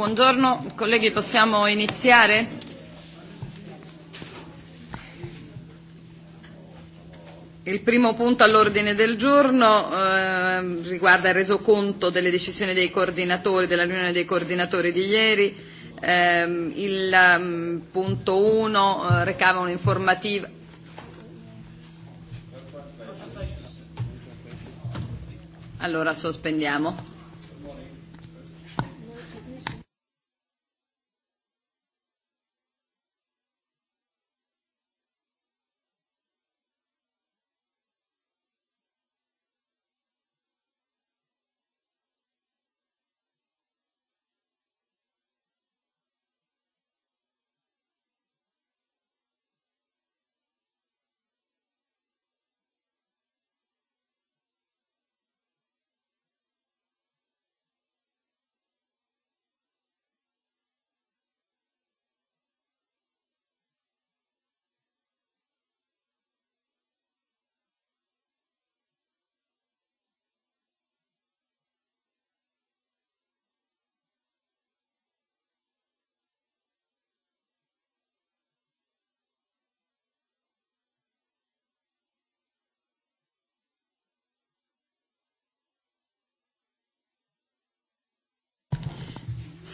Buongiorno, colleghi, possiamo iniziare? Il primo punto all'ordine del giorno eh, riguarda il resoconto delle decisioni dei coordinatori, della riunione dei coordinatori di ieri. Eh, il um, punto 1 eh, recava un'informativa. Allora sospendiamo.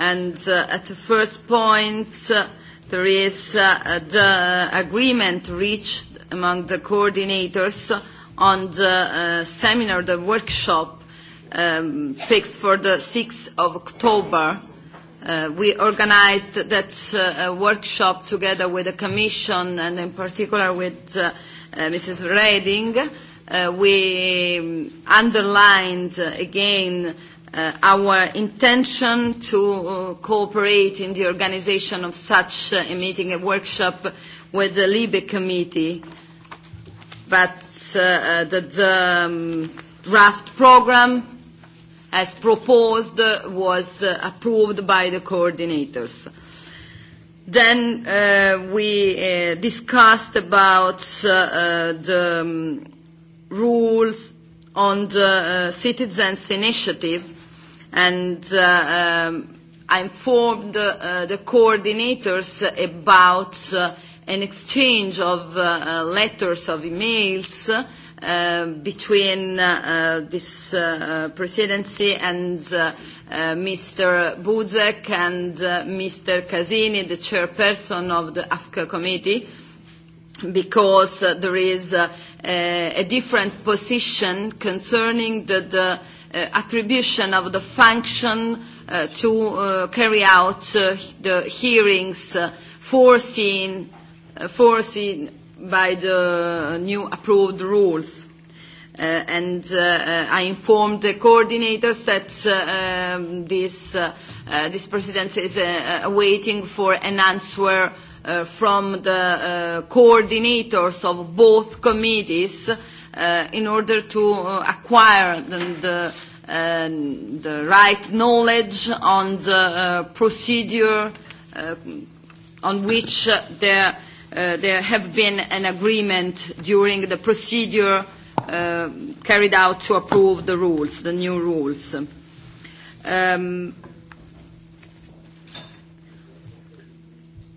And uh, at the first point, uh, there is uh, the agreement reached among the coordinators on the uh, seminar, the workshop um, fixed for the 6th of October. Uh, we organized that uh, workshop together with the Commission and in particular with uh, uh, Mrs. Reding. Uh, we um, underlined uh, again uh, our intention to uh, cooperate in the organization of such uh, a meeting, a workshop with the LIBE committee, but uh, uh, the, the um, draft program as proposed was uh, approved by the coordinators. Then uh, we uh, discussed about uh, uh, the um, rules on the uh, citizens' initiative And uh, um, I informed uh, the coordinators about uh, an exchange of uh, uh letters, of emails, uh, between uh, uh this uh, uh, presidency and uh, Uh, Mr. Buzek and uh, Mr. Casini, the chairperson of the AFCA committee, because uh, there is a different position concerning the, the uh, attribution of the function uh, to uh, carry out uh, the hearings uh, foreseen, uh, foreseen by the new approved rules. Uh, and uh, uh I informed the coordinators that uh, um, this, uh, uh, this presidency is uh, uh, waiting for an answer uh, from the uh, coordinators of both committees uh, Uh, in order to uh, acquire the, the, uh, the right knowledge on the uh, procedure uh, on which there, uh, there have been an agreement during the procedure uh, carried out to approve the rules, the new rules. Um,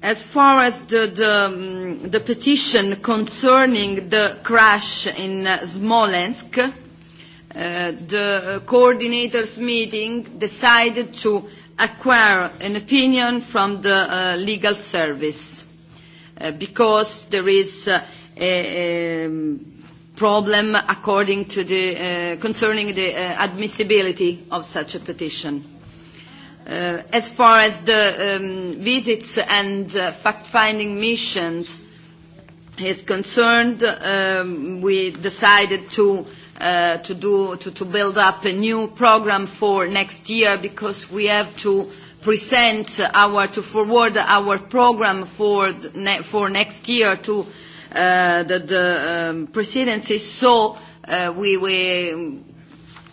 as far as the, the, um, the petition concerning the crash in uh, Smolensk, uh, the uh, coordinators meeting decided to acquire an opinion from the uh, legal service uh, because there is uh, a, a problem according to the, uh, concerning the uh, admissibility of such a petition. Uh, as far as the um, visits and uh, fact-finding missions is concerned, um, we decided to, uh, to, do, to, to build up a new program for next year because we have to present our, to forward our program for, ne for next year to uh, the, the um, presidency. So uh, we, we,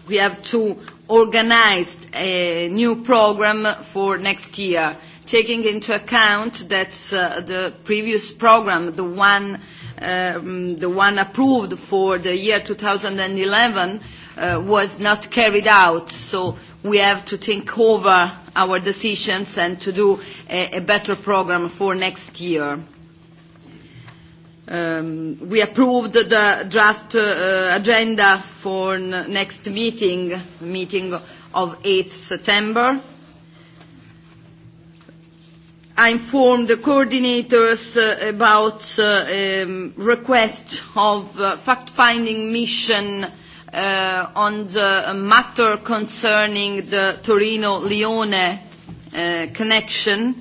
we have to organized a new program for next year, taking into account that uh, the previous program, the one, um, the one approved for the year 2011, uh, was not carried out. So we have to think over our decisions and to do a, a better program for next year. Um, we approved the draft uh, agenda for n next meeting, meeting of 8th September. I informed the coordinators uh, about uh, um, request of uh, fact-finding mission uh, on the matter concerning the Torino-Lione uh, connection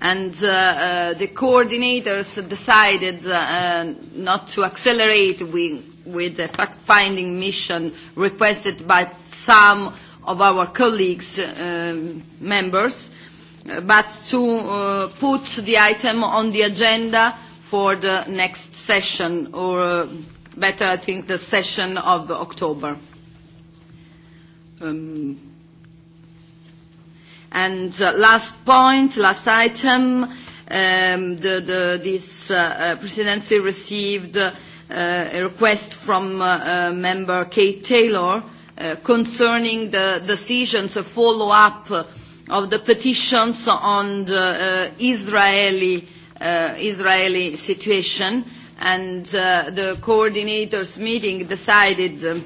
and uh, uh, the coordinators decided uh, not to accelerate with, with the fact-finding mission requested by some of our colleagues, uh, members, but to uh, put the item on the agenda for the next session, or uh, better, I think, the session of October. Um, And uh, last point, last item, um, the, the, this uh, uh, presidency received uh, a request from uh, uh, member Kate Taylor uh, concerning the decisions, a follow-up of the petitions on the uh, Israeli, uh, Israeli situation. And uh, the coordinators meeting decided uh,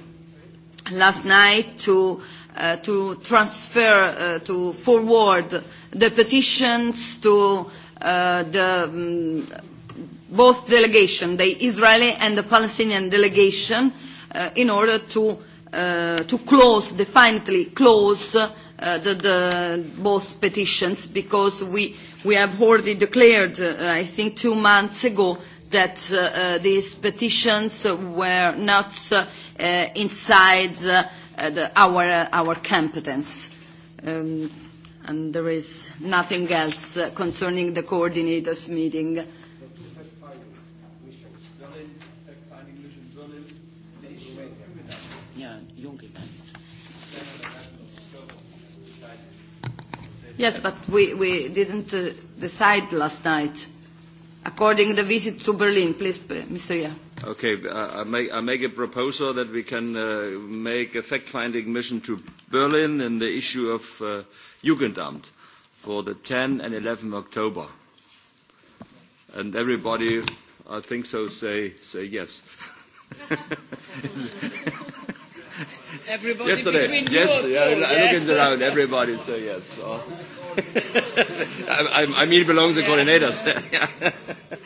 last night to uh, uh, to transfer, uh, to forward the petitions to uh, the, um, both delegation, the Israeli and the Palestinian delegation, uh, in order to, uh, to close, definitely close uh, the, the, both petitions, because we, we have already declared, uh, I think two months ago, that uh, uh, these petitions were not uh, uh, inside uh, Uh, the, our, uh, our competence. Um, and there is nothing else uh, concerning the coordinators meeting. Yes, but we, we didn't uh, decide last night. According to the visit to Berlin, please, uh, Mr. Yeah. Okay, I make, I make a proposal that we can uh, make a fact-finding mission to Berlin in the issue of uh, Jugendamt for the 10 and 11 October. And everybody, I think so, say, say yes. everybody Yesterday, yes, yeah, I yes. look in the round, everybody say yes. Oh. I, I, mean, it belongs to yeah. coordinators.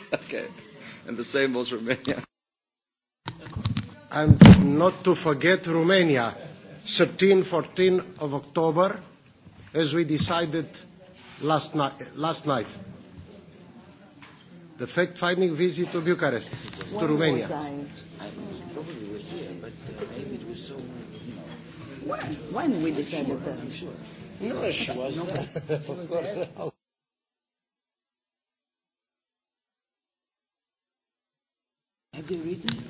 okay. And the same was Romania. And not to forget Romania, 13, 14 of October, as we decided last, ni last night. The fact-finding visit to Bucharest, when to Romania. Was I? I probably here, but uh, maybe it was so, you know. When? When we decided sure, that? I'm sure. No, she was there. of course. Have you written?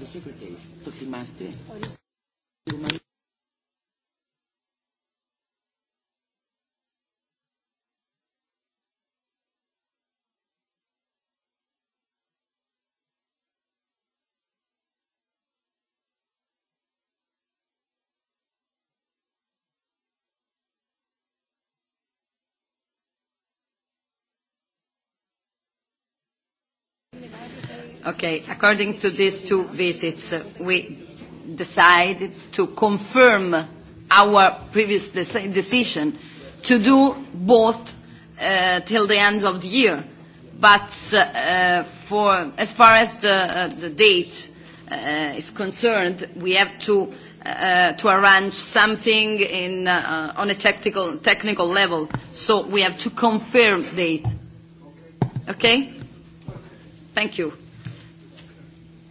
the secretary. Το θυμάστε. Okay, according to these two visits, we decided to confirm our previous decision to do both uh, till the end of the year. But uh, for, as far as the, uh, the date uh, is concerned, we have to, uh, to arrange something in, uh, on a technical, technical level. So we have to confirm date. Okay? Thank you.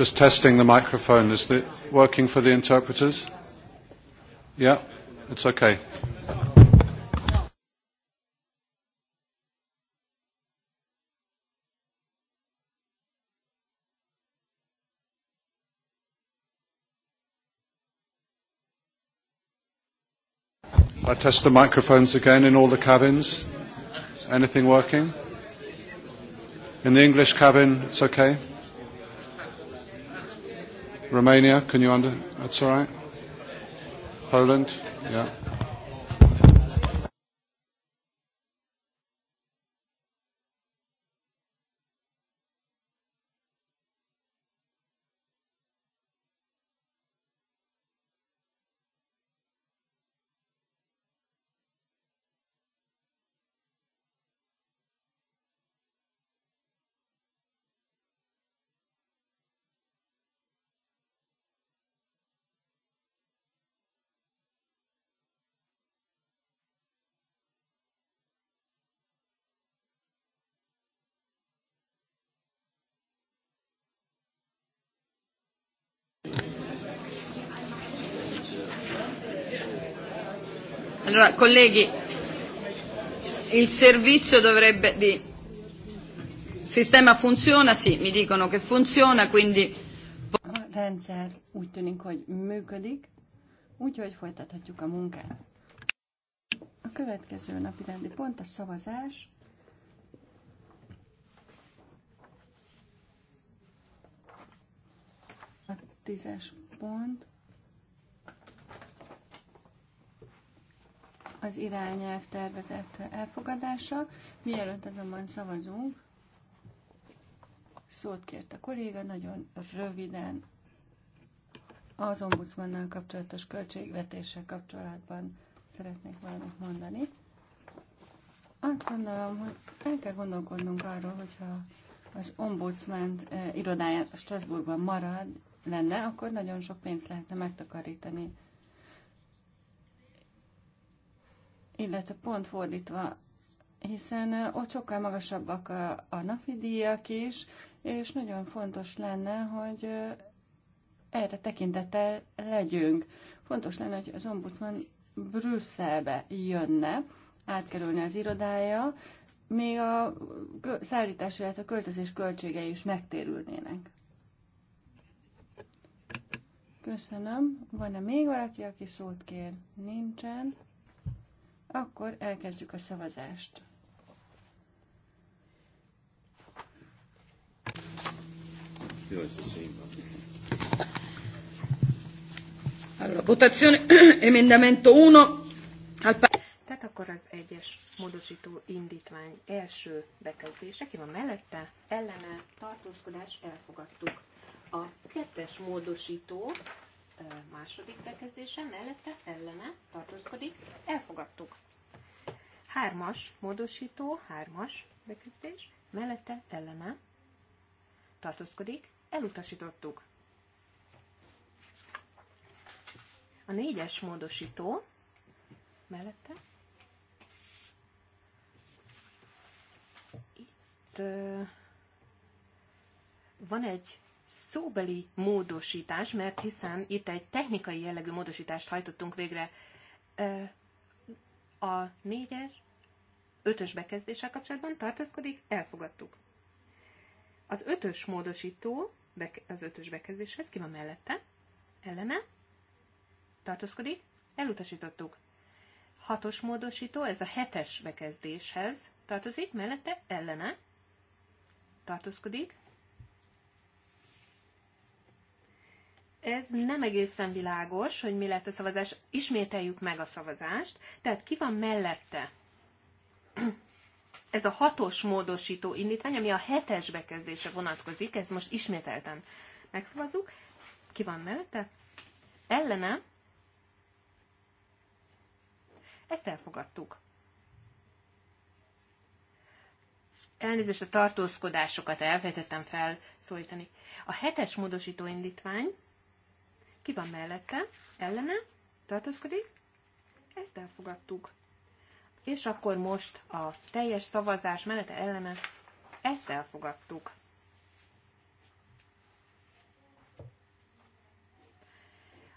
Just testing the microphone. Is it working for the interpreters? Yeah, it's okay. I test the microphones again in all the cabins. Anything working? In the English cabin, it's okay. Romania, can you under? That's all right. Poland, yeah. Allora, colleghi, il servizio dovrebbe di sistema funziona, sì, mi dicono che funziona, quindi rendszer úgy tűnik, hogy működik, úgyhogy folytathatjuk a munkát. A következő napi rendi pont a szavazás. A tízes pont az irányelv tervezett elfogadása. Mielőtt azonban szavazunk, szót kért a kolléga, nagyon röviden az ombudsmannal kapcsolatos költségvetéssel kapcsolatban szeretnék valamit mondani. Azt gondolom, hogy el kell gondolkodnunk arról, hogyha az ombudsman eh, irodája Strasbourgban marad, lenne, akkor nagyon sok pénzt lehetne megtakarítani illetve pont fordítva, hiszen ott sokkal magasabbak a, a napi díjak is, és nagyon fontos lenne, hogy erre tekintettel legyünk. Fontos lenne, hogy az ombudsman Brüsszelbe jönne, átkerülne az irodája, még a szállítás, illetve a költözés költségei is megtérülnének. Köszönöm. Van-e még valaki, aki szót kér? Nincsen. Akkor elkezdjük a szavazást. Allora, votazione emendamento 1 Tehát akkor az egyes módosító indítvány első bekezdése, ki van mellette, ellene, tartózkodás, elfogadtuk. A kettes módosító második bekezdése, mellette ellene tartózkodik, elfogadtuk. Hármas, módosító, hármas bekezdés, mellette ellene tartózkodik, elutasítottuk. A négyes módosító mellette itt van egy szóbeli módosítás, mert hiszen itt egy technikai jellegű módosítást hajtottunk végre a négyes, ötös bekezdéssel kapcsolatban tartózkodik, elfogadtuk. Az ötös módosító az ötös bekezdéshez ki van mellette, ellene, tartózkodik, elutasítottuk. Hatos módosító, ez a hetes bekezdéshez tartozik, mellette ellene, tartózkodik, ez nem egészen világos, hogy mi lett a szavazás. Ismételjük meg a szavazást. Tehát ki van mellette? Ez a hatos módosító indítvány, ami a hetes bekezdése vonatkozik, ez most ismételten megszavazzuk. Ki van mellette? Ellene? Ezt elfogadtuk. Elnézést a tartózkodásokat elfejtettem felszólítani. A hetes módosító indítvány ki van mellette? Ellene? Tartózkodik? Ezt elfogadtuk. És akkor most a teljes szavazás menete ellene ezt elfogadtuk.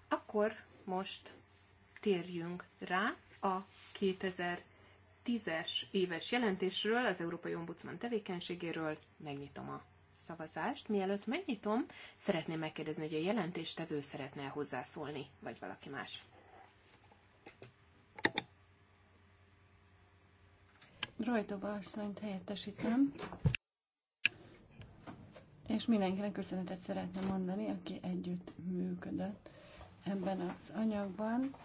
Akkor most térjünk rá a 2010-es éves jelentésről, az Európai Ombudsman tevékenységéről. Megnyitom a szavazást. Mielőtt megnyitom, szeretném megkérdezni, hogy a jelentéstevő szeretne hozzászólni, vagy valaki más. Rojtova asszonyt helyettesítem. És mindenkinek köszönetet szeretne mondani, aki együtt működött ebben az anyagban.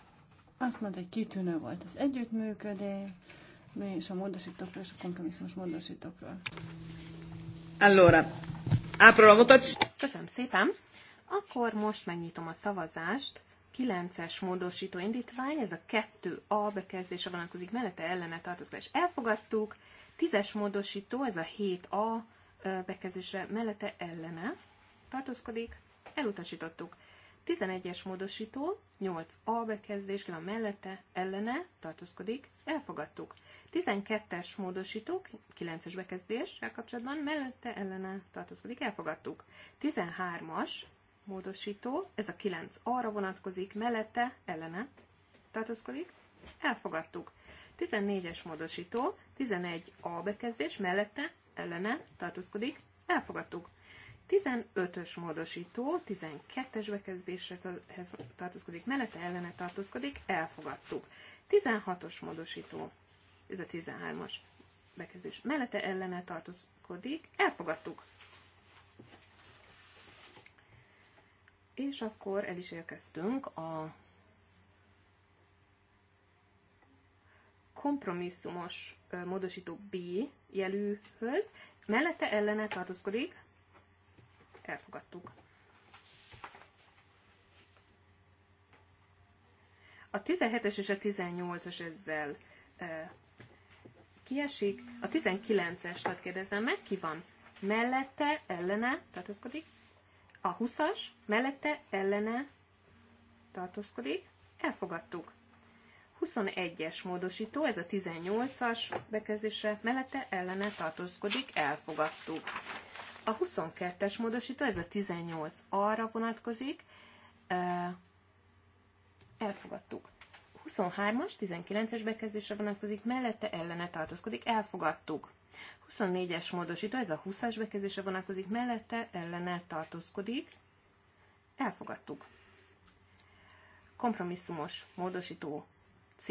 Azt mondta, hogy kitűnő volt az együttműködés, és a módosítókról és a kompromisszumos módosítókról. Allora, apro la votazione. Köszönöm szépen. Akkor most megnyitom a szavazást. 9-es módosító indítvány, ez a 2A bekezdése vonatkozik mellette ellene tartózkodás. Elfogadtuk. 10-es módosító, ez a 7A bekezdése mellette ellene tartózkodik. Elutasítottuk. 11-es módosító, 8A bekezdés, ki van mellette, ellene, tartózkodik, elfogadtuk. 12-es módosító, 9-es bekezdéssel kapcsolatban, mellette, ellene, tartózkodik, elfogadtuk. 13-as módosító, ez a 9 arra vonatkozik, mellette, ellene, tartózkodik, elfogadtuk. 14-es módosító, 11A bekezdés, mellette, ellene, tartózkodik, elfogadtuk. 15-ös módosító, 12-es bekezdéshez tartozkodik, mellette ellene tartozkodik, elfogadtuk. 16-os módosító, ez a 13-as bekezdés, mellette ellene tartozkodik, elfogadtuk. És akkor el is érkeztünk a kompromisszumos módosító B jelűhöz, mellette ellene tartozkodik, elfogadtuk. A 17-es és a 18-as ezzel e, kiesik. A 19-es, tehát kérdezem meg, ki van mellette, ellene, tartózkodik. A 20-as mellette, ellene, tartózkodik. Elfogadtuk. 21-es módosító, ez a 18-as bekezdése mellette ellene tartózkodik, elfogadtuk. A 22-es módosító, ez a 18 arra vonatkozik, elfogadtuk. 23-as, 19-es bekezdésre vonatkozik, mellette ellene tartózkodik, elfogadtuk. 24-es módosító, ez a 20-as bekezdésre vonatkozik, mellette ellene tartózkodik, elfogadtuk. Kompromisszumos módosító C,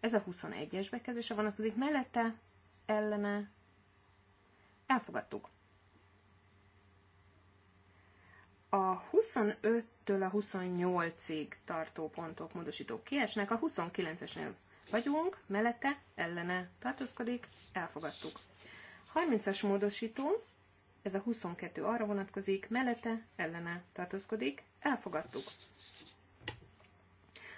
ez a 21-es bekezdésre vonatkozik, mellette ellene elfogadtuk. a 25-től a 28-ig tartó pontok, módosítók kiesnek, a 29-esnél vagyunk, mellette, ellene tartózkodik, elfogadtuk. 30-as módosító, ez a 22 arra vonatkozik, mellette, ellene tartózkodik, elfogadtuk.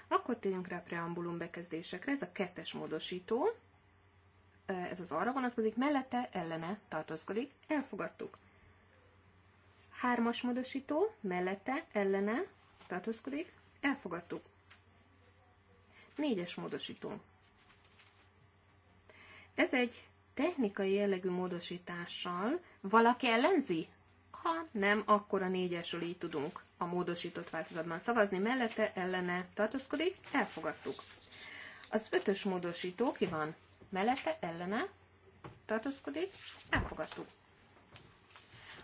Akkor térjünk rá a preambulum bekezdésekre, ez a kettes módosító, ez az arra vonatkozik, mellette, ellene tartózkodik, elfogadtuk. Hármas módosító, mellette, ellene, tartózkodik, elfogadtuk. Négyes módosító. Ez egy technikai jellegű módosítással valaki ellenzi? Ha nem, akkor a négyesről így tudunk a módosított változatban szavazni. Mellette, ellene, tartózkodik, elfogadtuk. Az ötös módosító ki van? Mellette, ellene, tartózkodik, elfogadtuk.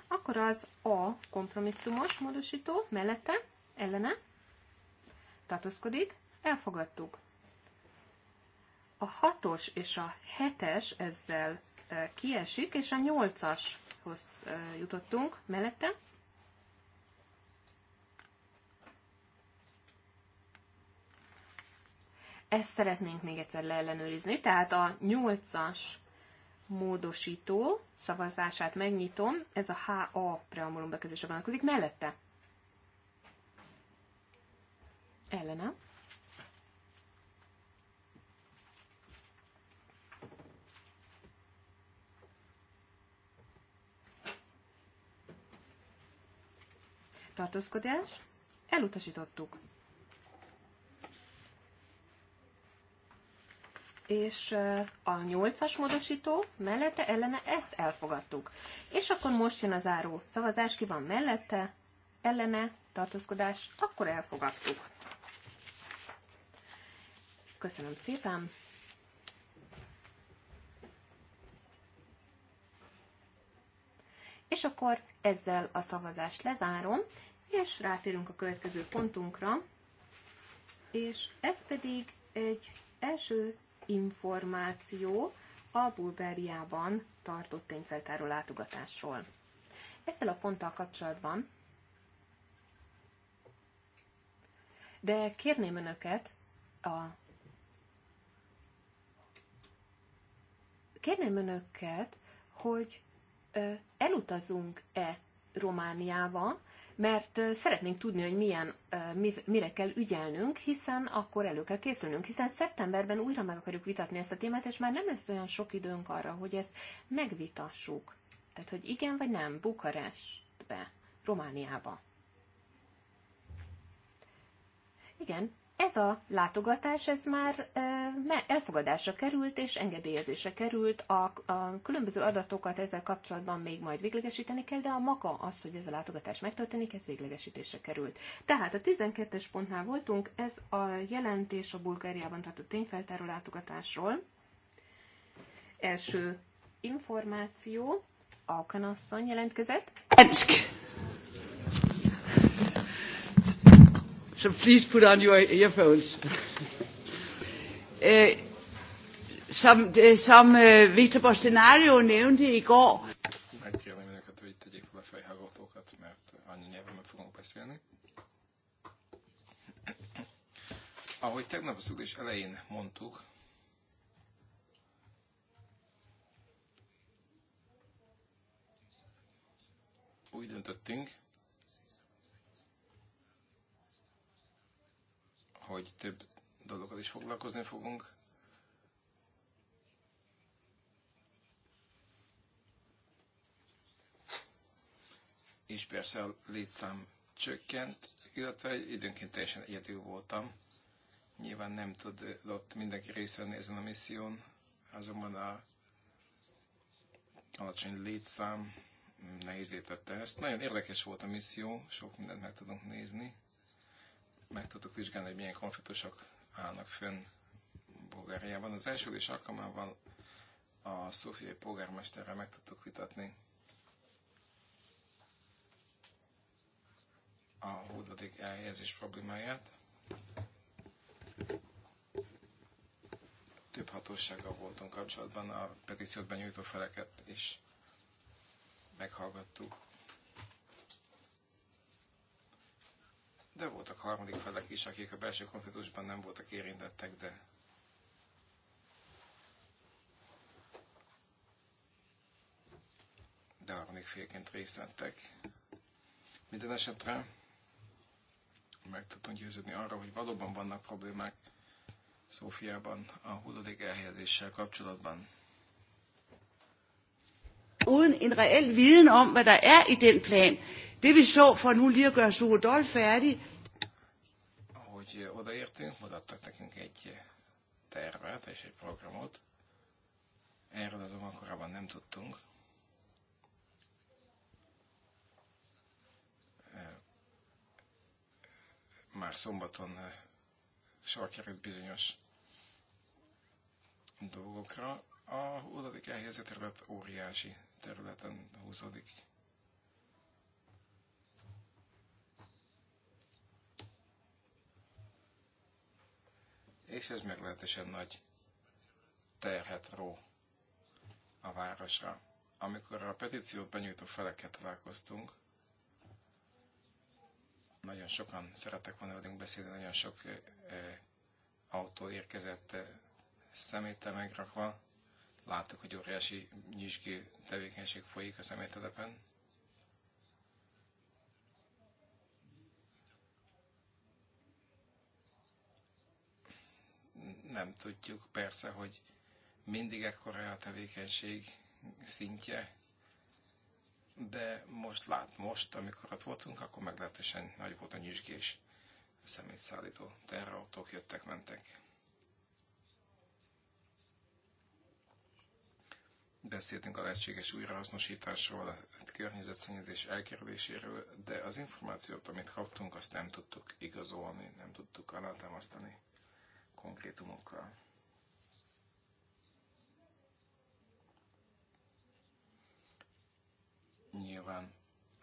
Akkor az A kompromisszumos módosító mellette, ellene tartózkodik, elfogadtuk. A 6-os és a 7-es ezzel kiesik, és a 8-ashoz jutottunk mellette. Ezt szeretnénk még egyszer leellenőrizni, tehát a 8-as módosító szavazását megnyitom, ez a HA preambulum bekezdésre vonatkozik, mellette. Ellene. Tartózkodás. Elutasítottuk. és a nyolcas módosító mellette ellene ezt elfogadtuk. És akkor most jön a záró szavazás, ki van mellette, ellene, tartózkodás, akkor elfogadtuk. Köszönöm szépen! És akkor ezzel a szavazást lezárom, és rátérünk a következő pontunkra, és ez pedig egy első információ a Bulgáriában tartott tényfeltáró látogatásról. Ezzel a ponttal kapcsolatban, de kérném önöket a kérném önöket, hogy elutazunk-e Romániába, mert szeretnénk tudni, hogy milyen, mire kell ügyelnünk, hiszen akkor elő kell készülnünk, hiszen szeptemberben újra meg akarjuk vitatni ezt a témát, és már nem lesz olyan sok időnk arra, hogy ezt megvitassuk. Tehát, hogy igen vagy nem, Bukarestbe, Romániába. Igen, ez a látogatás, ez már elfogadásra került és engedélyezésre került. A, a különböző adatokat ezzel kapcsolatban még majd véglegesíteni kell, de a maga az, hogy ez a látogatás megtörténik, ez véglegesítésre került. Tehát a 12-es pontnál voltunk, ez a jelentés a Bulgáriában tartott tényfeltáró látogatásról. Első információ, Alkanasszony jelentkezett. So please put on your earphones. Øh, som, det, øh, som øh, Victor Bostenario nævnte i går. Ahogy tegnap az ülés elején mondtuk, úgy döntöttünk, hogy több dolgokkal is foglalkozni fogunk. És persze a létszám csökkent, illetve időnként teljesen egyedül voltam. Nyilván nem tudott mindenki részt venni ezen a misszión, azonban a alacsony létszám nehézé tette ezt. Nagyon érdekes volt a misszió, sok mindent meg tudunk nézni meg tudtuk vizsgálni, hogy milyen konfliktusok állnak fönn Bulgáriában. Az első és alkalmával a szófiai polgármesterrel meg tudtuk vitatni a hódadék elhelyezés problémáját. Több hatósággal voltunk kapcsolatban, a petíciót benyújtó feleket is meghallgattuk. de voltak harmadik felek is, akik a belső konfliktusban nem voltak érintettek, de de harmadik félként részt vettek. Minden esetre meg tudtunk győződni arra, hogy valóban vannak problémák Szófiában a hulladék elhelyezéssel kapcsolatban uden en reel viden om, hvad der er i den plan. Det vi så for nu lige at gøre Suhodol færdig. Eh, eh, eh, már szombaton sor került bizonyos dolgokra. A hulladék elhelyező terület óriási területen húzódik. És ez meglehetősen nagy terhet ró a városra. Amikor a petíciót benyújtó feleket találkoztunk, nagyon sokan szerettek volna velünk beszélni, nagyon sok eh, eh, autó érkezett eh, szemétel megrakva, Láttuk, hogy óriási nyisgő tevékenység folyik a személytelepen. Nem tudjuk persze, hogy mindig ekkora a tevékenység szintje, de most lát, most, amikor ott voltunk, akkor meglehetősen nagy volt a nyüzsgés. A szemétszállító teherautók jöttek, mentek. beszéltünk a lehetséges újrahasznosításról, a környezetszennyezés elkerüléséről, de az információt, amit kaptunk, azt nem tudtuk igazolni, nem tudtuk alátámasztani konkrétumokkal. Nyilván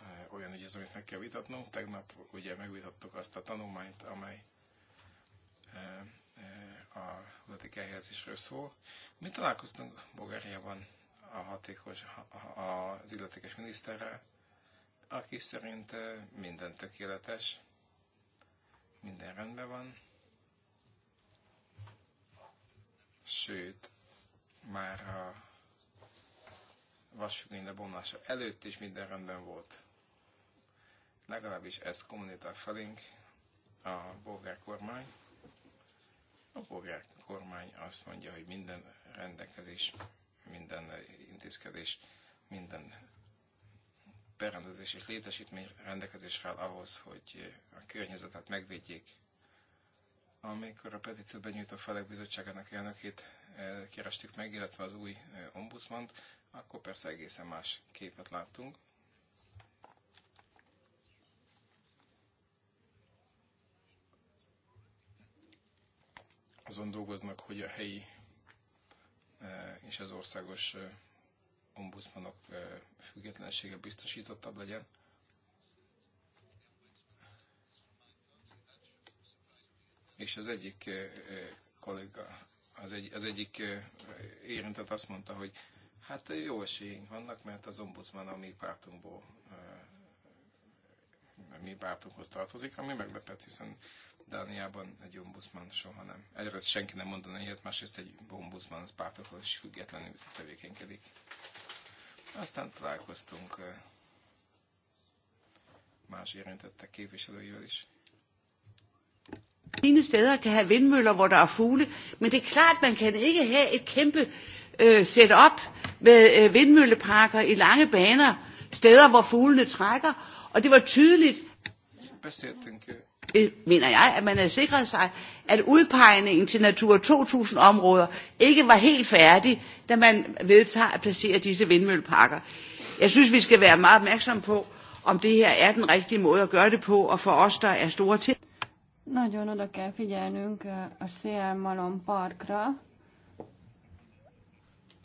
eh, olyan ügy ez, amit meg kell vitatnunk. Tegnap ugye megvitattuk azt a tanulmányt, amely a eh, eh, adatik elhelyezésről szól. Mi találkoztunk Bulgáriában a hatékos, az illetékes miniszterrel, aki szerint minden tökéletes, minden rendben van, sőt, már a vasfüggöny lebomlása előtt is minden rendben volt. Legalábbis ezt kommunitál felénk a bolgár kormány. A bolgár kormány azt mondja, hogy minden rendelkezés minden intézkedés, minden berendezés és létesítmény rendelkezésre áll ahhoz, hogy a környezetet megvédjék. Amikor a petíciót benyújtó felek bizottságának elnökét eh, kerestük meg, illetve az új eh, ombudsmant, akkor persze egészen más képet láttunk. Azon dolgoznak, hogy a helyi és az országos ombudsmanok függetlensége biztosítottabb legyen. És az egyik kolléga, az, egy, az egyik érintett azt mondta, hogy hát jó esélyünk vannak, mert az ombudsman a mi pártunkból mi pártunkhoz tartozik, ami meglepett, hiszen Dániában egy ombudsman soha nem. Egyrészt senki nem mondaná ilyet, másrészt egy ombudsman az pártokhoz is függetlenül tevékenykedik. Aztán találkoztunk eh, más érintettek képviselőivel is. Fine steder kan have vindmøller, hvor der er fugle, men det er klart, man kan ikke have et kæmpe øh, setup med øh, vindmølleparker i lange baner, steder, hvor fuglene trækker. Og det var tydeligt. Beszéltünk eh, Øh, mener jeg, at man havde sikret sig, at udpegningen til Natur 2000-områder ikke var helt færdig, da man vedtager at placere disse vindmølleparker. Jeg synes, vi skal være meget opmærksom på, om det her er den rigtige måde at gøre det på, og for os, der er store til. Nagyon oda kell figyelnünk a Szélmalom parkra.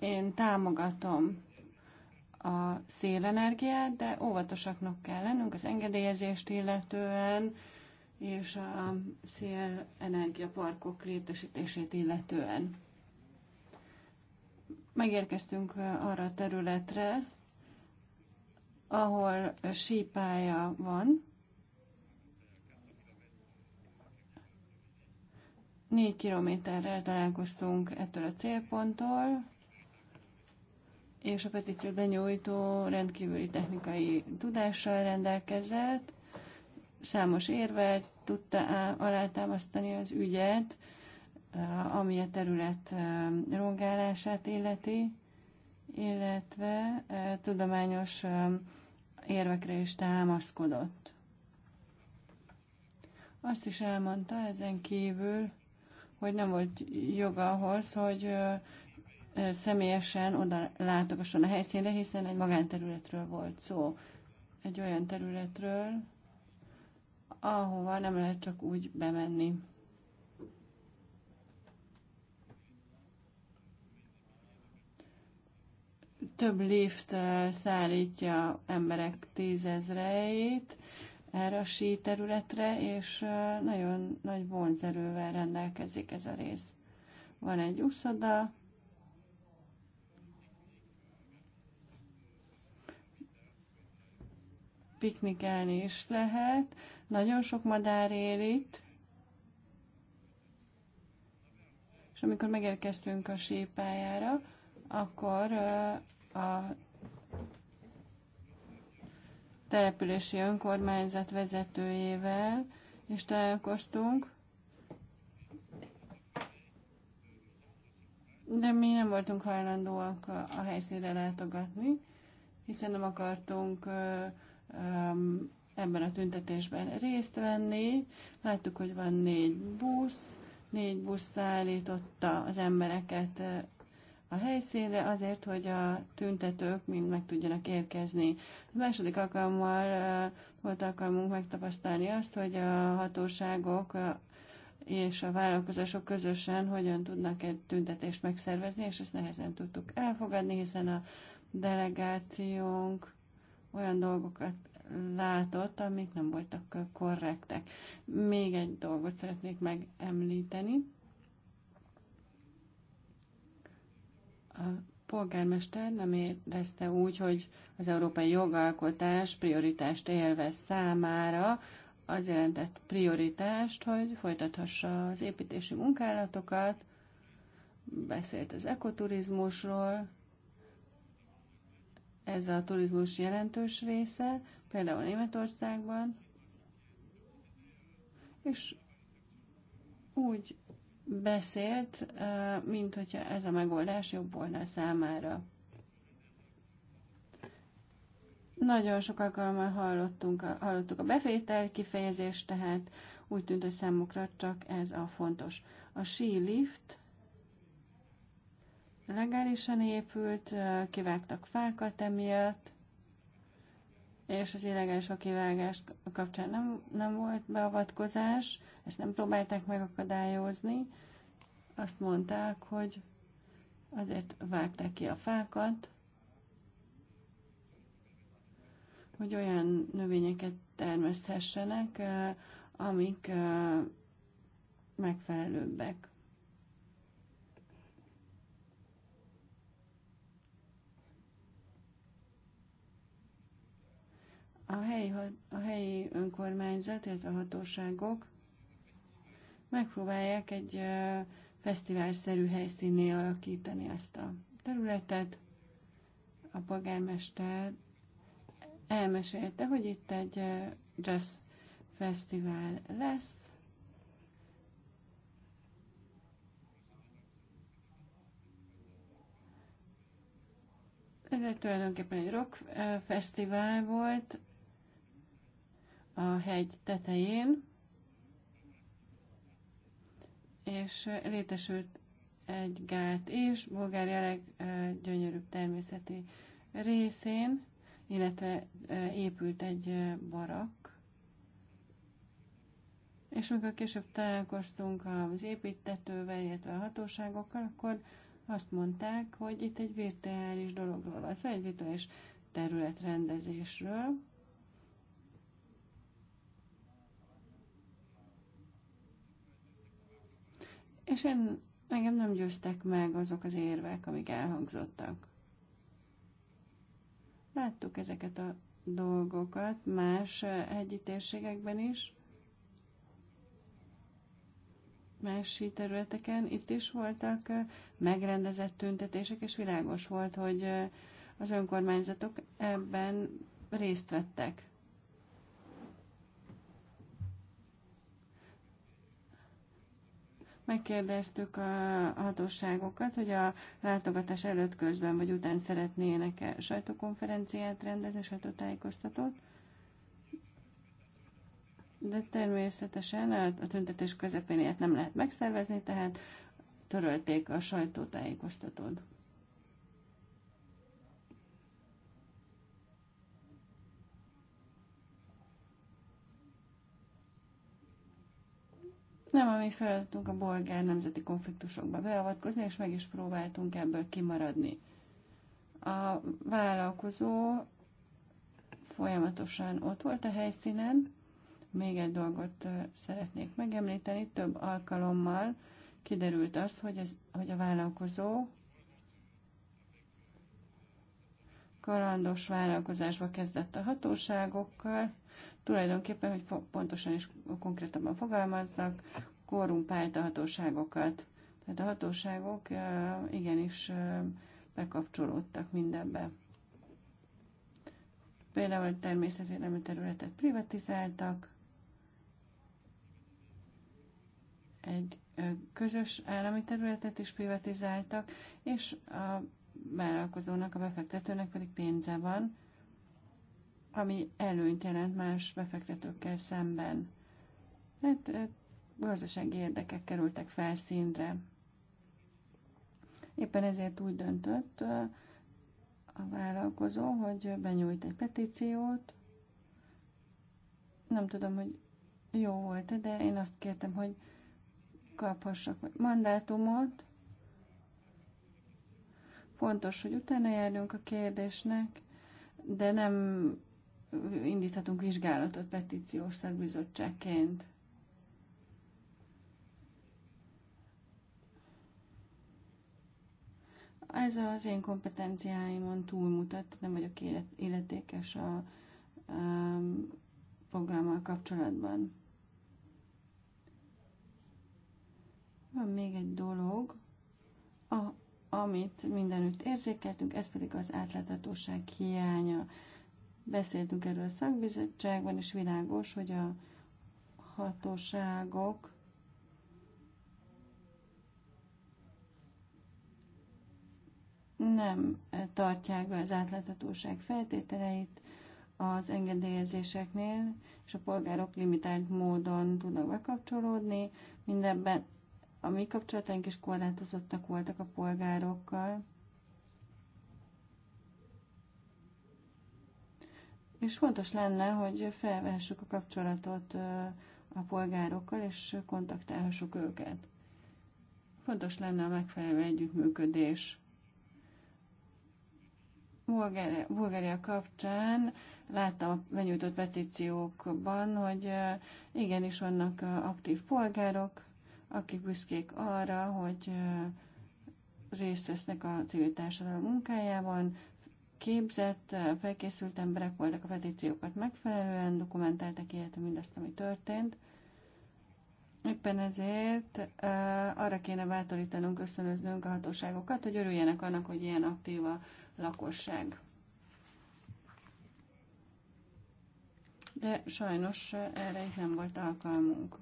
Én támogatom a szélenergiát, de óvatosaknak kell lennünk az engedélyezést illetően, és a szélenergiaparkok létesítését illetően. Megérkeztünk arra a területre, ahol sípája van, 4 kilométerrel találkoztunk ettől a célponttól, és a petíció benyújtó rendkívüli technikai tudással rendelkezett, Számos érvel tudta alátámasztani az ügyet, ami a terület rongálását illeti, illetve tudományos érvekre is támaszkodott. Azt is elmondta ezen kívül, hogy nem volt joga ahhoz, hogy személyesen oda látogasson a helyszínre, hiszen egy magánterületről volt szó, egy olyan területről, ahova nem lehet csak úgy bemenni. Több lift szállítja emberek tízezreit erre a sí területre, és nagyon nagy vonzerővel rendelkezik ez a rész. Van egy úszoda, piknikelni is lehet, nagyon sok madár él itt, és amikor megérkeztünk a sípájára, akkor a települési önkormányzat vezetőjével is találkoztunk, de mi nem voltunk hajlandóak a helyszínre látogatni, hiszen nem akartunk ebben a tüntetésben részt venni. Láttuk, hogy van négy busz, négy busz szállította az embereket a helyszínre azért, hogy a tüntetők mind meg tudjanak érkezni. A második alkalommal volt alkalmunk megtapasztalni azt, hogy a hatóságok és a vállalkozások közösen hogyan tudnak egy tüntetést megszervezni, és ezt nehezen tudtuk elfogadni, hiszen a delegációnk olyan dolgokat látott, amik nem voltak korrektek. Még egy dolgot szeretnék megemlíteni. A polgármester nem érezte úgy, hogy az európai jogalkotás prioritást élvez számára, az jelentett prioritást, hogy folytathassa az építési munkálatokat, beszélt az ekoturizmusról, ez a turizmus jelentős része, például Németországban, és úgy beszélt, mint hogyha ez a megoldás jobb volna számára. Nagyon sok alkalommal hallottunk, hallottuk a befétel kifejezést, tehát úgy tűnt, hogy számukra csak ez a fontos. A sílift legálisan épült, kivágtak fákat emiatt, és az illegális kivágás kapcsán nem, nem volt beavatkozás, ezt nem próbálták megakadályozni. Azt mondták, hogy azért vágták ki a fákat, hogy olyan növényeket termeszthessenek, amik megfelelőbbek. a helyi, a helyi önkormányzat, illetve a hatóságok megpróbálják egy fesztiválszerű helyszínné alakítani ezt a területet. A polgármester elmesélte, hogy itt egy jazz fesztivál lesz, Ez egy tulajdonképpen egy rock fesztivál volt, a hegy tetején, és létesült egy gát is, Bulgária leggyönyörűbb természeti részén, illetve épült egy barak. És amikor később találkoztunk az építetővel, illetve a hatóságokkal, akkor azt mondták, hogy itt egy virtuális dologról van szó, szóval egy virtuális területrendezésről, és én, engem nem győztek meg azok az érvek, amik elhangzottak. Láttuk ezeket a dolgokat más eh, hegyi térségekben is, más területeken. Itt is voltak eh, megrendezett tüntetések, és világos volt, hogy eh, az önkormányzatok ebben részt vettek. Megkérdeztük a hatóságokat, hogy a látogatás előtt közben vagy után szeretnének-e sajtókonferenciát rendezni, sajtótájékoztatót. De természetesen a tüntetés közepén ilyet nem lehet megszervezni, tehát törölték a sajtótájékoztatót. nem ami mi feladatunk a bolgár nemzeti konfliktusokba beavatkozni, és meg is próbáltunk ebből kimaradni. A vállalkozó folyamatosan ott volt a helyszínen. Még egy dolgot szeretnék megemlíteni. Több alkalommal kiderült az, hogy, ez, hogy a vállalkozó kalandos vállalkozásba kezdett a hatóságokkal, tulajdonképpen, hogy pontosan és konkrétabban fogalmaznak, korrumpálta hatóságokat. Tehát a hatóságok igenis bekapcsolódtak mindebbe. Például a természetvédelmi területet privatizáltak, egy közös állami területet is privatizáltak, és a vállalkozónak, a befektetőnek pedig pénze van, ami előnyt jelent más befektetőkkel szemben. Hát, hát, gazdasági érdekek kerültek felszínre. Éppen ezért úgy döntött a vállalkozó, hogy benyújt egy petíciót. Nem tudom, hogy jó volt -e, de én azt kértem, hogy kaphassak mandátumot. Fontos, hogy utána járjunk a kérdésnek, de nem indíthatunk vizsgálatot petíciós szakbizottságként. Ez az én kompetenciáimon túlmutat, nem vagyok életékes a, a um, programmal kapcsolatban. Van még egy dolog, a, amit mindenütt érzékeltünk, ez pedig az átláthatóság hiánya. Beszéltünk erről a szakbizottságban, és világos, hogy a hatóságok nem tartják be az átláthatóság feltételeit az engedélyezéseknél, és a polgárok limitált módon tudnak bekapcsolódni. Mindebben a mi kapcsolataink is korlátozottak voltak a polgárokkal. És fontos lenne, hogy felvehessük a kapcsolatot a polgárokkal, és kontaktálhassuk őket. Fontos lenne a megfelelő együttműködés. Bulgária, Bulgária kapcsán láttam a benyújtott petíciókban, hogy igenis vannak aktív polgárok, akik büszkék arra, hogy részt vesznek a civil társadalom munkájában, képzett, felkészült emberek voltak, a petíciókat megfelelően dokumentáltak, ilyet, mindazt, ami történt. Éppen ezért arra kéne bátorítanunk, ösztönöznünk a hatóságokat, hogy örüljenek annak, hogy ilyen aktív a lakosság. De sajnos erre itt nem volt alkalmunk.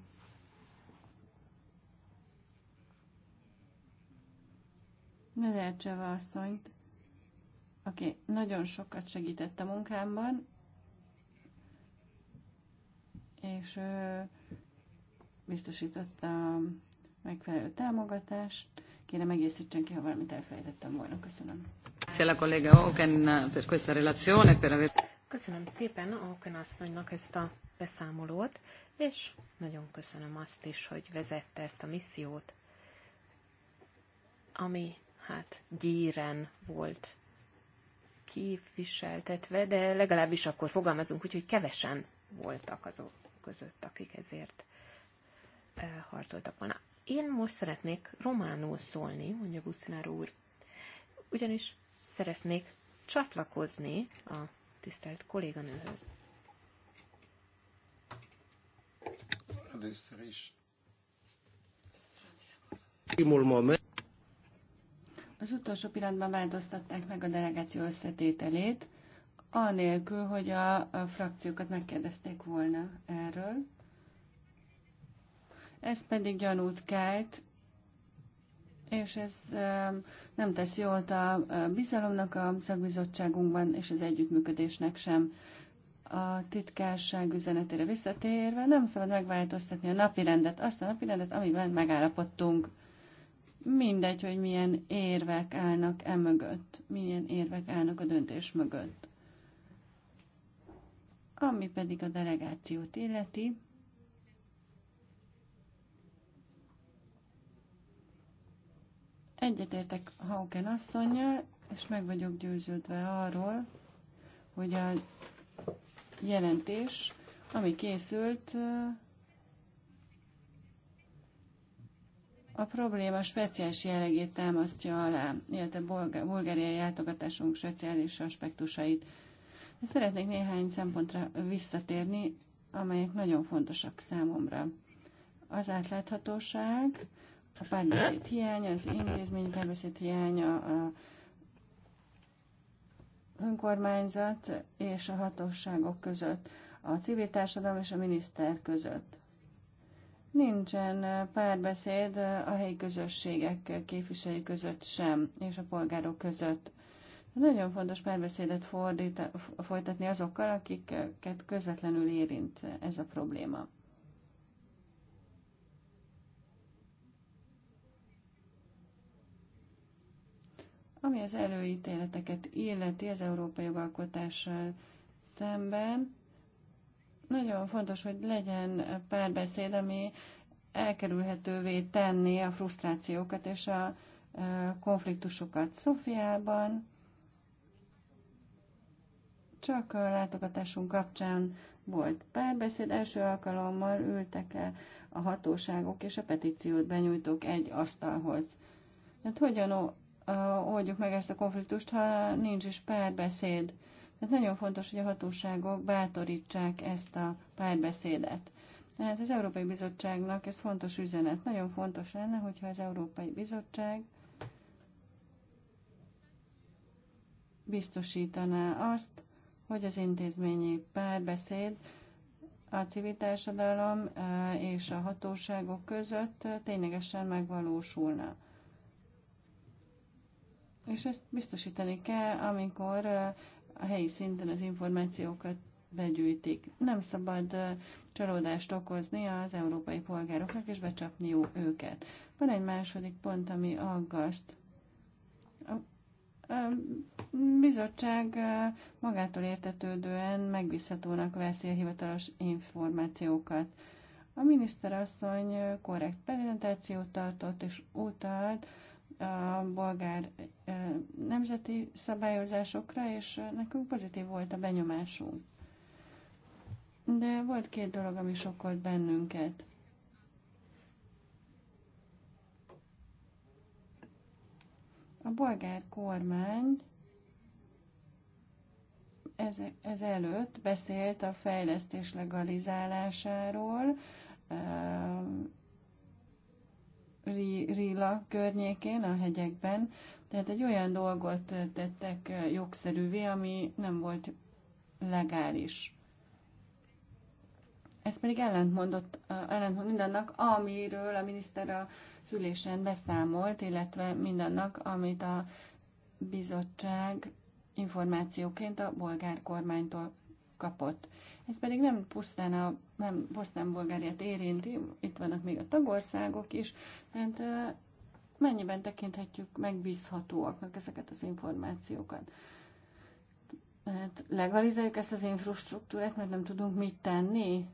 Ne lehetse asszonyt aki nagyon sokat segített a munkámban, és biztosította megfelelő támogatást. Kérem egészítsen ki, ha valamit elfelejtettem volna. Köszönöm. Köszönöm szépen Oken asszonynak ezt a beszámolót, és nagyon köszönöm azt is, hogy vezette ezt a missziót, ami hát gyíren volt képviseltetve, de legalábbis akkor fogalmazunk úgy, hogy kevesen voltak azok között, akik ezért eh, harcoltak volna. Én most szeretnék románul szólni, mondja Busztinár úr, ugyanis szeretnék csatlakozni a tisztelt kolléganőhöz. Először is az utolsó pillanatban változtatták meg a delegáció összetételét, anélkül, hogy a, a frakciókat megkérdezték volna erről. Ez pedig gyanút kelt, és ez nem tesz jót a bizalomnak a szakbizottságunkban, és az együttműködésnek sem. A titkárság üzenetére visszatérve nem szabad megváltoztatni a napirendet, azt a napirendet, amiben megállapodtunk mindegy, hogy milyen érvek állnak e mögött, milyen érvek állnak a döntés mögött. Ami pedig a delegációt illeti, egyetértek Hauken asszonynal, és meg vagyok győződve arról, hogy a jelentés, ami készült, A probléma speciális jellegét támasztja alá, illetve Bulgáriai látogatásunk speciális aspektusait. De szeretnék néhány szempontra visszatérni, amelyek nagyon fontosak számomra. Az átláthatóság, a párbeszéd hiánya, az intézmény párbeszéd hiánya, a önkormányzat és a hatóságok között, a civil társadalom és a miniszter között. Nincsen párbeszéd a helyi közösségek képviselői között sem, és a polgárok között. Nagyon fontos párbeszédet fordít, folytatni azokkal, akiket közvetlenül érint ez a probléma. Ami az előítéleteket illeti az európai jogalkotással szemben, nagyon fontos, hogy legyen párbeszéd, ami elkerülhetővé tenni a frusztrációkat és a konfliktusokat Szofiában. Csak a látogatásunk kapcsán volt párbeszéd, első alkalommal ültek le a hatóságok és a petíciót benyújtók egy asztalhoz. Hát hogyan oldjuk meg ezt a konfliktust, ha nincs is párbeszéd? Tehát nagyon fontos, hogy a hatóságok bátorítsák ezt a párbeszédet. Tehát az Európai Bizottságnak ez fontos üzenet. Nagyon fontos lenne, hogyha az Európai Bizottság biztosítaná azt, hogy az intézményi párbeszéd a civil társadalom e, és a hatóságok között e, ténylegesen megvalósulna. És ezt biztosítani kell, amikor e, a helyi szinten az információkat begyűjtik. Nem szabad csalódást okozni az európai polgároknak, és becsapni őket. Van egy második pont, ami aggaszt. A, a bizottság magától értetődően megbízhatónak veszi a hivatalos információkat. A miniszterasszony korrekt prezentációt tartott és utalt a bolgár nemzeti szabályozásokra, és nekünk pozitív volt a benyomásunk. De volt két dolog, ami sokkolt bennünket. A bolgár kormány ez, ez előtt beszélt a fejlesztés legalizálásáról, Rila környékén, a hegyekben. Tehát egy olyan dolgot tettek jogszerűvé, ami nem volt legális. Ez pedig ellentmondott, ellentmond mindannak, amiről a miniszter a szülésen beszámolt, illetve mindannak, amit a bizottság információként a bolgár kormánytól kapott. Ez pedig nem pusztán, a, nem pusztán Bulgáriát érinti, itt vannak még a tagországok is, mert mennyiben tekinthetjük megbízhatóaknak ezeket az információkat. Hát legalizáljuk ezt az infrastruktúrát, mert nem tudunk mit tenni,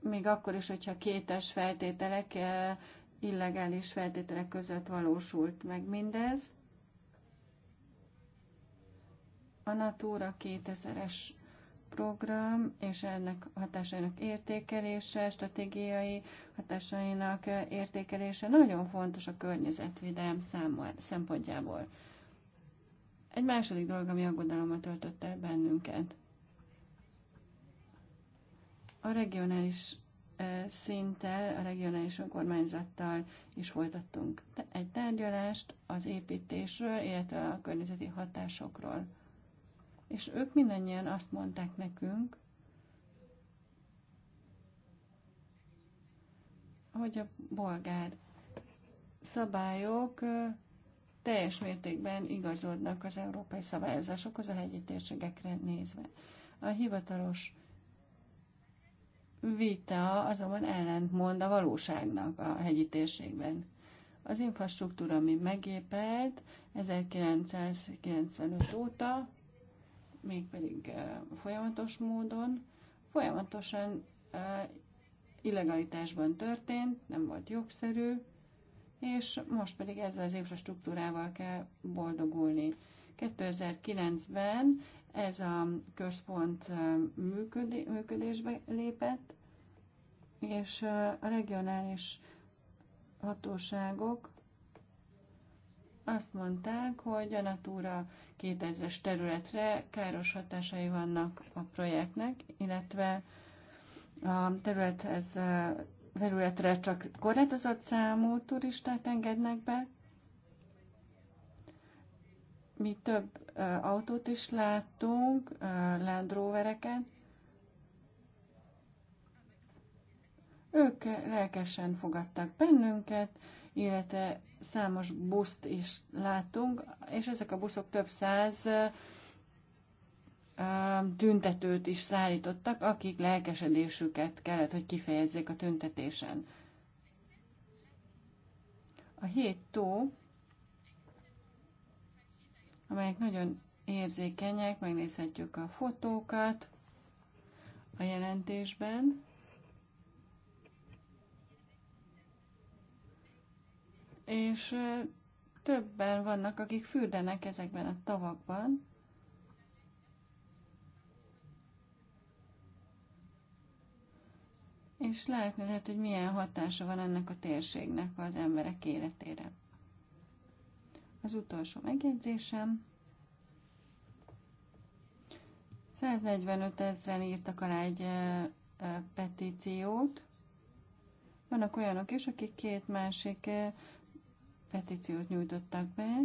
még akkor is, hogyha kétes feltételek, illegális feltételek között valósult meg mindez. A Natura 2000-es program és ennek hatásainak értékelése, stratégiai hatásainak értékelése nagyon fontos a környezetvédelem szempontjából. Egy második dolog, ami aggodalommal töltött el bennünket. A regionális eh, szinttel, a regionális önkormányzattal is folytattunk egy tárgyalást az építésről, illetve a környezeti hatásokról és ők mindannyian azt mondták nekünk, hogy a bolgár szabályok teljes mértékben igazodnak az európai szabályozásokhoz a hegyi térségekre nézve. A hivatalos vita azonban ellentmond a valóságnak a hegyi térségben. Az infrastruktúra, ami megépelt 1995 óta, mégpedig folyamatos módon, folyamatosan illegalitásban történt, nem volt jogszerű, és most pedig ezzel az infrastruktúrával kell boldogulni. 2009-ben ez a központ működésbe lépett, és a regionális hatóságok azt mondták, hogy a Natura 2000-es területre káros hatásai vannak a projektnek, illetve a területhez, területre csak korlátozott számú turistát engednek be. Mi több autót is láttunk, Land Rovereket. Ők lelkesen fogadtak bennünket, illetve számos buszt is látunk, és ezek a buszok több száz tüntetőt is szállítottak, akik lelkesedésüket kellett, hogy kifejezzék a tüntetésen. A hét tó, amelyek nagyon érzékenyek, megnézhetjük a fotókat a jelentésben. és többen vannak, akik fürdenek ezekben a tavakban. És látni lehet, hogy milyen hatása van ennek a térségnek az emberek életére. Az utolsó megjegyzésem. 145 ezeren írtak alá egy petíciót. Vannak olyanok is, akik két másik petíciót nyújtottak be.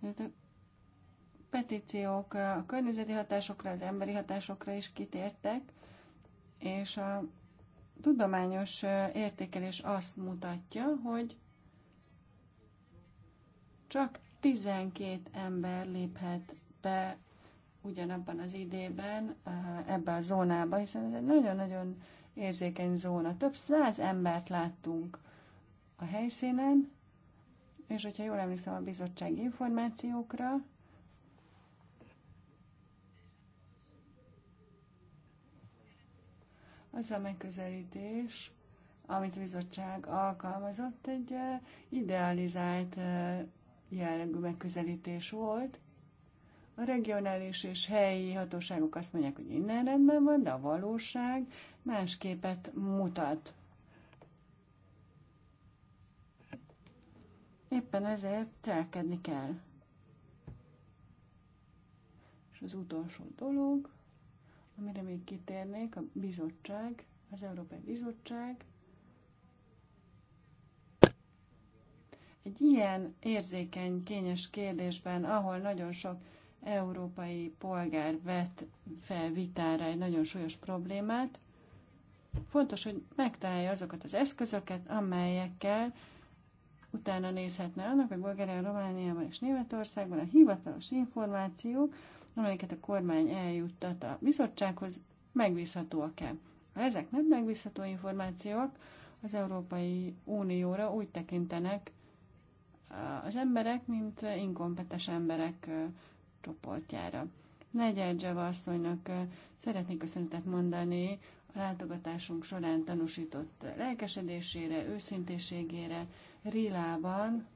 Tehát a petíciók a környezeti hatásokra, az emberi hatásokra is kitértek, és a tudományos értékelés azt mutatja, hogy csak 12 ember léphet be ugyanabban az idében eh, ebbe a zónába, hiszen ez egy nagyon-nagyon érzékeny zóna. Több száz embert láttunk a helyszínen, és hogyha jól emlékszem a bizottság információkra, az a megközelítés, amit a bizottság alkalmazott, egy idealizált jellegű megközelítés volt. A regionális és helyi hatóságok azt mondják, hogy innen rendben van, de a valóság más képet mutat. Éppen ezért telkedni kell. És az utolsó dolog, amire még kitérnék, a bizottság, az Európai Bizottság, egy ilyen érzékeny, kényes kérdésben, ahol nagyon sok európai polgár vet fel vitára egy nagyon súlyos problémát, fontos, hogy megtalálja azokat az eszközöket, amelyekkel utána nézhetne annak, hogy Bulgárián, Romániában és Németországban a hivatalos információk, amelyeket a kormány eljuttat a bizottsághoz, megbízhatóak-e. Ha ezek nem megbízható információk, az Európai Unióra úgy tekintenek az emberek, mint inkompetens emberek csoportjára. Negyeldzseva asszonynak szeretnék köszöntet mondani a látogatásunk során tanúsított lelkesedésére, őszintéségére, Rilában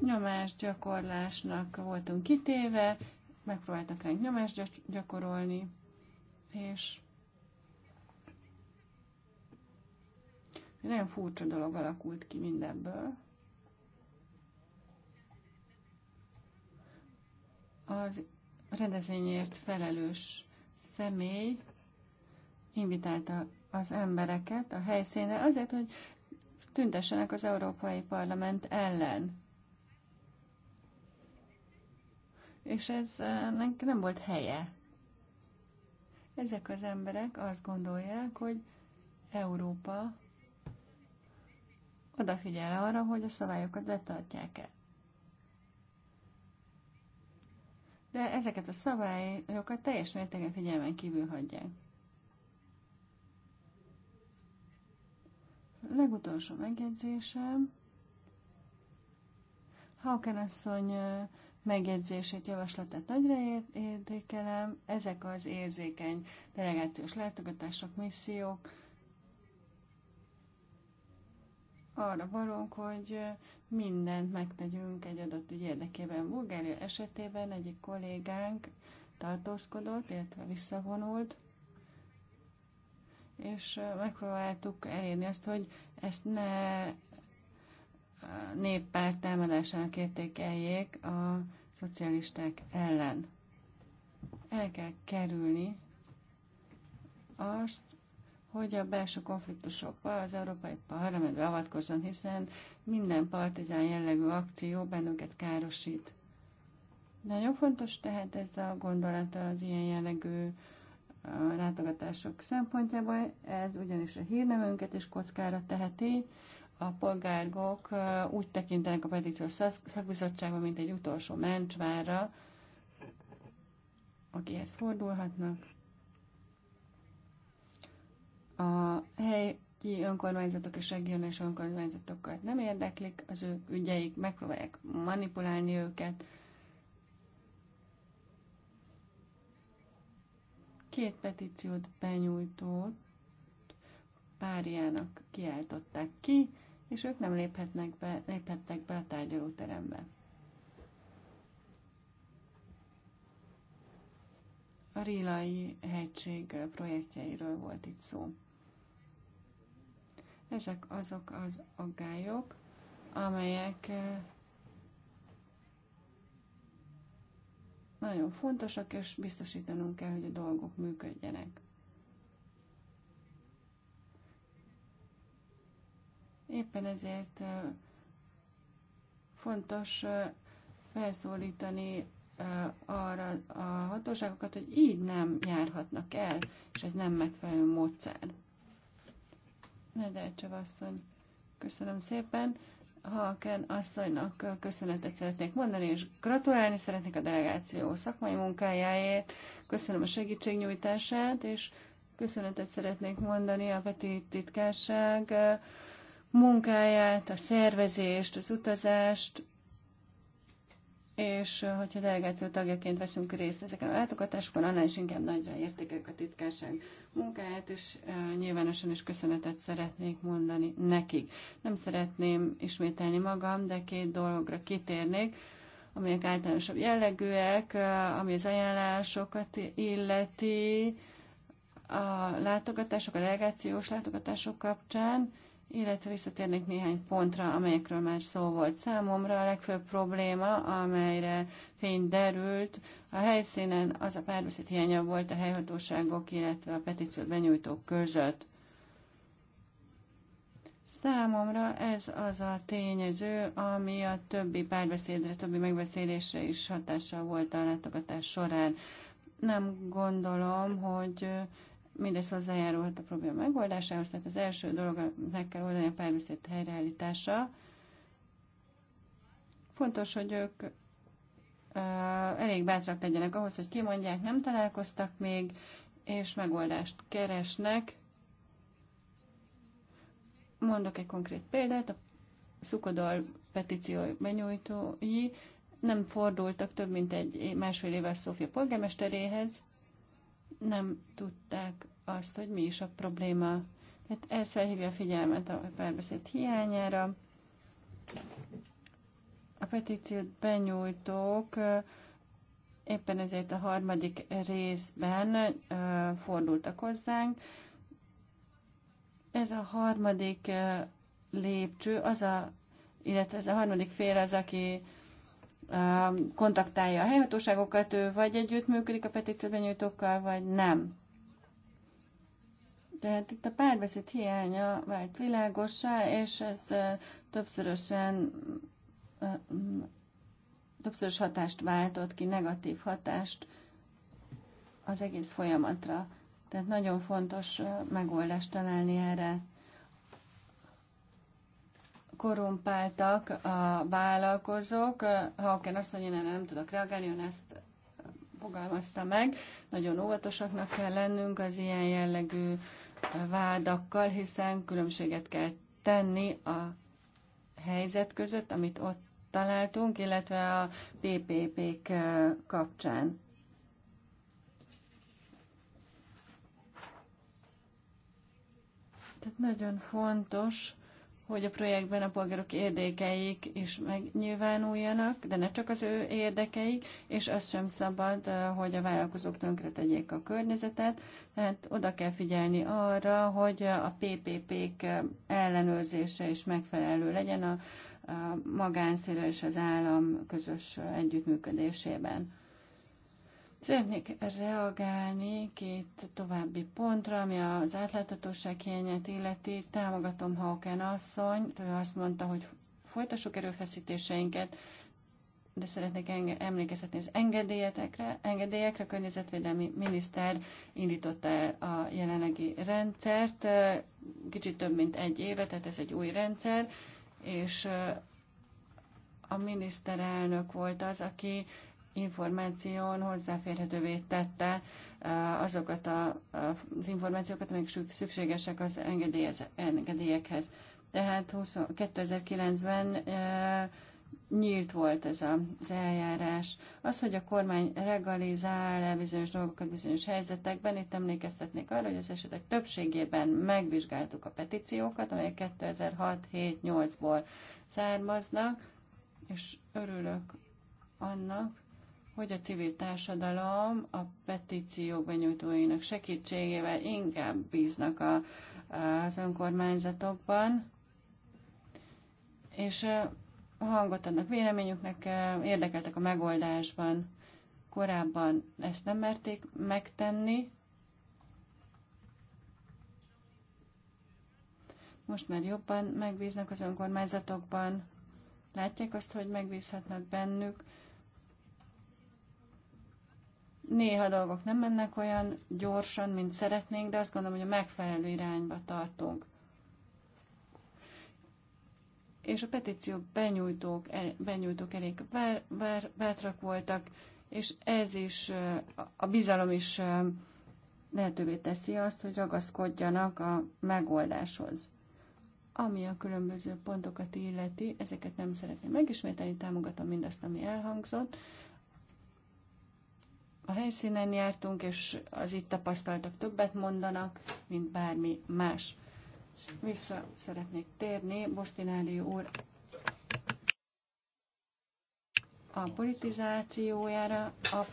nyomásgyakorlásnak voltunk kitéve, megpróbáltak ránk nyomást gyakorolni, és egy nagyon furcsa dolog alakult ki mindebből. Az rendezvényért felelős személy invitálta az embereket a helyszínre azért, hogy tüntessenek az Európai Parlament ellen. És ez eh, nem volt helye. Ezek az emberek azt gondolják, hogy Európa odafigyel arra, hogy a szabályokat betartják-e. De ezeket a szabályokat teljes mértékben figyelmen kívül hagyják. legutolsó megjegyzésem. Hauken asszony megjegyzését, javaslatát nagyra értékelem. Ezek az érzékeny delegációs látogatások, missziók arra valók, hogy mindent megtegyünk egy adott ügy érdekében. Bulgária esetében egyik kollégánk tartózkodott, illetve visszavonult, és megpróbáltuk elérni azt, hogy ezt ne néppárt támadásának értékeljék a szocialisták ellen. El kell kerülni azt, hogy a belső konfliktusokba az Európai Parlament beavatkozzon, hiszen minden partizán jellegű akció bennünket károsít. Nagyon fontos tehát ez a gondolata az ilyen jellegű a látogatások szempontjából, ez ugyanis a hírnevünket is kockára teheti. A polgárgok úgy tekintenek a petíciós szakbizottságba, mint egy utolsó mencsvárra, akihez fordulhatnak. A helyi önkormányzatok és regionális önkormányzatokat nem érdeklik, az ő ügyeik, megpróbálják manipulálni őket, Két petíciót benyújtót párjának kiáltották ki, és ők nem léphetnek be, léphettek be a tárgyalóterembe. A Rilai hegység projektjeiről volt itt szó. Ezek azok az aggályok, amelyek nagyon fontosak, és biztosítanunk kell, hogy a dolgok működjenek. Éppen ezért fontos felszólítani arra a hatóságokat, hogy így nem járhatnak el, és ez nem megfelelő módszer. Nedelcsev asszony, köszönöm szépen. Halken asszonynak köszönetet szeretnék mondani, és gratulálni szeretnék a delegáció szakmai munkájáért. Köszönöm a segítségnyújtását, és köszönetet szeretnék mondani a Peti Titkárság munkáját, a szervezést, az utazást, és hogyha delegáció tagjaként veszünk részt ezeken a látogatásokon, annál is inkább nagyra értékeljük a titkárság munkáját, és nyilvánosan is köszönetet szeretnék mondani nekik. Nem szeretném ismételni magam, de két dologra kitérnék, amelyek általánosabb jellegűek, ami az ajánlásokat illeti, a látogatások, a delegációs látogatások kapcsán, illetve visszatérnék néhány pontra, amelyekről már szó volt számomra. A legfőbb probléma, amelyre fény derült, a helyszínen az a párbeszéd hiánya volt a helyhatóságok, illetve a petíciót benyújtók között. Számomra ez az a tényező, ami a többi párbeszédre, többi megbeszélésre is hatással volt a látogatás során. Nem gondolom, hogy mindez hozzájárulhat a probléma megoldásához, tehát az első dolog meg kell oldani a párbeszéd helyreállítása. Fontos, hogy ők elég bátrak legyenek ahhoz, hogy kimondják, nem találkoztak még, és megoldást keresnek. Mondok egy konkrét példát, a Szukodol petíció benyújtói nem fordultak több mint egy másfél a Szófia polgármesteréhez, nem tudták azt, hogy mi is a probléma. Tehát ez felhívja a figyelmet a párbeszéd hiányára. A petíciót benyújtók éppen ezért a harmadik részben fordultak hozzánk. Ez a harmadik lépcső, az a, illetve ez a harmadik fél az, aki kontaktálja a helyhatóságokat, ő vagy együttműködik a petícióbenyújtókkal, vagy nem. Tehát itt a párbeszéd hiánya vált világossá, és ez többszörösen többszörös hatást váltott ki, negatív hatást az egész folyamatra. Tehát nagyon fontos megoldást találni erre korrumpáltak a vállalkozók. Hauken azt mondja, én nem tudok reagálni, ön ezt fogalmazta meg. Nagyon óvatosaknak kell lennünk az ilyen jellegű vádakkal, hiszen különbséget kell tenni a helyzet között, amit ott találtunk, illetve a PPP-k kapcsán. Tehát nagyon fontos, hogy a projektben a polgárok érdekeik is megnyilvánuljanak, de ne csak az ő érdekeik, és az sem szabad, eh, hogy a vállalkozók tönkretegyék a környezetet, tehát oda kell figyelni arra, hogy a PPP-k ellenőrzése is megfelelő legyen a, a és az állam közös eh, együttműködésében. Szeretnék reagálni két további pontra, ami az átláthatóság hiányát illeti. Támogatom Hauken asszony, ő azt mondta, hogy folytassuk erőfeszítéseinket, de szeretnék enge- emlékeztetni az engedélyekre. Engedélyekre a környezetvédelmi miniszter indította el a jelenlegi rendszert, kicsit több mint egy éve, tehát ez egy új rendszer, és a miniszterelnök volt az, aki információn hozzáférhetővé tette azokat a, az információkat, amik szükségesek az engedélyekhez. Tehát 2009-ben nyílt volt ez a, az eljárás. Az, hogy a kormány legalizál -e bizonyos dolgokat bizonyos helyzetekben, itt emlékeztetnék arra, hogy az esetek többségében megvizsgáltuk a petíciókat, amelyek 2006-7-8-ból származnak, és örülök annak, hogy a civil társadalom a petíciók benyújtóinak segítségével inkább bíznak a, az önkormányzatokban, és hangot adnak véleményüknek, érdekeltek a megoldásban. Korábban ezt nem merték megtenni. Most már jobban megbíznak az önkormányzatokban. Látják azt, hogy megbízhatnak bennük Néha dolgok nem mennek olyan gyorsan, mint szeretnénk, de azt gondolom, hogy a megfelelő irányba tartunk. És a petíciók benyújtók, e, benyújtók elég bár, bátrak voltak, és ez is, a bizalom is lehetővé teszi azt, hogy ragaszkodjanak a megoldáshoz. Ami a különböző pontokat illeti, ezeket nem szeretném megismételni, támogatom mindazt, ami elhangzott, a helyszínen jártunk, és az itt tapasztaltak többet mondanak, mint bármi más. Vissza szeretnék térni, Bosztinári úr a politizációjára, a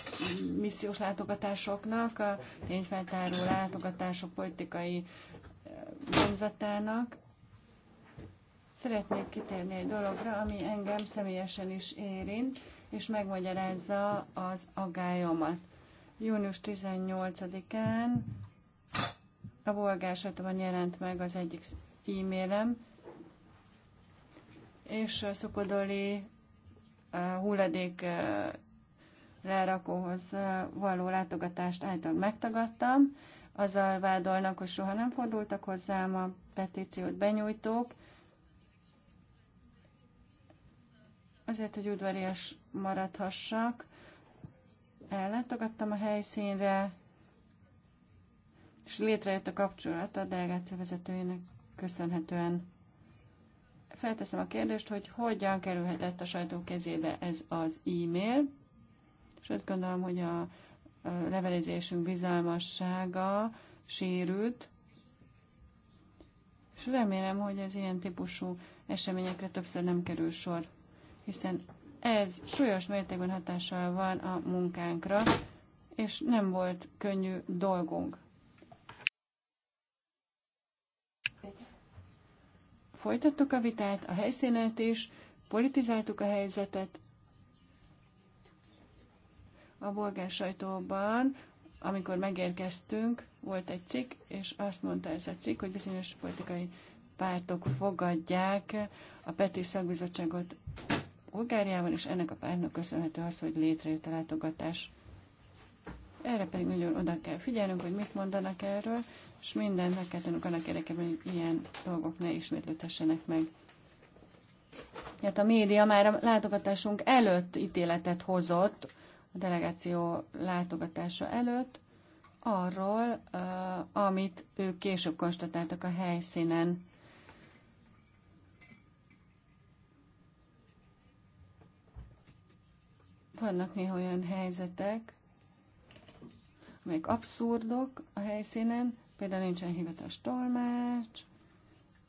missziós látogatásoknak, a tényfeltáró látogatások politikai eh, vonzatának. Szeretnék kitérni egy dologra, ami engem személyesen is érint és megmagyarázza az agályomat. Június 18-án a bolgásatban jelent meg az egyik e-mailem, és a szokodoli hulladék lerakóhoz való látogatást által megtagadtam. Azzal vádolnak, hogy soha nem fordultak hozzám a petíciót benyújtók, Azért, hogy udvarias maradhassak, ellátogattam a helyszínre, és létrejött a kapcsolat a delegáció vezetőjének köszönhetően. Felteszem a kérdést, hogy hogyan kerülhetett a sajtó kezébe ez az e-mail, és azt gondolom, hogy a levelezésünk bizalmassága sérült, és remélem, hogy az ilyen típusú eseményekre többször nem kerül sor hiszen ez súlyos mértékben hatással van a munkánkra, és nem volt könnyű dolgunk. Folytattuk a vitát, a helyszínet is, politizáltuk a helyzetet. A bolgár sajtóban, amikor megérkeztünk, volt egy cikk, és azt mondta ez a cikk, hogy bizonyos politikai pártok fogadják a Peti szakbizottságot Bulgáriában, és ennek a párnak köszönhető az, hogy létrejött a látogatás. Erre pedig nagyon oda kell figyelnünk, hogy mit mondanak erről, és mindent meg kell tennünk annak érdekében, hogy ilyen dolgok ne ismétlődhessenek meg. Hát a média már a látogatásunk előtt ítéletet hozott, a delegáció látogatása előtt, arról, amit ők később konstatáltak a helyszínen. Vannak néha olyan helyzetek, amelyek abszurdok a helyszínen, például nincsen hivatalos tolmács,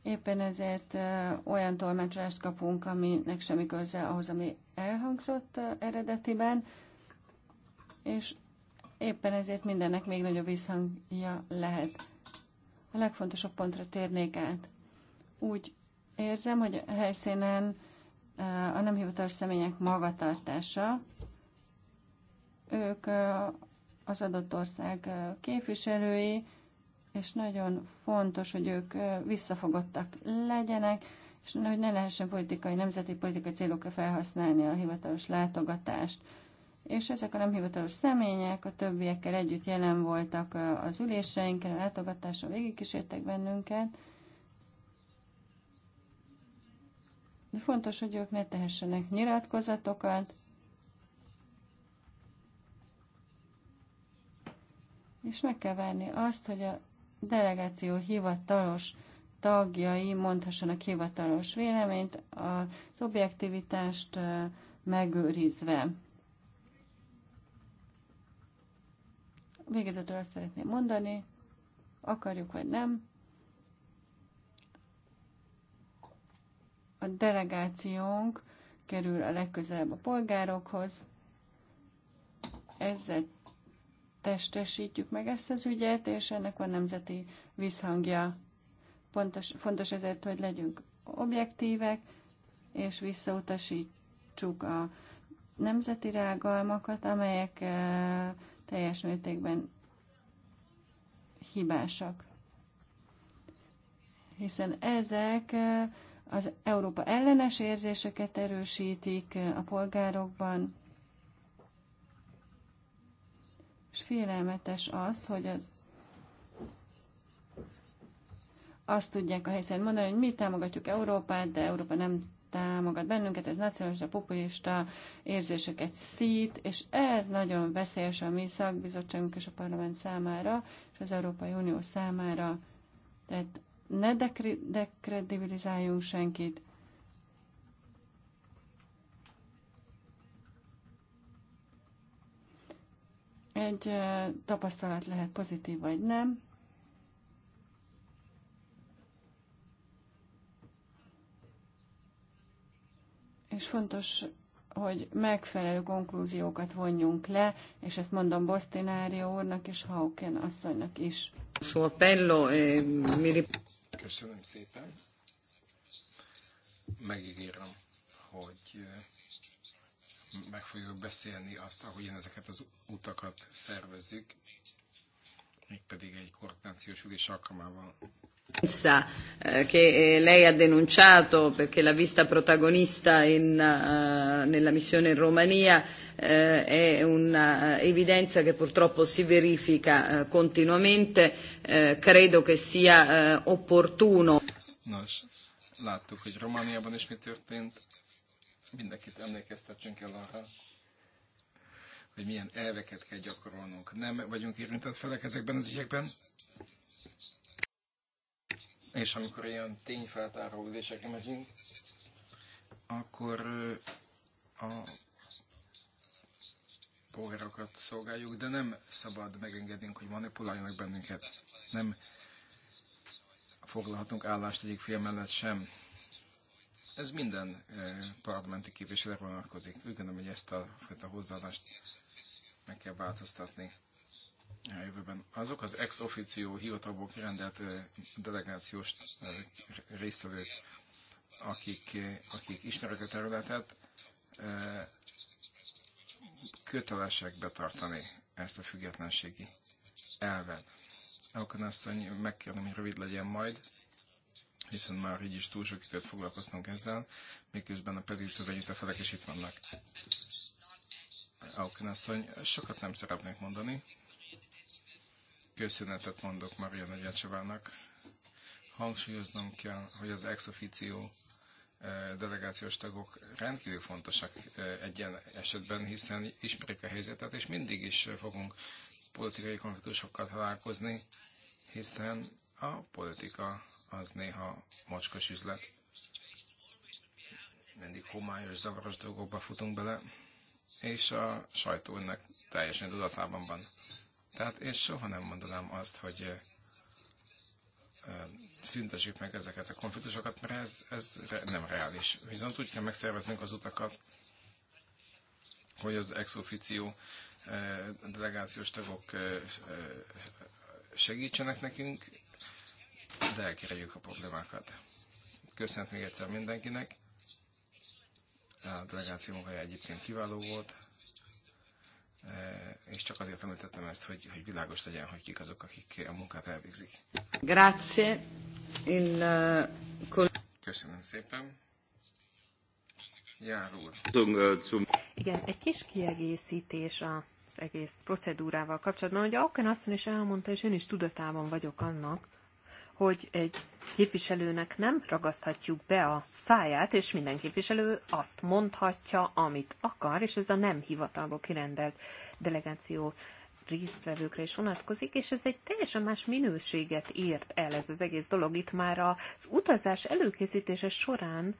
éppen ezért olyan tolmácsolást kapunk, aminek semmi köze ahhoz, ami elhangzott eredetiben, és éppen ezért mindennek még nagyobb visszhangja lehet. A legfontosabb pontra térnék át. Úgy érzem, hogy a helyszínen a nem hivatalos személyek magatartása, ők az adott ország képviselői, és nagyon fontos, hogy ők visszafogottak legyenek, és hogy ne lehessen politikai, nemzeti politikai célokra felhasználni a hivatalos látogatást. És ezek a nem hivatalos személyek a többiekkel együtt jelen voltak az üléseinken, a látogatáson végigkísértek bennünket. De fontos, hogy ők ne tehessenek nyilatkozatokat, és meg kell várni azt, hogy a delegáció hivatalos tagjai mondhassanak hivatalos véleményt, az objektivitást megőrizve. Végezetül azt szeretném mondani, akarjuk vagy nem, a delegációnk kerül a legközelebb a polgárokhoz, ezzel testesítjük meg ezt az ügyet, és ennek van nemzeti visszhangja. Pontos, fontos ezért, hogy legyünk objektívek, és visszautasítsuk a nemzeti rágalmakat, amelyek eh, teljes mértékben hibásak. Hiszen ezek eh, az Európa ellenes érzéseket erősítik eh, a polgárokban, és félelmetes az, hogy az azt tudják a helyszínen mondani, hogy mi támogatjuk Európát, de Európa nem támogat bennünket, ez nacionalista, populista érzéseket szít, és ez nagyon veszélyes a mi szakbizottságunk és a parlament számára, és az Európai Unió számára. Tehát ne dekredibilizáljunk senkit, Egy tapasztalat lehet pozitív vagy nem. És fontos, hogy megfelelő konklúziókat vonjunk le, és ezt mondom Bostinárió úrnak és Hauken asszonynak is. E Köszönöm szépen. Megígérem, hogy meg fogjuk beszélni azt, ahogyan ezeket az utakat szervezzük, mégpedig egy koordinációs ülés alkalmával. Pensa eh, che eh, lei ha denunciato perché l'ha vista protagonista in, uh, nella missione in Romania uh, è un'evidenza che purtroppo si verifica uh, continuamente, uh, credo che sia uh, opportuno. Nos, láttuk, hogy Romániában is mi történt, mindenkit emlékeztetünk el arra, hogy milyen elveket kell gyakorolnunk. Nem vagyunk érintett felek ezekben az ügyekben, és amikor ilyen tényfeltáró ülésekre megyünk, akkor a polgárokat szolgáljuk, de nem szabad megengednünk, hogy manipuláljanak bennünket. Nem foglalhatunk állást egyik fél mellett sem. Ez minden eh, parlamenti képviselőre vonatkozik. Úgy gondolom, hogy ezt a fajta hozzáadást meg kell változtatni a jövőben. Azok az ex officio hivatalból kirendelt eh, delegációs eh, résztvevők, akik, akik ismerik a területet, kötelesek betartani ezt a függetlenségi elvet. Alkan asszony, megkérném, hogy rövid legyen majd, hiszen már így is túl sok időt foglalkoztunk ezzel, miközben a együtt a felek is itt vannak. Auken asszony, sokat nem szeretnék mondani. Köszönetet mondok Maria Negyácsovának. Hangsúlyoznom kell, hogy az ex officio eh, delegációs tagok rendkívül fontosak eh, egy ilyen esetben, hiszen ismerik a helyzetet, és mindig is fogunk politikai konfliktusokkal találkozni, hiszen a politika az néha mocskos üzlet. Mindig homályos, zavaros dolgokba futunk bele, és a sajtó ennek teljesen tudatában van. Tehát én soha nem mondanám azt, hogy szüntessük meg ezeket a konfliktusokat, mert ez, ez nem reális. Viszont úgy kell megszerveznünk az utakat, hogy az ex officio delegációs tagok segítsenek nekünk, de elkerüljük a problémákat. Köszönöm még egyszer mindenkinek. A delegáció munkája egyébként kiváló volt, eh, és csak azért említettem ezt, hogy, hogy világos legyen, hogy kik azok, akik a munkát elvégzik. Grazie. Il, eh, Köszönöm szépen. Igen, egy kis kiegészítés az egész procedúrával kapcsolatban. Ugye Auken asszony is elmondta, és én is tudatában vagyok annak, hogy egy képviselőnek nem ragaszthatjuk be a száját, és minden képviselő azt mondhatja, amit akar, és ez a nem hivatalból kirendelt delegáció résztvevőkre is vonatkozik, és ez egy teljesen más minőséget ért el ez az egész dolog. Itt már az utazás előkészítése során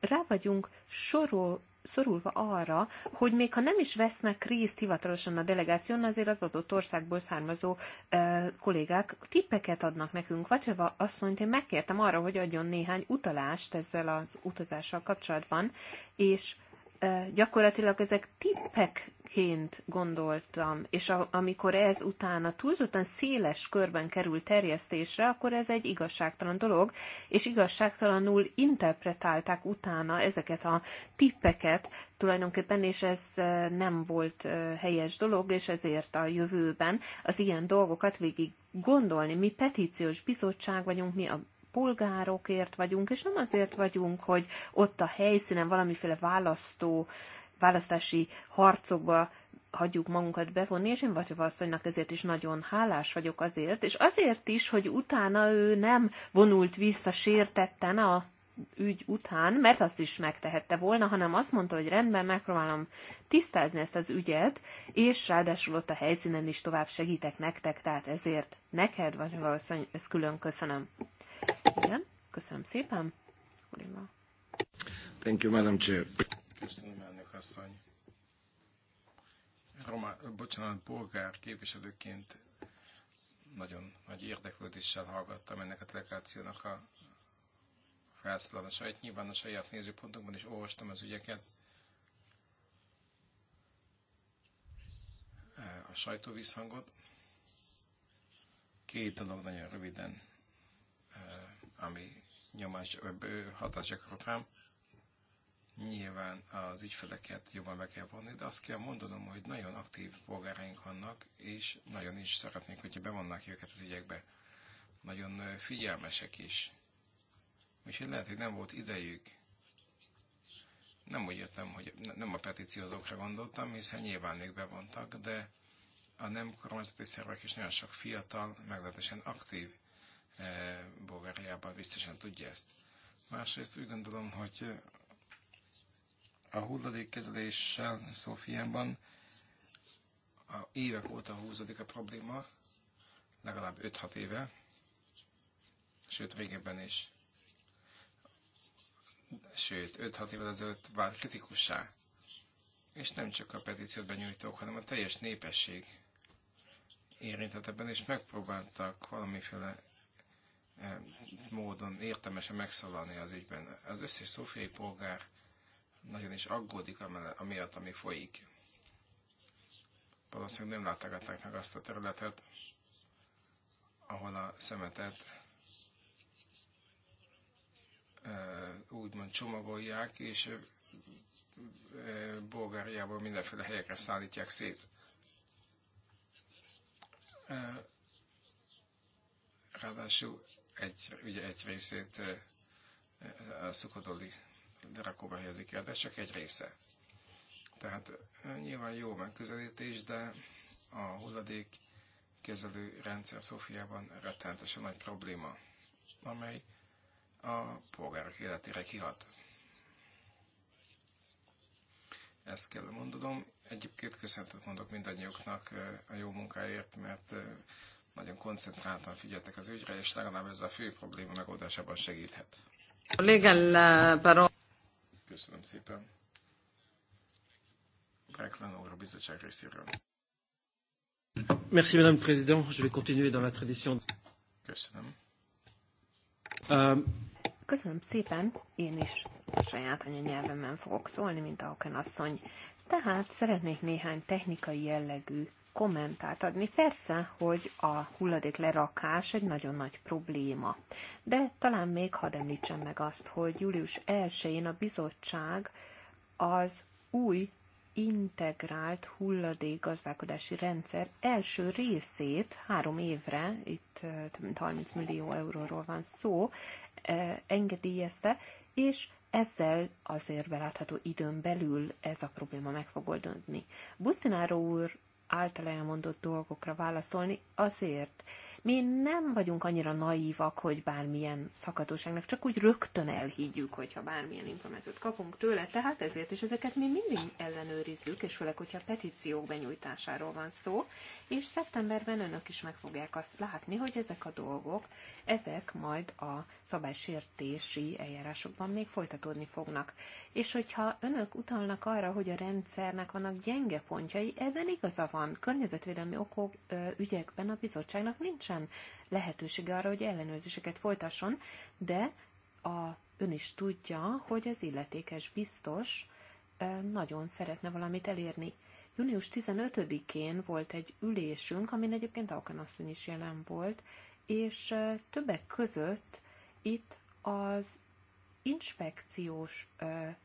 rá vagyunk sorol, szorulva arra, hogy még ha nem is vesznek részt hivatalosan a delegáción, azért az adott országból származó e, kollégák tippeket adnak nekünk. Vacseva asszonyt én megkértem arra, hogy adjon néhány utalást ezzel az utazással kapcsolatban, és gyakorlatilag ezek tippekként gondoltam, és a, amikor ez utána túlzottan széles körben kerül terjesztésre, akkor ez egy igazságtalan dolog, és igazságtalanul interpretálták utána ezeket a tippeket tulajdonképpen, és ez nem volt helyes dolog, és ezért a jövőben az ilyen dolgokat végig gondolni. Mi petíciós bizottság vagyunk, mi a polgárokért vagyunk, és nem azért vagyunk, hogy ott a helyszínen valamiféle választó, választási harcokba hagyjuk magunkat bevonni, és én Vacsava asszonynak ezért is nagyon hálás vagyok azért, és azért is, hogy utána ő nem vonult vissza sértetten a ügy után, mert azt is megtehette volna, hanem azt mondta, hogy rendben, megpróbálom tisztázni ezt az ügyet, és ráadásul ott a helyszínen is tovább segítek nektek, tehát ezért neked, vagy valószínűleg ezt külön köszönöm. Igen, köszönöm szépen. Kolléga. Thank you, Madam Chair. Köszönöm, elnök asszony. Roma, bocsánat, polgár képviselőként nagyon nagy érdeklődéssel hallgattam ennek a delegációnak a felszólalásait. Nyilván a saját nézőpontokban is olvastam az ügyeket. E, a sajtóvisszhangot. Két dolog nagyon röviden ami nyomás, hatást gyakorolt rám. Nyilván az ügyfeleket jobban be kell vonni, de azt kell mondanom, hogy nagyon aktív polgáraink vannak, és nagyon is szeretnék, hogyha bevonnák őket az ügyekbe. Nagyon figyelmesek is. Úgyhogy lehet, hogy nem volt idejük. Nem úgy értem, hogy nem a petíciózókra gondoltam, hiszen nyilván ők bevontak, de a nem kormányzati szervek is nagyon sok fiatal, meglehetősen aktív Eh, Bulgáriában biztosan tudja ezt. Másrészt úgy gondolom, hogy eh, a hulladékkezeléssel Szófiában a évek óta húzódik a probléma, legalább 5-6 éve, sőt régebben is. Sőt, 5-6 évvel ezelőtt vált kritikussá. És nem csak a petíciót benyújtók, hanem a teljes népesség érintett ebben, és megpróbáltak valamiféle E, módon értemesen megszólalni az ügyben. Az összes szófiai polgár nagyon is aggódik amiatt, ami folyik. Valószínűleg nem látogatták meg azt a területet, ahol a szemetet e, úgymond csomagolják, és e, Bulgáriából mindenféle helyekre szállítják szét. Ráadásul egy, ugye egy részét a szukodoli rakóba helyezik el, de csak egy része. Tehát nyilván jó megközelítés, de a hulladék kezelő rendszer Szófiában rettenetesen nagy probléma, amely a polgárok életére kihat. Ezt kell mondanom. Egyébként köszöntet mondok mindannyiuknak a jó munkáért, mert nagyon koncentráltan figyeltek az ügyre, és legalább ez a fő probléma megoldásában segíthet. Köszönöm szépen. Reklán úr a bizottság részéről. Merci, Madame le Président. Je vais continuer dans la tradition. Köszönöm. Euh, Köszönöm szépen, én is a saját anyanyelvemben fogok szólni, mint Auken asszony. Tehát szeretnék néhány technikai jellegű kommentát adni. Persze, hogy a hulladék lerakás egy nagyon nagy probléma. De talán még hadd említsem meg azt, hogy július 1-én a bizottság az új integrált hulladékgazdálkodási rendszer első részét három évre, itt több mint 30 millió euróról van szó, engedélyezte, és ezzel azért belátható időn belül ez a probléma meg fog oldani. Busztináró úr által elmondott dolgokra válaszolni, azért, mi nem vagyunk annyira naívak, hogy bármilyen szakadóságnak csak úgy rögtön elhiggyük, hogyha bármilyen információt kapunk tőle, tehát ezért is ezeket mi mindig ellenőrizzük, és főleg, hogyha petíciók benyújtásáról van szó, és szeptemberben önök is meg fogják azt látni, hogy ezek a dolgok, ezek majd a szabálysértési eljárásokban még folytatódni fognak. És hogyha önök utalnak arra, hogy a rendszernek vannak gyenge pontjai, ebben igaza van. Környezetvédelmi okok ügyekben a bizottságnak nincs sem lehetősége arra, hogy ellenőrzéseket folytasson, de a, ön is tudja, hogy az illetékes biztos nagyon szeretne valamit elérni. Június 15-én volt egy ülésünk, amin egyébként Alkanasszony is jelen volt, és többek között itt az inspekciós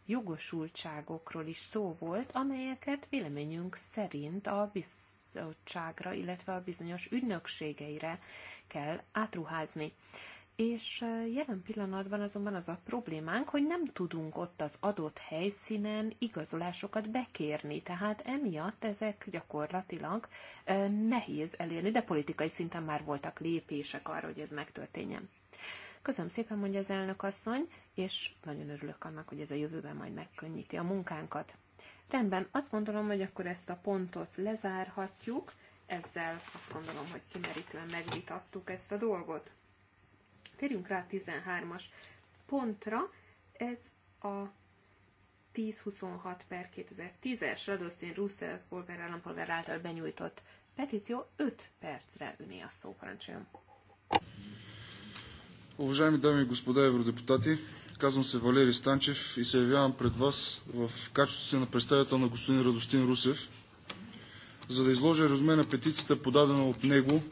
jogosultságokról is szó volt, amelyeket véleményünk szerint a biztos bizottságra, illetve a bizonyos ügynökségeire kell átruházni. És jelen pillanatban azonban az a problémánk, hogy nem tudunk ott az adott helyszínen igazolásokat bekérni, tehát emiatt ezek gyakorlatilag nehéz elérni, de politikai szinten már voltak lépések arra, hogy ez megtörténjen. Köszönöm szépen, mondja az elnök asszony, és nagyon örülök annak, hogy ez a jövőben majd megkönnyíti a munkánkat. Rendben, azt gondolom, hogy akkor ezt a pontot lezárhatjuk, ezzel azt gondolom, hogy kimerítően megvitattuk ezt a dolgot. Térjünk rá a 13-as pontra, ez a 1026 per 2010-es Radosztin Russell polgár állampolgár által benyújtott petíció 5 percre üné a szó, parancsoljon. Уважаеми дами и господа евродепутати, Казвам се Валери Станчев и се явявам пред вас в качеството си на представител на господин Радостин Русев, за да изложа резюме на петицията, подадена от него,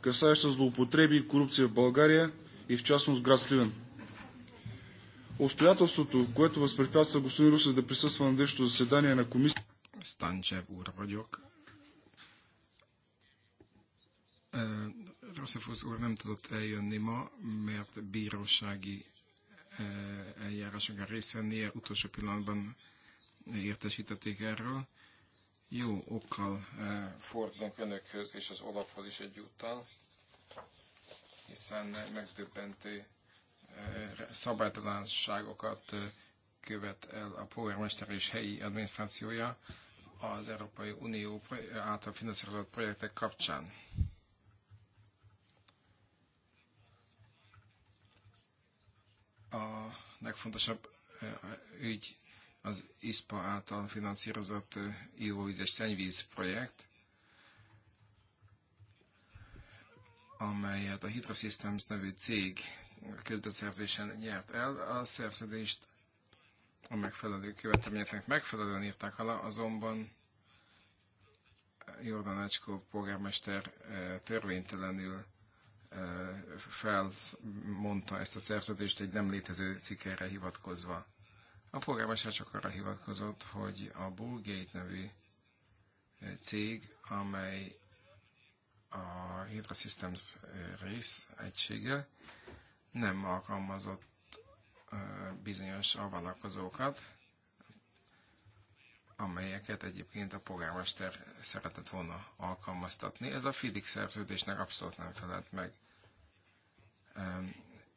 касаеща злоупотреби и корупция в България и в частност град Сливен. Обстоятелството, което възпрепятства господин Русев да присъства на днешното заседание на комисията... Станчев úr vagyok. Rosefus úr nem tudott eljönni ma, mert bírósági eljárásunkon részt vennie, utolsó pillanatban értesítették erről. Jó okkal fordulunk önökhöz és az Olafhoz is egyúttal, hiszen megdöbbentő szabálytalanságokat követ el a polgármester és helyi adminisztrációja az Európai Unió által finanszírozott projektek kapcsán. A legfontosabb eh, ügy az ISPA által finanszírozott eh, ivóvíz és szennyvíz projekt, amelyet a Hydro Systems nevű cég közbeszerzésen nyert el. A szerződést a megfelelő követelményeknek megfelelően írták alá, azonban Jordan Ecskó polgármester eh, törvénytelenül felmondta ezt a szerződést egy nem létező cikkelre hivatkozva. A polgármester csak arra hivatkozott, hogy a Bullgate nevű cég, amely a Hydra Systems rész egysége nem alkalmazott bizonyos alvállalkozókat, amelyeket egyébként a polgármester szeretett volna alkalmaztatni. Ez a FIDIC szerződésnek abszolút nem felelt meg.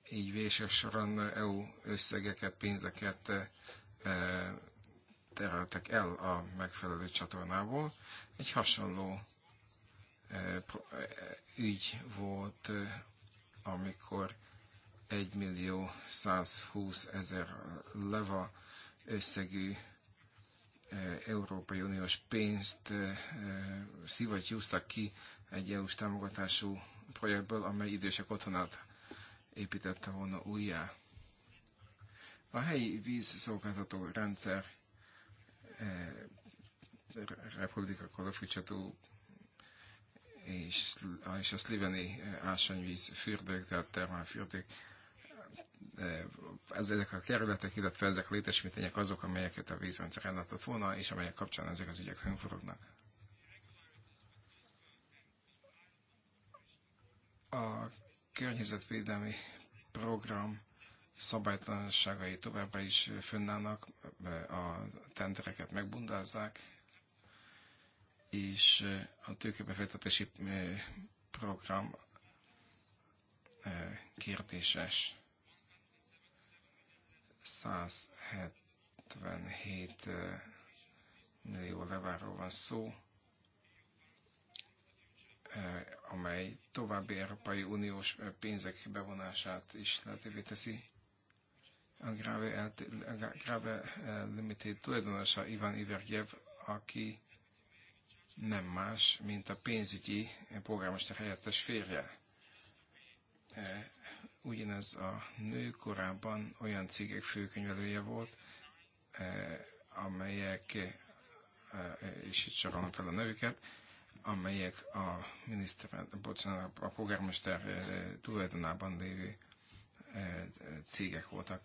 Így vések során EU összegeket, pénzeket eh, tereltek el a megfelelő csatornából. Egy hasonló eh, eh, ügy volt, amikor 1 millió 120 ezer leva összegű Európai Uniós pénzt szivattyúztak ki egy EU-s támogatású projektből, amely idősek otthonát építette volna újjá. A helyi vízszolgáltató rendszer Republika Koloficsatú és, a szliveni ásanyvíz fürdők, tehát termálfürdők E, ezek a kerületek, illetve ezek a létesítmények azok, amelyeket a vízrendszer ellátott volna, és amelyek kapcsán ezek az ügyek hőnforognak. A környezetvédelmi program szabálytalanságai továbbra is fönnállnak, a tendereket megbundázzák, és a tőkebefektetési e, program e, kérdéses. 177 millió leváról van szó, amely további Európai Uniós pénzek bevonását is lehetővé teszi. A Grave, Grave Limited tulajdonosa Ivan Ivergyev, aki nem más, mint a pénzügyi polgármester helyettes férje. Ugyanez a nő korábban olyan cégek főkönyvelője volt, eh, amelyek, eh, és itt sorolom fel a nevüket, amelyek a miniszter, bocsánat, a polgármester eh, tulajdonában lévő cégek voltak.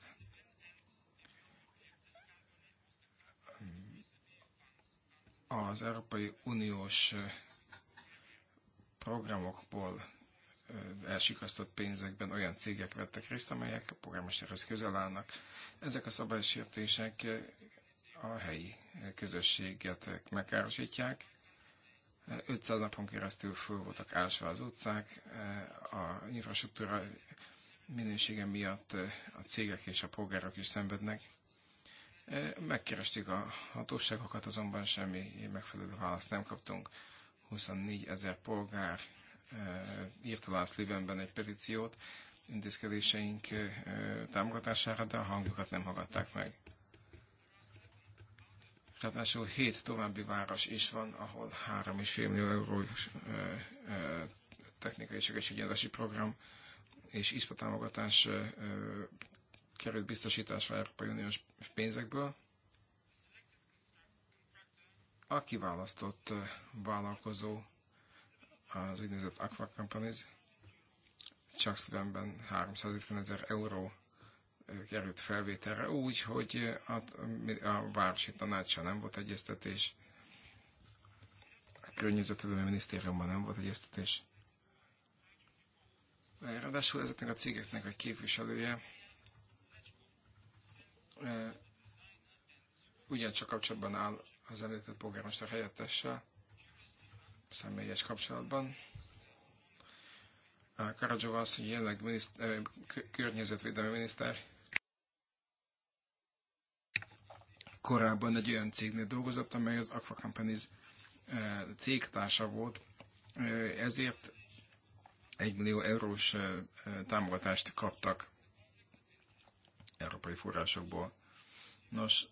Az Európai Uniós programokból elsikasztott pénzekben olyan cégek vettek részt, amelyek a polgármesterhez közel állnak. Ezek a szabálysértések a helyi közösséget megkárosítják. 500 napon keresztül föl voltak ásva az utcák, a infrastruktúra minősége miatt a cégek és a polgárok is szenvednek. Megkerestük a hatóságokat, azonban semmi megfelelő választ nem kaptunk. 24 ezer polgár Eh, írt alá Szlivenben egy petíciót intézkedéseink eh, támogatására, de a hangjukat nem hallgatták meg. Ráadásul hét további város is van, ahol 3,5 millió eurós eh, technikai segítségnyújtási program és ISPA támogatás került biztosításra Európai Uniós pénzekből. A kiválasztott vállalkozó az úgynevezett Aqua Companies, csak szívemben 350 ezer euró került felvételre, úgy, hogy a, hát, a városi tanácsa nem volt egyeztetés, a környezetvédelmi minisztériumban nem volt egyeztetés. Ráadásul ezeknek a cégeknek a képviselője ugyancsak kapcsolatban áll az említett polgármester helyettessel, személyes kapcsolatban. Karadzsova az, hogy jelenleg környezetvédelmi miniszter korábban egy olyan cégnél dolgozott, amely az Aqua Companies cégtársa volt, ezért egy millió eurós támogatást kaptak európai forrásokból. Nos,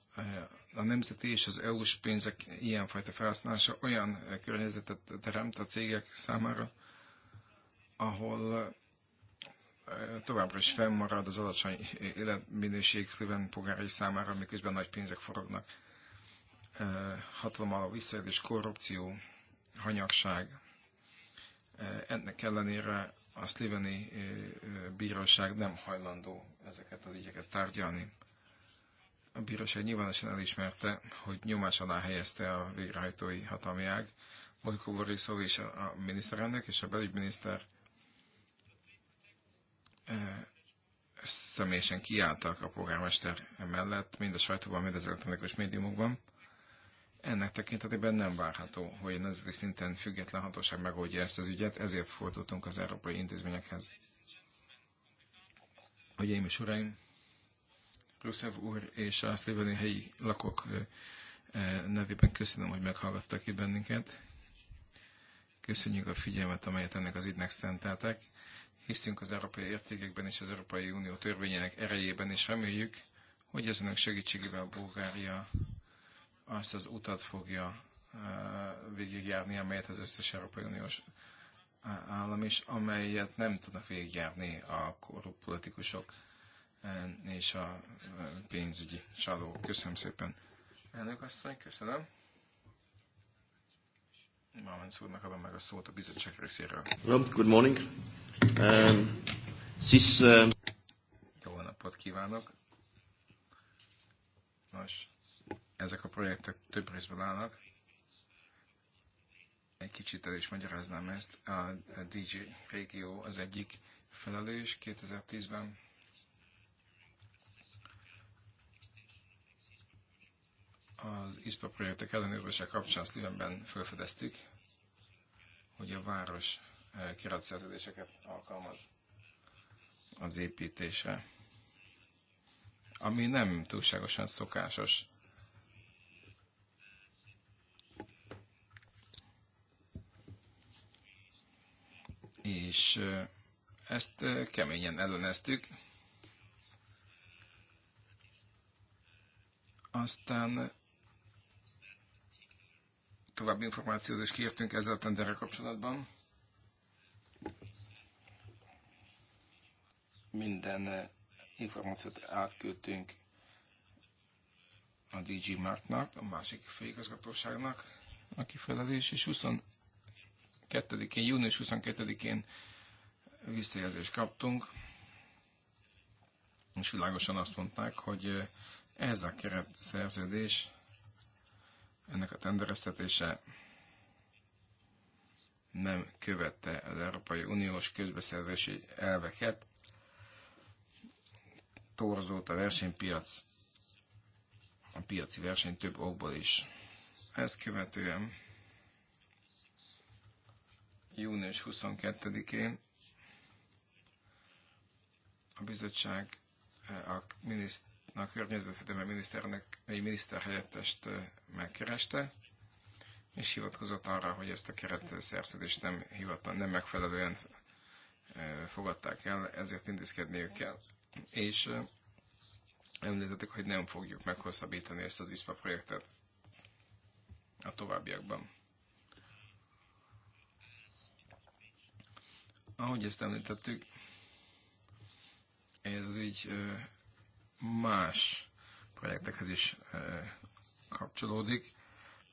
a nemzeti és az EU-s pénzek ilyenfajta felhasználása olyan környezetet teremt a cégek számára, ahol eh, továbbra is fennmarad az alacsony életminőség szíven polgárai számára, miközben nagy pénzek forognak. Eh, hatalom a visszaélés, korrupció, hanyagság. Eh, ennek ellenére a szliveni bíróság nem hajlandó ezeket az ügyeket tárgyalni. A bíróság nyilvánosan elismerte, hogy nyomás alá helyezte a végrehajtói hatalmi ág. Bojko Borisov és a, a miniszterelnök és a belügyminiszter e, személyesen kiálltak a polgármester mellett, mind a sajtóban, mind az elektronikus médiumokban. Ennek tekintetében nem várható, hogy a nemzeti szinten független hatóság megoldja ezt az ügyet, ezért fordultunk az európai intézményekhez. én és uraim, Rusev úr és a szlébeni helyi lakók nevében köszönöm, hogy meghallgattak itt bennünket. Köszönjük a figyelmet, amelyet ennek az ügynek szenteltek. Hiszünk az európai értékekben és az Európai Unió törvényének erejében, és reméljük, hogy az önök segítségével Bulgária azt az utat fogja végigjárni, amelyet az összes Európai Uniós állam is, amelyet nem tudnak végigjárni a korrupt politikusok. Eh, és a eh, pénzügyi csaló. Köszönöm szépen. Elnök asszony, köszönöm. Mamanc úrnak adom meg a szót a bizottság részéről. Well, good morning. Um, this, um... Jó napot kívánok. Nos, ezek a projektek több részből állnak. Egy kicsit el is magyaráznám ezt. A, a DJ régió az egyik felelős 2010-ben az ISPA projektek ellenőrzése kapcsán Szlivenben felfedeztük, hogy a város e, kiratszerződéseket alkalmaz az építésre, ami nem túlságosan szokásos. És e, ezt e, keményen elleneztük. Aztán további információt is kértünk ezzel a tenderrel kapcsolatban. Minden eh, információt átküldtünk a DG Martnak, a másik főigazgatóságnak, aki felelős, és 22-én, június 22-én visszajelzést kaptunk, és világosan azt mondták, hogy eh, ez a keret szerződés ennek a tendereztetése nem követte az Európai Uniós közbeszerzési elveket, torzult a versenypiac, a piaci verseny több okból is. Ezt követően június 22-én a bizottság a miniszt a környezetvédelmi miniszternek, egy miniszterhelyettest megkereste, és hivatkozott arra, hogy ezt a keretszerződést nem, hivatlan, nem megfelelően fogadták el, ezért intézkedniük kell. És említettük, hogy nem fogjuk meghosszabbítani ezt az ISPA projektet a továbbiakban. Ahogy ezt említettük, ez az ügy más projektekhez is eh, kapcsolódik.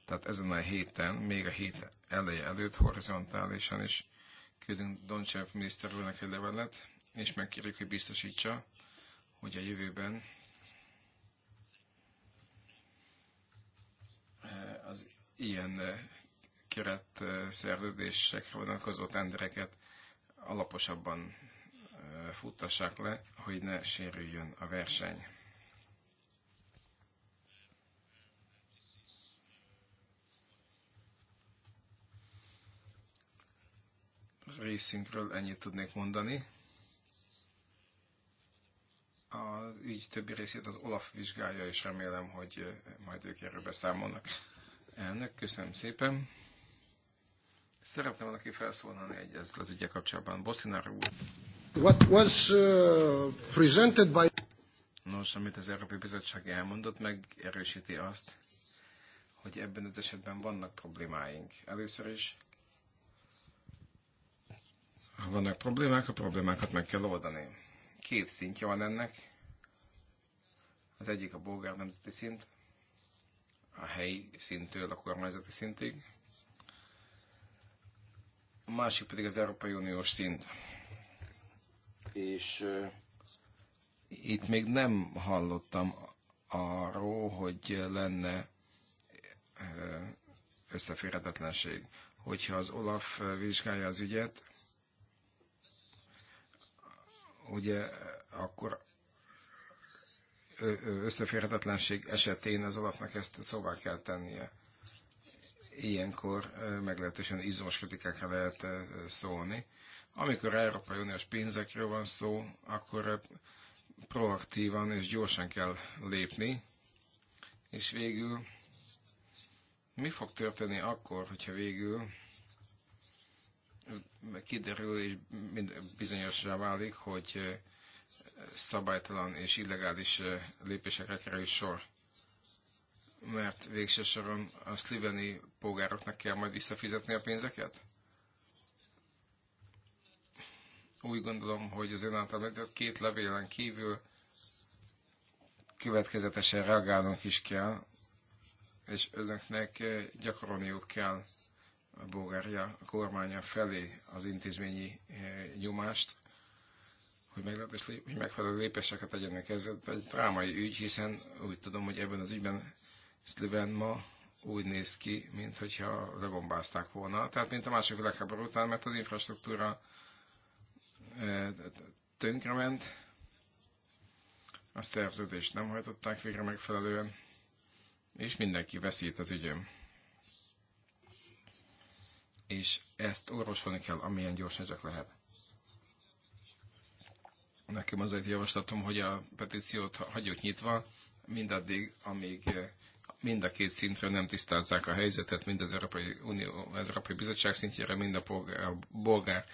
Tehát ezen a héten, még a hét eleje előtt horizontálisan is küldünk Doncsev miniszter úrnak egy levelet, és megkérjük, hogy biztosítsa, hogy a jövőben eh, az ilyen eh, keret szerződésekre vonatkozó tendereket alaposabban futtassák le, hogy ne sérüljön a verseny. részünkről ennyit tudnék mondani. A ügy többi részét az Olaf vizsgálja, és remélem, hogy majd ők erről beszámolnak. Elnök, köszönöm szépen. Szeretném, valaki felszólalni egy ezzel az ügye kapcsolatban. Bosszinár úr. What was uh, presented by... Nos, amit az Európai Bizottság elmondott, megerősíti azt, hogy ebben az esetben vannak problémáink. Először is, ha vannak problémák, a problémákat meg kell oldani. Két szintje van ennek. Az egyik a bolgár nemzeti szint, a helyi szintől a kormányzati szintig. A másik pedig az Európai Uniós szint és itt még nem hallottam arról, hogy lenne összeférhetetlenség. Hogyha az Olaf vizsgálja az ügyet, ugye akkor összeférhetetlenség esetén az Olafnak ezt szóvá kell tennie. Ilyenkor meglehetősen izomos kritikákra lehet szólni amikor Európai Uniós pénzekről van szó, akkor eh, proaktívan és gyorsan kell lépni, és végül mi fog történni akkor, hogyha végül eh, kiderül és bizonyosra válik, hogy eh, szabálytalan és illegális lépésekre kerül sor. Mert végső soron a szliveni polgároknak kell majd visszafizetni a pénzeket? Úgy gondolom, hogy az ön által két levélen kívül következetesen reagálnunk is kell, és önöknek gyakorolniuk kell a Bulgária kormánya felé az intézményi eh, nyomást, hogy, meglepés, hogy megfelelő lépéseket tegyenek. Ez egy drámai ügy, hiszen úgy tudom, hogy ebben az ügyben Szlöven ma úgy néz ki, mintha lebombázták volna. Tehát, mint a második világháború után, mert az infrastruktúra tönkrement, a szerződést nem hajtották végre megfelelően, és mindenki veszít az ügyön. És ezt orvosolni kell, amilyen gyorsan csak lehet. Nekem azért javaslatom, hogy a petíciót hagyjuk nyitva, mindaddig, amíg mind a két szintről nem tisztázzák a helyzetet, mind az Európai, Unió, az Európai Bizottság szintjére, mind a bolgár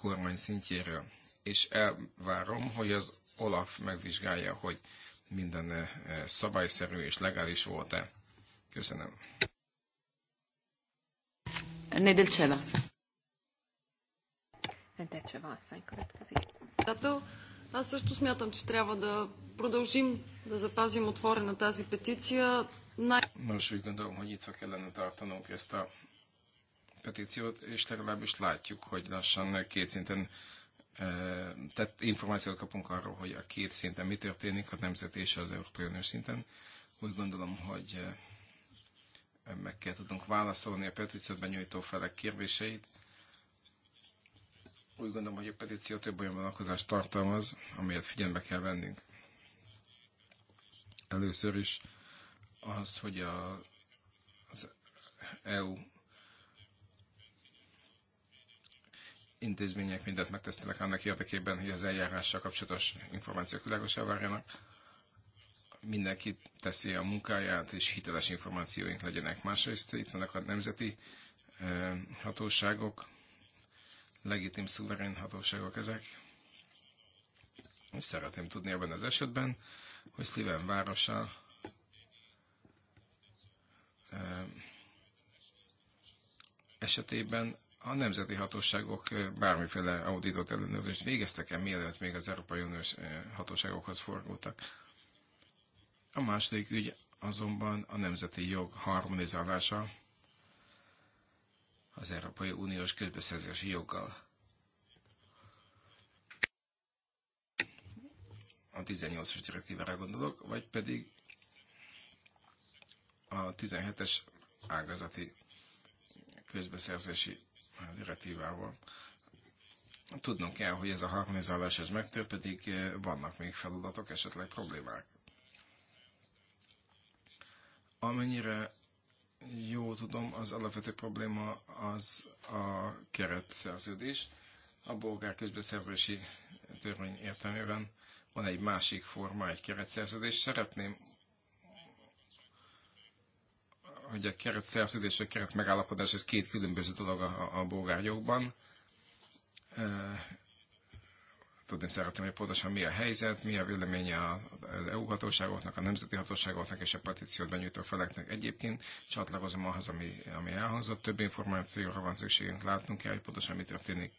kormány szintjéről. És elvárom, hogy az Olaf megvizsgálja, hogy minden eh, szabályszerű és legális volt-e. Köszönöm. Nedelcseva. Nedelcseva asszony következik. Аз също смятам, че трябва да продължим да запазим отворена тази петиция. Най... Nos, úgy gondolom, hogy itt kellene tartanunk ezt a petíciót, és legalábbis látjuk, hogy lassan két szinten e, tehát információt kapunk arról, hogy a két szinten mi történik, a nemzet és az Európai Unió szinten. Úgy gondolom, hogy e, meg kell tudnunk válaszolni a petíciót benyújtó felek kérdéseit. Úgy gondolom, hogy a petíció több olyan vonalkozást tartalmaz, amelyet figyelme kell vennünk. Először is az, hogy a, az EU intézmények mindent megtesztenek annak érdekében, hogy az eljárással kapcsolatos információk világosá várjanak. Mindenki teszi a munkáját, és hiteles információink legyenek. Másrészt itt vannak a nemzeti hatóságok, legitim szuverén hatóságok ezek. És szeretném tudni ebben az esetben, hogy Sliven városa esetében a nemzeti hatóságok bármiféle auditot ellenőrzést végeztek-e, mielőtt még az Európai Uniós hatóságokhoz fordultak. A második ügy azonban a nemzeti jog harmonizálása az Európai Uniós közbeszerzési joggal. A 18-as direktívára gondolok, vagy pedig a 17-es ágazati közbeszerzési direktívával. Tudnunk kell, hogy ez a harmonizálás ez megtör, pedig eh, vannak még feladatok, esetleg problémák. Amennyire jó tudom, az alapvető probléma az a keretszerződés. A bolgár közbeszerzési törvény értelmében van egy másik forma, egy keretszerződés. Szeretném hogy a keret szerződés, a keret megállapodás, ez két különböző dolog a, a bolgár jogban. Tudni szeretném, hogy pontosan mi a helyzet, mi a véleménye az EU hatóságoknak, a nemzeti hatóságoknak és a petíciót benyújtó feleknek egyébként. Csatlakozom ahhoz, ami, ami elhangzott. Több információra van szükségünk, látnunk kell, hogy pontosan mi történik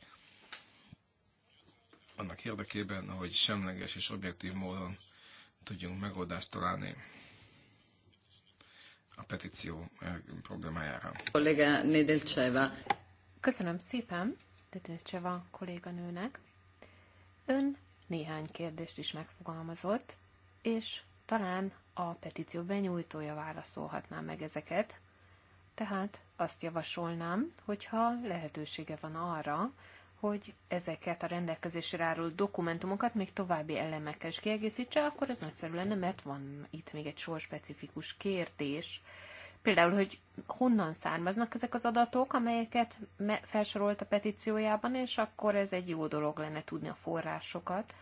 annak érdekében, hogy semleges és objektív módon tudjunk megoldást találni a petíció eh, problémájára. Kollega Nedelcseva. Köszönöm szépen Nedelcseva kolléganőnek. Ön néhány kérdést is megfogalmazott, és talán a petíció benyújtója válaszolhatná meg ezeket. Tehát azt javasolnám, hogyha lehetősége van arra, hogy ezeket a rendelkezésre álló dokumentumokat még további elemekkel is kiegészítse, akkor ez nagyszerű lenne, mert van itt még egy specifikus kérdés. Például, hogy honnan származnak ezek az adatok, amelyeket felsorolt a petíciójában, és akkor ez egy jó dolog lenne tudni a forrásokat,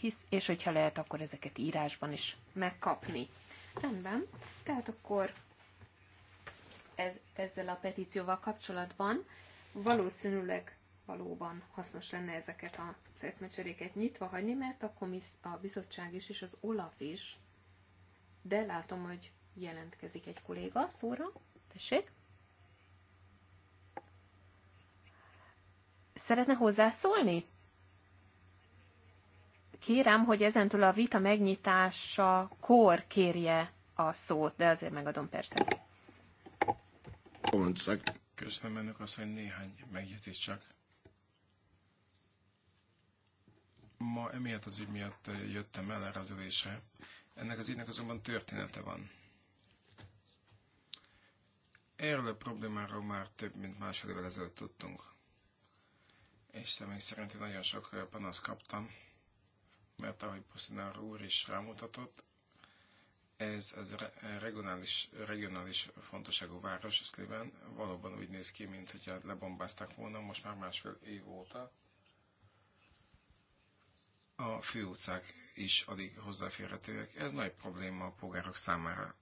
hisz, és hogyha lehet, akkor ezeket írásban is megkapni. Rendben, tehát akkor ez, ezzel a petícióval kapcsolatban valószínűleg valóban hasznos lenne ezeket a eszmecseréket nyitva hagyni, mert a, komisz, a bizottság is és az OLAF is, de látom, hogy jelentkezik egy kolléga szóra. Tessék! Szeretne hozzászólni? Kérem, hogy ezentúl a vita megnyitása kor kérje a szót, de azért megadom persze. Köszönöm ennek azt, hogy néhány megjegyzés csak Ma emiatt az ügy miatt eh, jöttem el erre az ülésre. Ennek az ügynek azonban története van. Erről a problémáról már több mint másfél évvel ezelőtt tudtunk. És személy szerint én nagyon sok eh, panaszt kaptam, mert ahogy Pusztinár úr is rámutatott, ez, ez regionális, regionális fontosságú város, Szlében valóban úgy néz ki, mint lebombázták volna most már másfél év óta a főutcák is alig hozzáférhetőek. Ez nagy probléma a polgárok számára.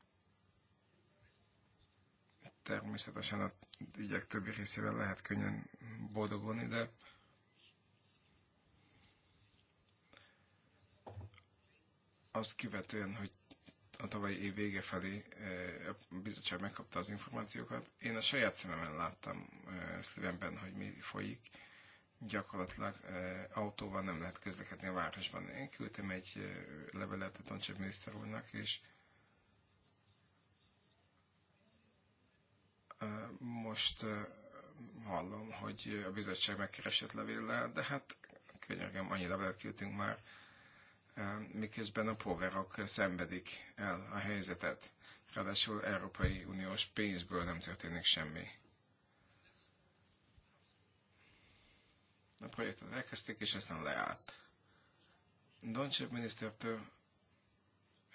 Természetesen a ügyek többi részével lehet könnyen boldogulni, de azt követően, hogy a tavalyi év vége felé eh, a bizottság megkapta az információkat, én a saját szememben láttam eh, Szlivenben, hogy mi folyik gyakorlatilag autóval nem lehet közlekedni a városban. Én küldtem egy levelet a Toncsev miniszter úrnak, és most hallom, hogy a bizottság megkeresett levéllel, de hát könyörgöm, annyi levelet küldtünk már, miközben a polgárok szenvedik el a helyzetet. Ráadásul Európai Uniós pénzből nem történik semmi. a projektet elkezdték, és aztán leállt. Doncsev minisztertől,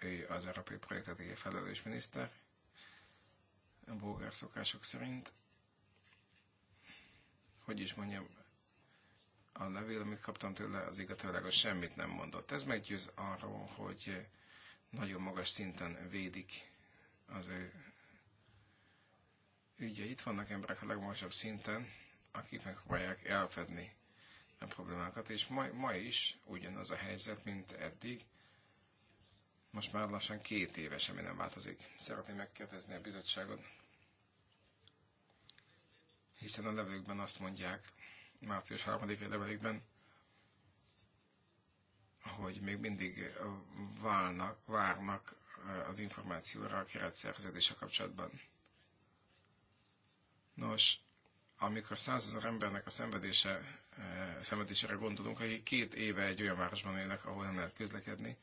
ő az európai projektet egy felelős miniszter, a bulgár szokások szerint, hogy is mondjam, a levél, amit kaptam tőle, az igazából semmit nem mondott. Ez meggyőz arról, hogy nagyon magas szinten védik az ő ügyeit. Vannak emberek a legmagasabb szinten, akik megpróbálják elfedni problémákat, és ma, ma is ugyanaz a helyzet, mint eddig. Most már lassan két éve semmi nem változik. Szeretném megkérdezni a bizottságot, hiszen a levelükben azt mondják, március 3-ai levelükben, hogy még mindig válnak, várnak az információra a keretszerződése kapcsolatban. Nos, amikor százezer embernek a szenvedése Eh, szemetésére gondolunk, akik két éve egy olyan városban élnek, ahol nem lehet közlekedni,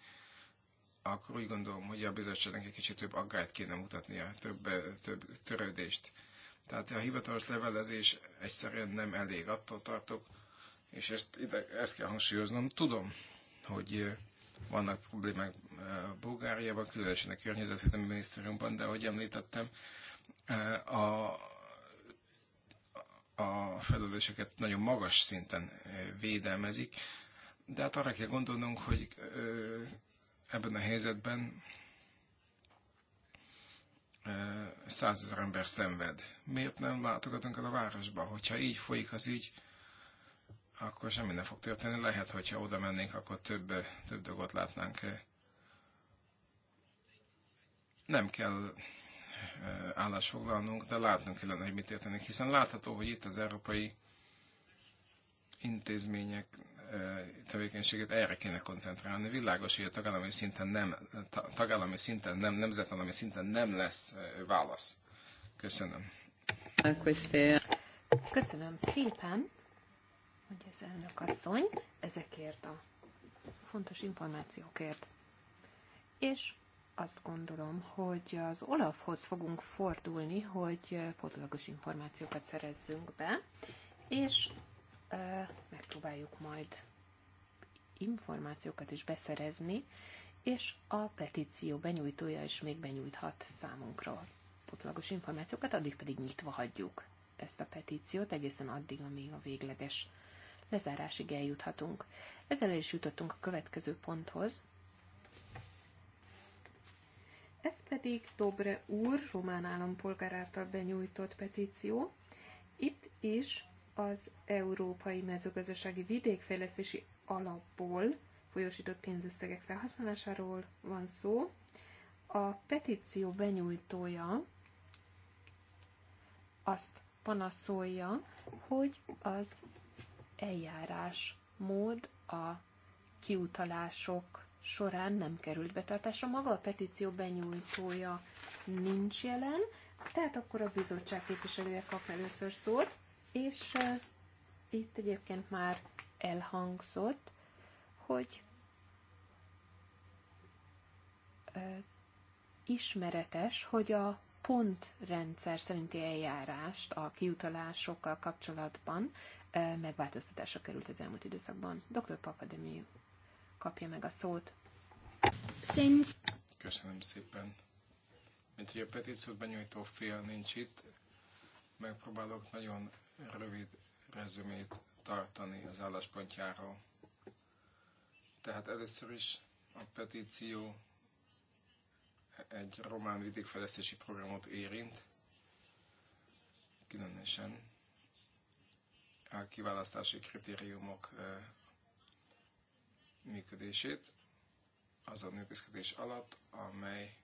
akkor úgy gondolom, hogy a bizottságnak egy kicsit több aggályt kéne mutatnia, több, eh, több törődést. Tehát a hivatalos levelezés egyszerűen nem elég, attól tartok, és ezt, ide, ezt kell hangsúlyoznom. Tudom, hogy eh, vannak problémák Bulgáriában, különösen a környezetvédelmi minisztériumban, de ahogy említettem, a a felelőseket nagyon magas szinten védelmezik, de hát arra kell gondolnunk, hogy ebben a helyzetben százezer ember szenved. Miért nem látogatunk el a városba? Hogyha így folyik az ügy, akkor semmi nem fog történni. Lehet, hogyha oda mennénk, akkor több, több dolgot látnánk. Nem kell állásfoglalnunk, de látnunk kellene, hogy mit értenek, hiszen látható, hogy itt az európai intézmények tevékenységét erre kéne koncentrálni. Világos, hogy a tagállami szinten nem, tagállami szinten nem, nemzetállami szinten nem lesz válasz. Köszönöm. Köszönöm szépen, hogy az elnök asszony ezekért a fontos információkért. És azt gondolom, hogy az Olafhoz fogunk fordulni, hogy eh, pótlagos információkat szerezzünk be, és e, megpróbáljuk majd információkat is beszerezni, és a petíció benyújtója is még benyújthat számunkra pótlagos információkat, addig pedig nyitva hagyjuk ezt a petíciót, egészen addig, amíg a végleges lezárásig eljuthatunk. Ezzel is jutottunk a következő ponthoz, ez pedig Dobre úr, román állampolgár által benyújtott petíció. Itt is az Európai Mezőgazdasági Vidékfejlesztési Alapból folyósított pénzösszegek felhasználásáról van szó. A petíció benyújtója azt panaszolja, hogy az eljárás mód a kiutalások során nem került betartásra. Maga a petíció benyújtója nincs jelen, tehát akkor a bizottság képviselője kap először szót, és uh, itt egyébként már elhangzott, hogy uh, ismeretes, hogy a pontrendszer szerinti eljárást a kiutalásokkal kapcsolatban eh, megváltoztatásra került az elmúlt időszakban. Dr. Papademiu kapja meg a szót. Köszönöm szépen. Mint hogy a petíciót benyújtó fél nincs itt, megpróbálok nagyon rövid rezümét tartani az álláspontjáról. Tehát először is a petíció egy román vidékfejlesztési programot érint, különösen a kiválasztási kritériumok eh, működését a intézkedés alatt, amely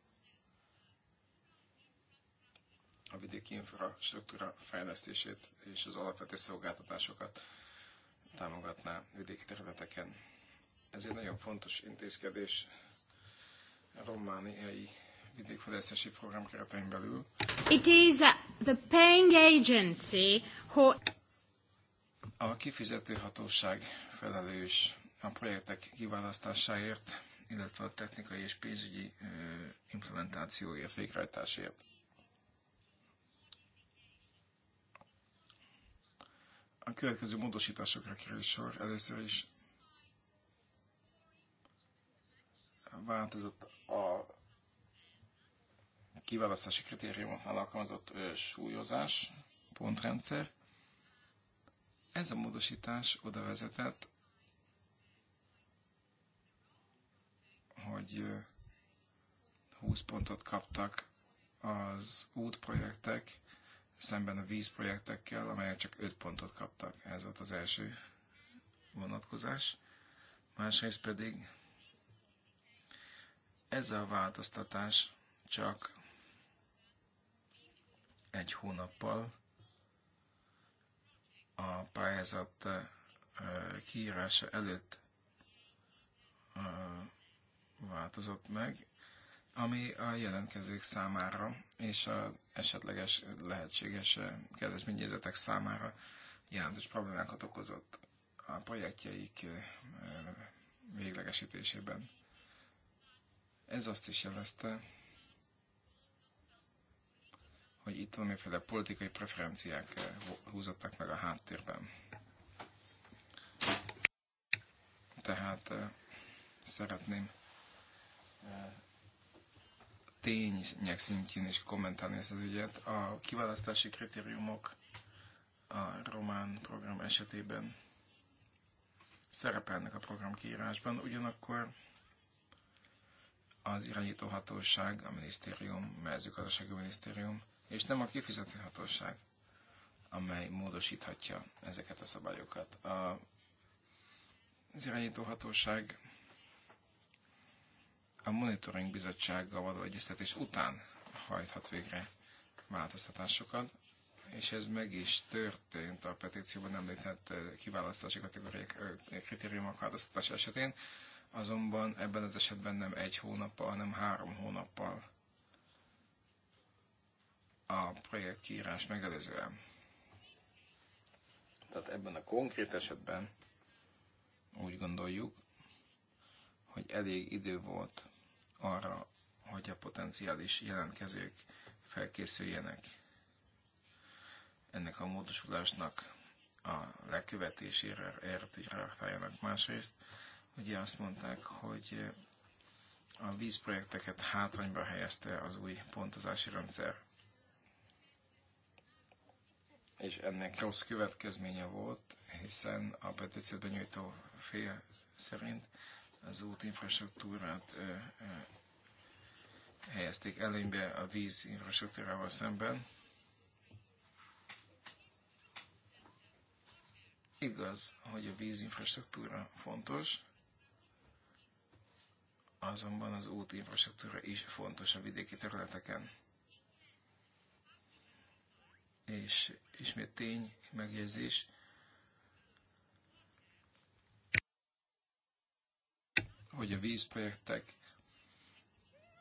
a vidéki infrastruktúra fejlesztését és az alapvető szolgáltatásokat támogatná vidéki területeken. Ez egy nagyon fontos intézkedés a romániai vidékfejlesztési program keretein belül. It is the paying agency who... A kifizető hatóság felelős a projektek kiválasztásáért, illetve a technikai és pénzügyi implementációért, végrehajtásért. A következő módosításokra kerül sor. Először is változott a kiválasztási kritériumoknál alkalmazott súlyozás, pontrendszer. Ez a módosítás oda vezetett, hogy 20 pontot kaptak az útprojektek, szemben a vízprojektekkel, amelyek csak 5 pontot kaptak. Ez volt az első vonatkozás. Másrészt pedig ez a változtatás csak egy hónappal a pályázat kiírása előtt változott meg, ami a jelentkezők számára és a esetleges lehetséges kezdeményezetek számára jelentős problémákat okozott a projektjeik véglegesítésében. Ez azt is jelezte, hogy itt valamiféle politikai preferenciák húzottak meg a háttérben. Tehát szeretném E, tények szintjén is kommentálni ezt az ügyet. A kiválasztási kritériumok a román program esetében szerepelnek a program kiírásban, ugyanakkor az irányító hatóság, a minisztérium, mezőgazdasági minisztérium, és nem a kifizető hatóság, amely módosíthatja ezeket a szabályokat. A, az irányító hatóság a monitoring bizottsággal való egyeztetés után hajthat végre változtatásokat, és ez meg is történt a petícióban említett kiválasztási kategóriák kritériumok változtatása esetén, azonban ebben az esetben nem egy hónappal, hanem három hónappal a projekt kiírás megelőzően. Tehát ebben a konkrét esetben úgy gondoljuk, hogy elég idő volt arra, hogy a potenciális jelentkezők felkészüljenek ennek a módosulásnak a lekövetésére, erőt hogy reaktáljanak. Másrészt ugye azt mondták, hogy a vízprojekteket hátrányba helyezte az új pontozási rendszer. És ennek rossz következménye volt, hiszen a petíciót benyújtó fél szerint az út infrastruktúrát helyezték előnybe a víz infrastruktúrával szemben. Igaz, hogy a vízinfrastruktúra fontos, azonban az infrastruktúra is fontos a vidéki területeken. És ismét tény megjegyzés, hogy a vízprojektek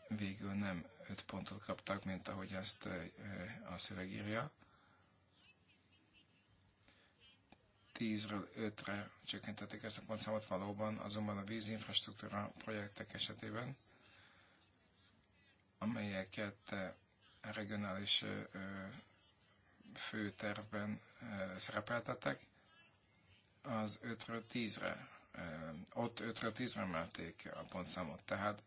végül nem 5 pontot kaptak, mint ahogy ezt a szöveg írja. 10-ről 5-re csökkentették ezt a pontszámot valóban, azonban a vízinfrastruktúra projektek esetében, amelyeket a regionális főtervben szerepeltettek, az 5-ről 10-re ott 5-ről 10 emelték a pontszámot, tehát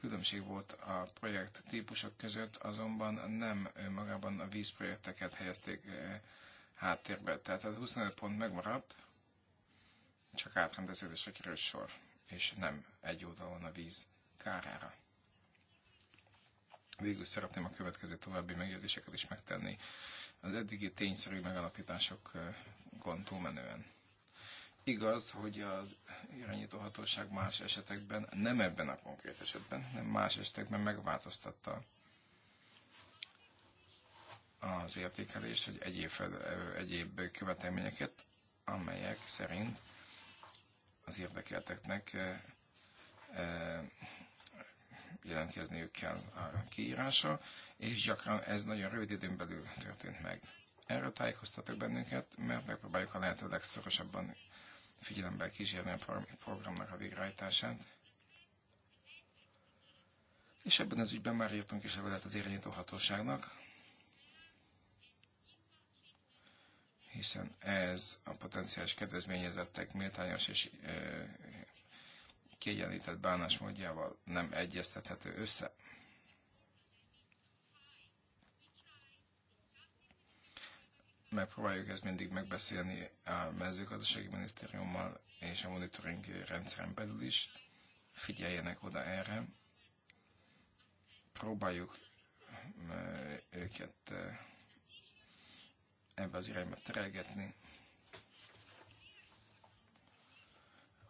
különbség volt a projekt típusok között, azonban nem magában a vízprojekteket helyezték háttérbe. Tehát a 25 pont megmaradt, csak átrendeződésre került sor, és nem egy oldalon a víz kárára. Végül szeretném a következő további megjegyzéseket is megtenni az eddigi tényszerű megalapításokon túlmenően. Igaz, hogy az irányítóhatóság más esetekben, nem ebben a konkrét esetben, nem más esetekben megváltoztatta az értékelést, hogy egyéb, egyéb követelményeket, amelyek szerint az érdekelteknek jelentkezniük kell a kiírása, és gyakran ez nagyon rövid időn belül történt meg. Erről tájékoztatok bennünket, mert megpróbáljuk a lehető legszorosabban figyelembe kísérni a programnak a végrehajtását. És ebben az ügyben már írtunk is levelet az irányító hatóságnak, hiszen ez a potenciális kedvezményezettek méltányos és ö, kiegyenlített bánásmódjával nem egyeztethető össze. megpróbáljuk ezt mindig megbeszélni a mezőgazdasági minisztériummal és a monitoring rendszeren belül is. Figyeljenek oda erre. Próbáljuk őket ebbe az irányba terelgetni.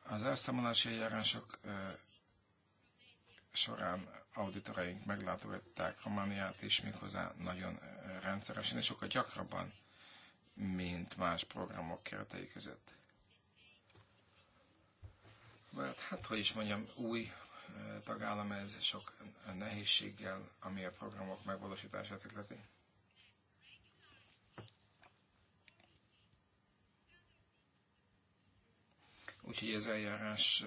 Az elszámolási eljárások során auditoraink meglátogatták Romániát is, méghozzá nagyon rendszeresen, és sokkal gyakrabban, mint más programok keretei között. Mert hát, hogy is mondjam, új tagállam ez sok nehézséggel, ami a programok megvalósítását illeti. Úgyhogy az eljárás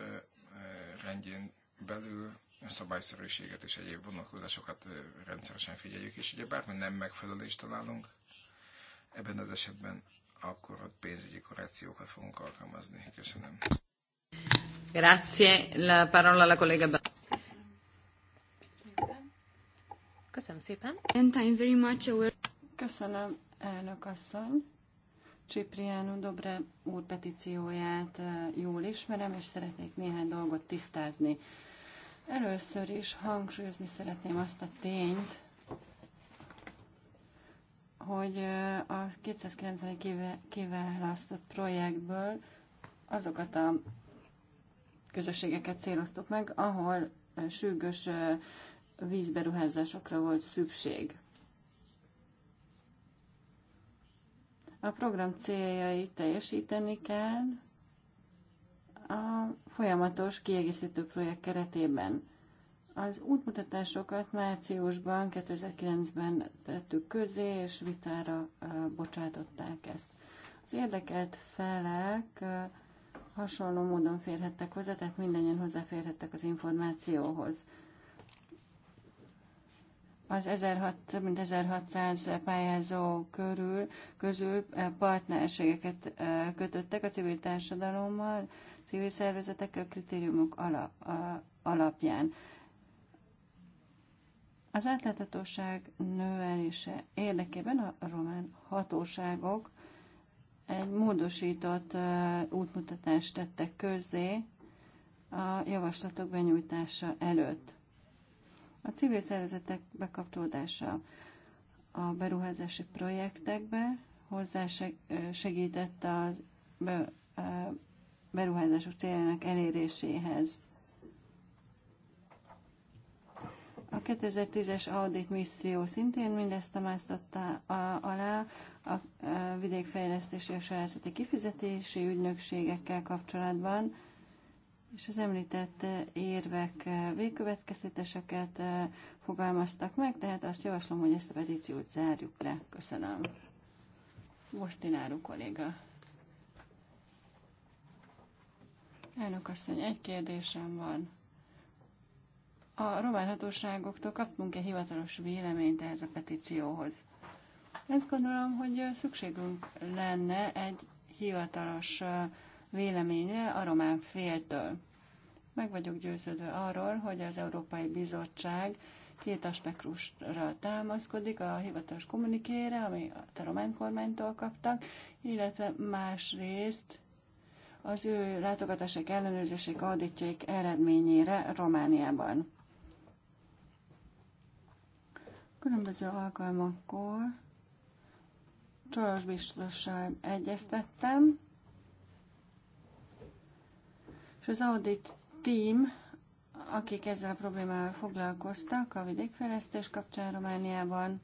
rendjén belül a szabályszerűséget és egyéb vonatkozásokat rendszeresen figyeljük, és ugye bármi nem megfelelést találunk, Ebben az esetben akkor ott pénzügyi korrekciókat fogunk alkalmazni. Köszönöm. Grazie. La parola la collega Köszönöm szépen. And I'm very much aware. Köszönöm, elnök asszony. Cipriano Dobre úr petícióját eh, jól ismerem, és szeretnék néhány dolgot tisztázni. Először is hangsúlyozni szeretném azt a tényt, hogy a 290 kiválasztott projektből azokat a közösségeket céloztuk meg, ahol sürgős vízberuházásokra volt szükség. A program céljait teljesíteni kell a folyamatos kiegészítő projekt keretében. Az útmutatásokat márciusban, 2009-ben tettük közé, és vitára bocsátották ezt. Az érdekelt felek hasonló módon férhettek hozzá, tehát mindannyian hozzáférhettek az információhoz. Az 1600, mint 1600 pályázó körül, közül partnerségeket kötöttek a civil társadalommal, civil szervezetekkel, kritériumok alapján. Az átláthatóság növelése érdekében a román hatóságok egy módosított útmutatást tettek közzé a javaslatok benyújtása előtt. A civil szervezetek bekapcsolódása a beruházási projektekbe segített az beruházások céljának eléréséhez. A 2010-es audit misszió szintén mindezt támasztotta alá a vidékfejlesztési és sajátszati kifizetési ügynökségekkel kapcsolatban, és az említett érvek végkövetkeztetéseket eh, fogalmaztak meg, tehát azt javaslom, hogy ezt a petíciót zárjuk le. Köszönöm. Bostináru kolléga. Elnök asszony, egy kérdésem van a román hatóságoktól kaptunk-e hivatalos véleményt ehhez a petícióhoz. Ezt gondolom, hogy szükségünk lenne egy hivatalos véleményre a román féltől. Meg vagyok győződve arról, hogy az Európai Bizottság két aspektusra támaszkodik, a hivatalos kommunikére, ami a román kormánytól kaptak, illetve másrészt az ő látogatások ellenőrzések auditjaik eredményére Romániában. Különböző alkalmakkor Csoros biztossal egyeztettem, és az audit team, akik ezzel a problémával foglalkoztak a vidékfejlesztés kapcsán Romániában,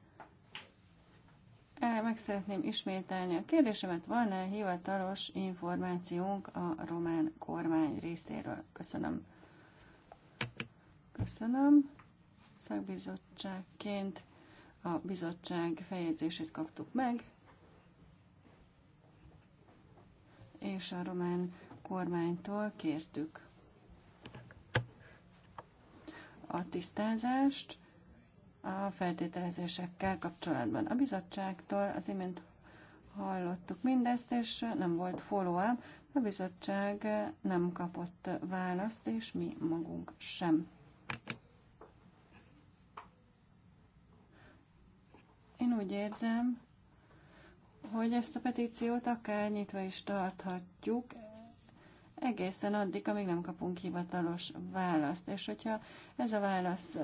meg szeretném ismételni a kérdésemet, van-e hivatalos információnk a román kormány részéről? Köszönöm. Köszönöm. Szakbizottságként a bizottság feljegyzését kaptuk meg, és a román kormánytól kértük a tisztázást a feltételezésekkel kapcsolatban. A bizottságtól az imént hallottuk mindezt, és nem volt follow-up. A bizottság nem kapott választ, és mi magunk sem. Én úgy érzem, hogy ezt a petíciót akár nyitva is tarthatjuk, egészen addig, amíg nem kapunk hivatalos választ. És hogyha ez a válasz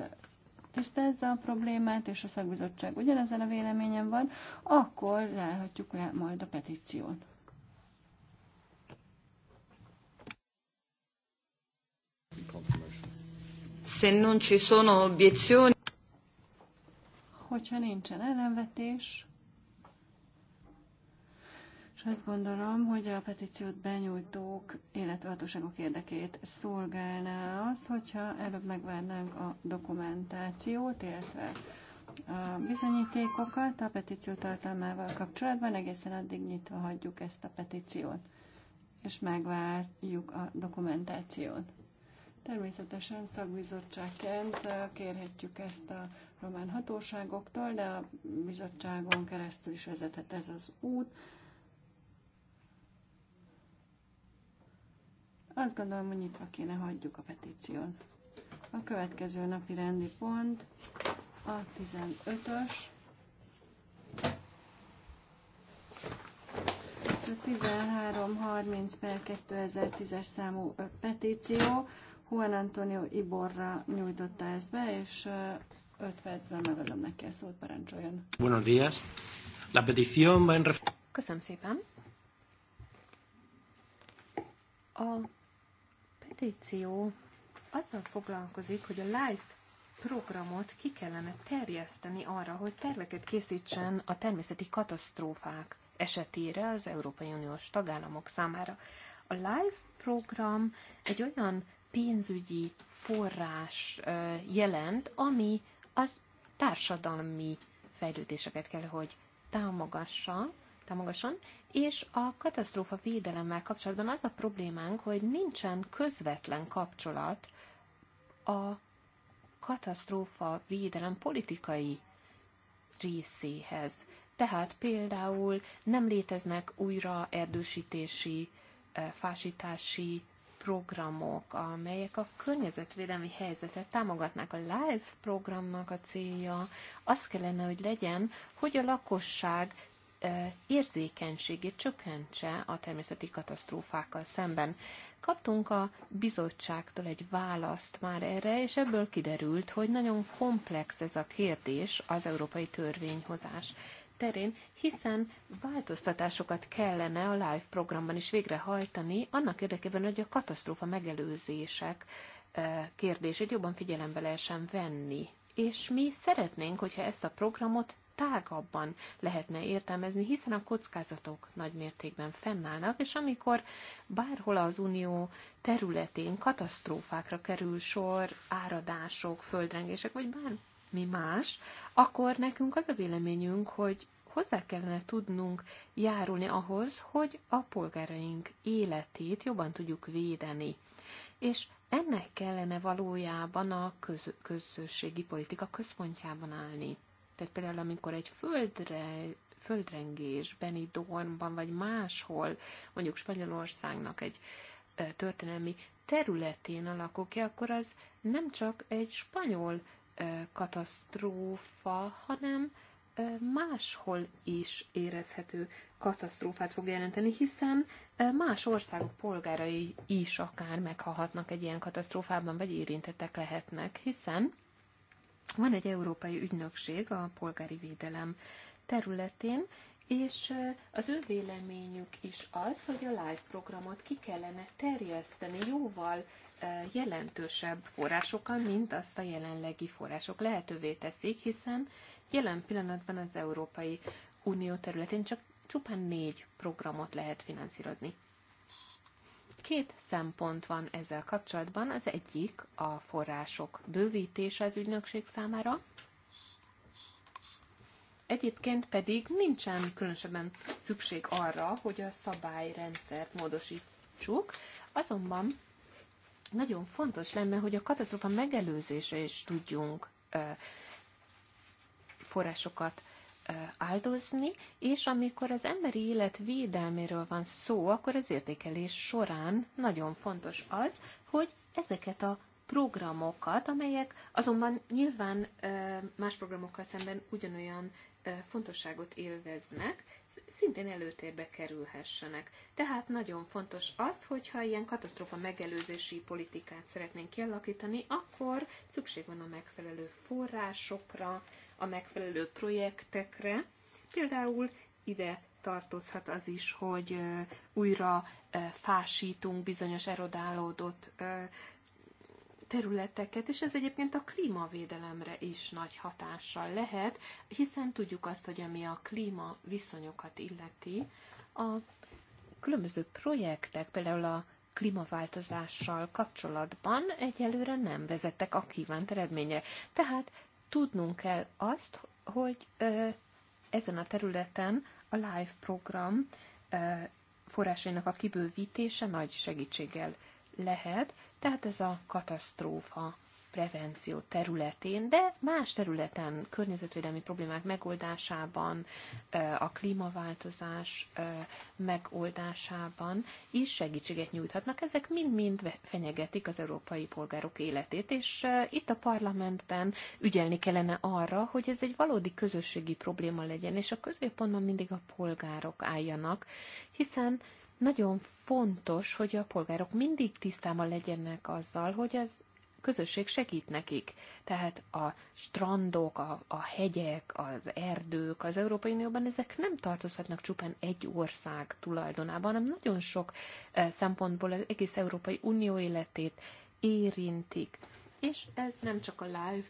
tisztázza a problémát, és a szakbizottság ugyanezen a véleményen van, akkor ráhatjuk le majd a petíciót. Se non ci sono obiezioni. Hogyha nincsen ellenvetés, és azt gondolom, hogy a petíciót benyújtók, illetve hatóságok érdekét szolgálná az, hogyha előbb megvárnánk a dokumentációt, illetve a bizonyítékokat a petíció tartalmával kapcsolatban, egészen addig nyitva hagyjuk ezt a petíciót, és megvárjuk a dokumentációt. Természetesen szakbizottságként eh, kérhetjük ezt a román hatóságoktól, de a bizottságon keresztül is vezethet ez az út. Azt gondolom, hogy nyitva kéne hagyjuk a petíción. A következő napi rendi pont a 15-ös. Ez a 1330 per 2010-es számú petíció Juan Antonio Iborra nyújtotta ezt be, és 5 percben megadom neki a szót, parancsoljon. Buenos días. La petición va en... Köszönöm szépen. A petíció azzal foglalkozik, hogy a live programot ki kellene terjeszteni arra, hogy terveket készítsen a természeti katasztrófák esetére az Európai Uniós tagállamok számára. A live program egy olyan pénzügyi forrás jelent, ami az társadalmi fejlődéseket kell, hogy támogassa, támogasson, és a katasztrófa védelemmel kapcsolatban az a problémánk, hogy nincsen közvetlen kapcsolat a katasztrófa védelem politikai részéhez. Tehát például nem léteznek újra erdősítési, fásítási programok, amelyek a környezetvédelmi helyzetet támogatnák. A LIFE programnak a célja az kellene, hogy legyen, hogy a lakosság e, érzékenységét csökkentse a természeti katasztrófákkal szemben. Kaptunk a bizottságtól egy választ már erre, és ebből kiderült, hogy nagyon komplex ez a kérdés, az európai törvényhozás terén, hiszen változtatásokat kellene a live programban is végrehajtani, annak érdekében, hogy a katasztrófa megelőzések e, kérdését jobban figyelembe lehessen venni. És mi szeretnénk, hogyha ezt a programot tágabban lehetne értelmezni, hiszen a kockázatok nagy mértékben fennállnak, és amikor bárhol az Unió területén katasztrófákra kerül sor, áradások, földrengések, vagy bármi más, akkor nekünk az a véleményünk, hogy hozzá kellene tudnunk járulni ahhoz, hogy a polgáraink életét jobban tudjuk védeni. És ennek kellene valójában a közösségi politika központjában állni. Tehát például, amikor egy földre, földrengés Benidormban, vagy máshol, mondjuk Spanyolországnak egy történelmi területén alakul ki, akkor az nem csak egy spanyol katasztrófa, hanem máshol is érezhető katasztrófát fog jelenteni, hiszen más országok polgárai is akár meghalhatnak egy ilyen katasztrófában, vagy érintettek lehetnek, hiszen van egy európai ügynökség a polgári védelem területén, és az ő véleményük is az, hogy a live programot ki kellene terjeszteni jóval jelentősebb forrásokkal, mint azt a jelenlegi források lehetővé teszik, hiszen jelen pillanatban az Európai Unió területén csak csupán négy programot lehet finanszírozni. Két szempont van ezzel kapcsolatban. Az egyik a források bővítése az ügynökség számára. Egyébként pedig nincsen különösebben szükség arra, hogy a szabályrendszert módosítsuk, azonban nagyon fontos lenne, hogy a katasztrófa megelőzésre is tudjunk forrásokat áldozni, és amikor az emberi élet védelméről van szó, akkor az értékelés során nagyon fontos az, hogy ezeket a programokat, amelyek azonban nyilván más programokkal szemben ugyanolyan fontosságot élveznek, szintén előtérbe kerülhessenek. Tehát nagyon fontos az, hogyha ilyen katasztrófa megelőzési politikát szeretnénk kialakítani, akkor szükség van a megfelelő forrásokra, a megfelelő projektekre. Például ide tartozhat az is, hogy újra fásítunk bizonyos erodálódott területeket, és ez egyébként a klímavédelemre is nagy hatással lehet, hiszen tudjuk azt, hogy ami a klíma viszonyokat illeti, a különböző projektek, például a klímaváltozással kapcsolatban egyelőre nem vezettek a kívánt eredményre. Tehát tudnunk kell azt, hogy ö, ezen a területen a LIFE program ö, forrásainak a kibővítése nagy segítséggel lehet, tehát ez a katasztrófa prevenció területén, de más területen, környezetvédelmi problémák megoldásában, a klímaváltozás megoldásában is segítséget nyújthatnak. Ezek mind-mind fenyegetik az európai polgárok életét, és itt a parlamentben ügyelni kellene arra, hogy ez egy valódi közösségi probléma legyen, és a középpontban mindig a polgárok álljanak, hiszen nagyon fontos, hogy a polgárok mindig tisztában legyenek azzal, hogy az közösség segít nekik. Tehát a strandok, a, a hegyek, az erdők az Európai Unióban, ezek nem tartozhatnak csupán egy ország tulajdonában, hanem nagyon sok e, szempontból az egész Európai Unió életét érintik. És ez nem csak a live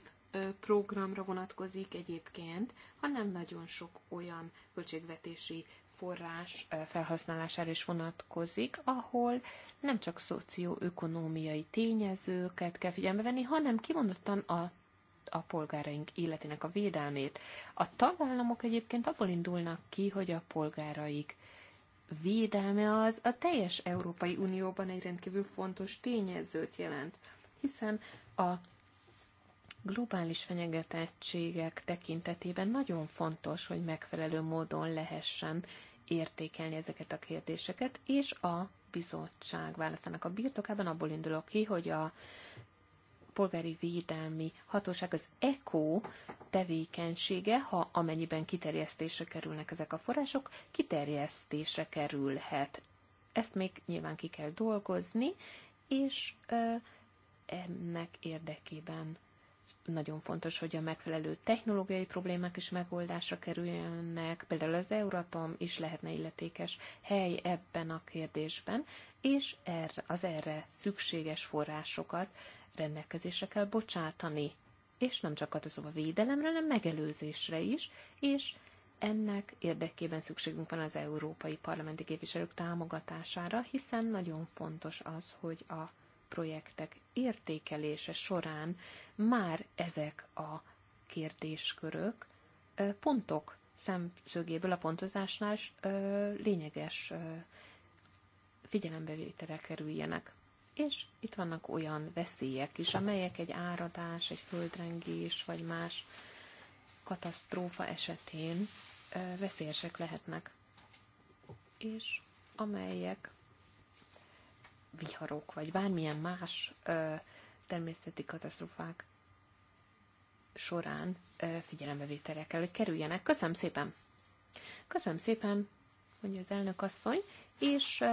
programra vonatkozik egyébként, hanem nagyon sok olyan költségvetési forrás felhasználására is vonatkozik, ahol nem csak szocioökonómiai tényezőket kell figyelembe venni, hanem kimondottan a a polgáraink életének a védelmét. A tagállamok egyébként abból indulnak ki, hogy a polgáraik védelme az a teljes Európai Unióban egy rendkívül fontos tényezőt jelent, hiszen a globális fenyegetettségek tekintetében nagyon fontos, hogy megfelelő módon lehessen értékelni ezeket a kérdéseket, és a bizottság válaszának a birtokában abból indulok ki, hogy a polgári védelmi hatóság, az ECO tevékenysége, ha amennyiben kiterjesztésre kerülnek ezek a források, kiterjesztésre kerülhet. Ezt még nyilván ki kell dolgozni, és ö, ennek érdekében nagyon fontos, hogy a megfelelő technológiai problémák is megoldásra kerüljenek, például az Euratom is lehetne illetékes hely ebben a kérdésben, és erre, az erre szükséges forrásokat rendelkezésre kell bocsátani, és nem csak a szóval védelemre, hanem megelőzésre is, és ennek érdekében szükségünk van az európai parlamenti képviselők támogatására, hiszen nagyon fontos az, hogy a projektek értékelése során már ezek a kérdéskörök pontok szemszögéből a pontozásnál is lényeges figyelembevételre kerüljenek. És itt vannak olyan veszélyek is, amelyek egy áradás, egy földrengés vagy más katasztrófa esetén veszélyesek lehetnek, és amelyek viharok, vagy bármilyen más ö, természeti katasztrofák során ö, figyelembevételre kell, hogy kerüljenek. Köszönöm szépen! Köszönöm szépen, mondja az elnök asszony, és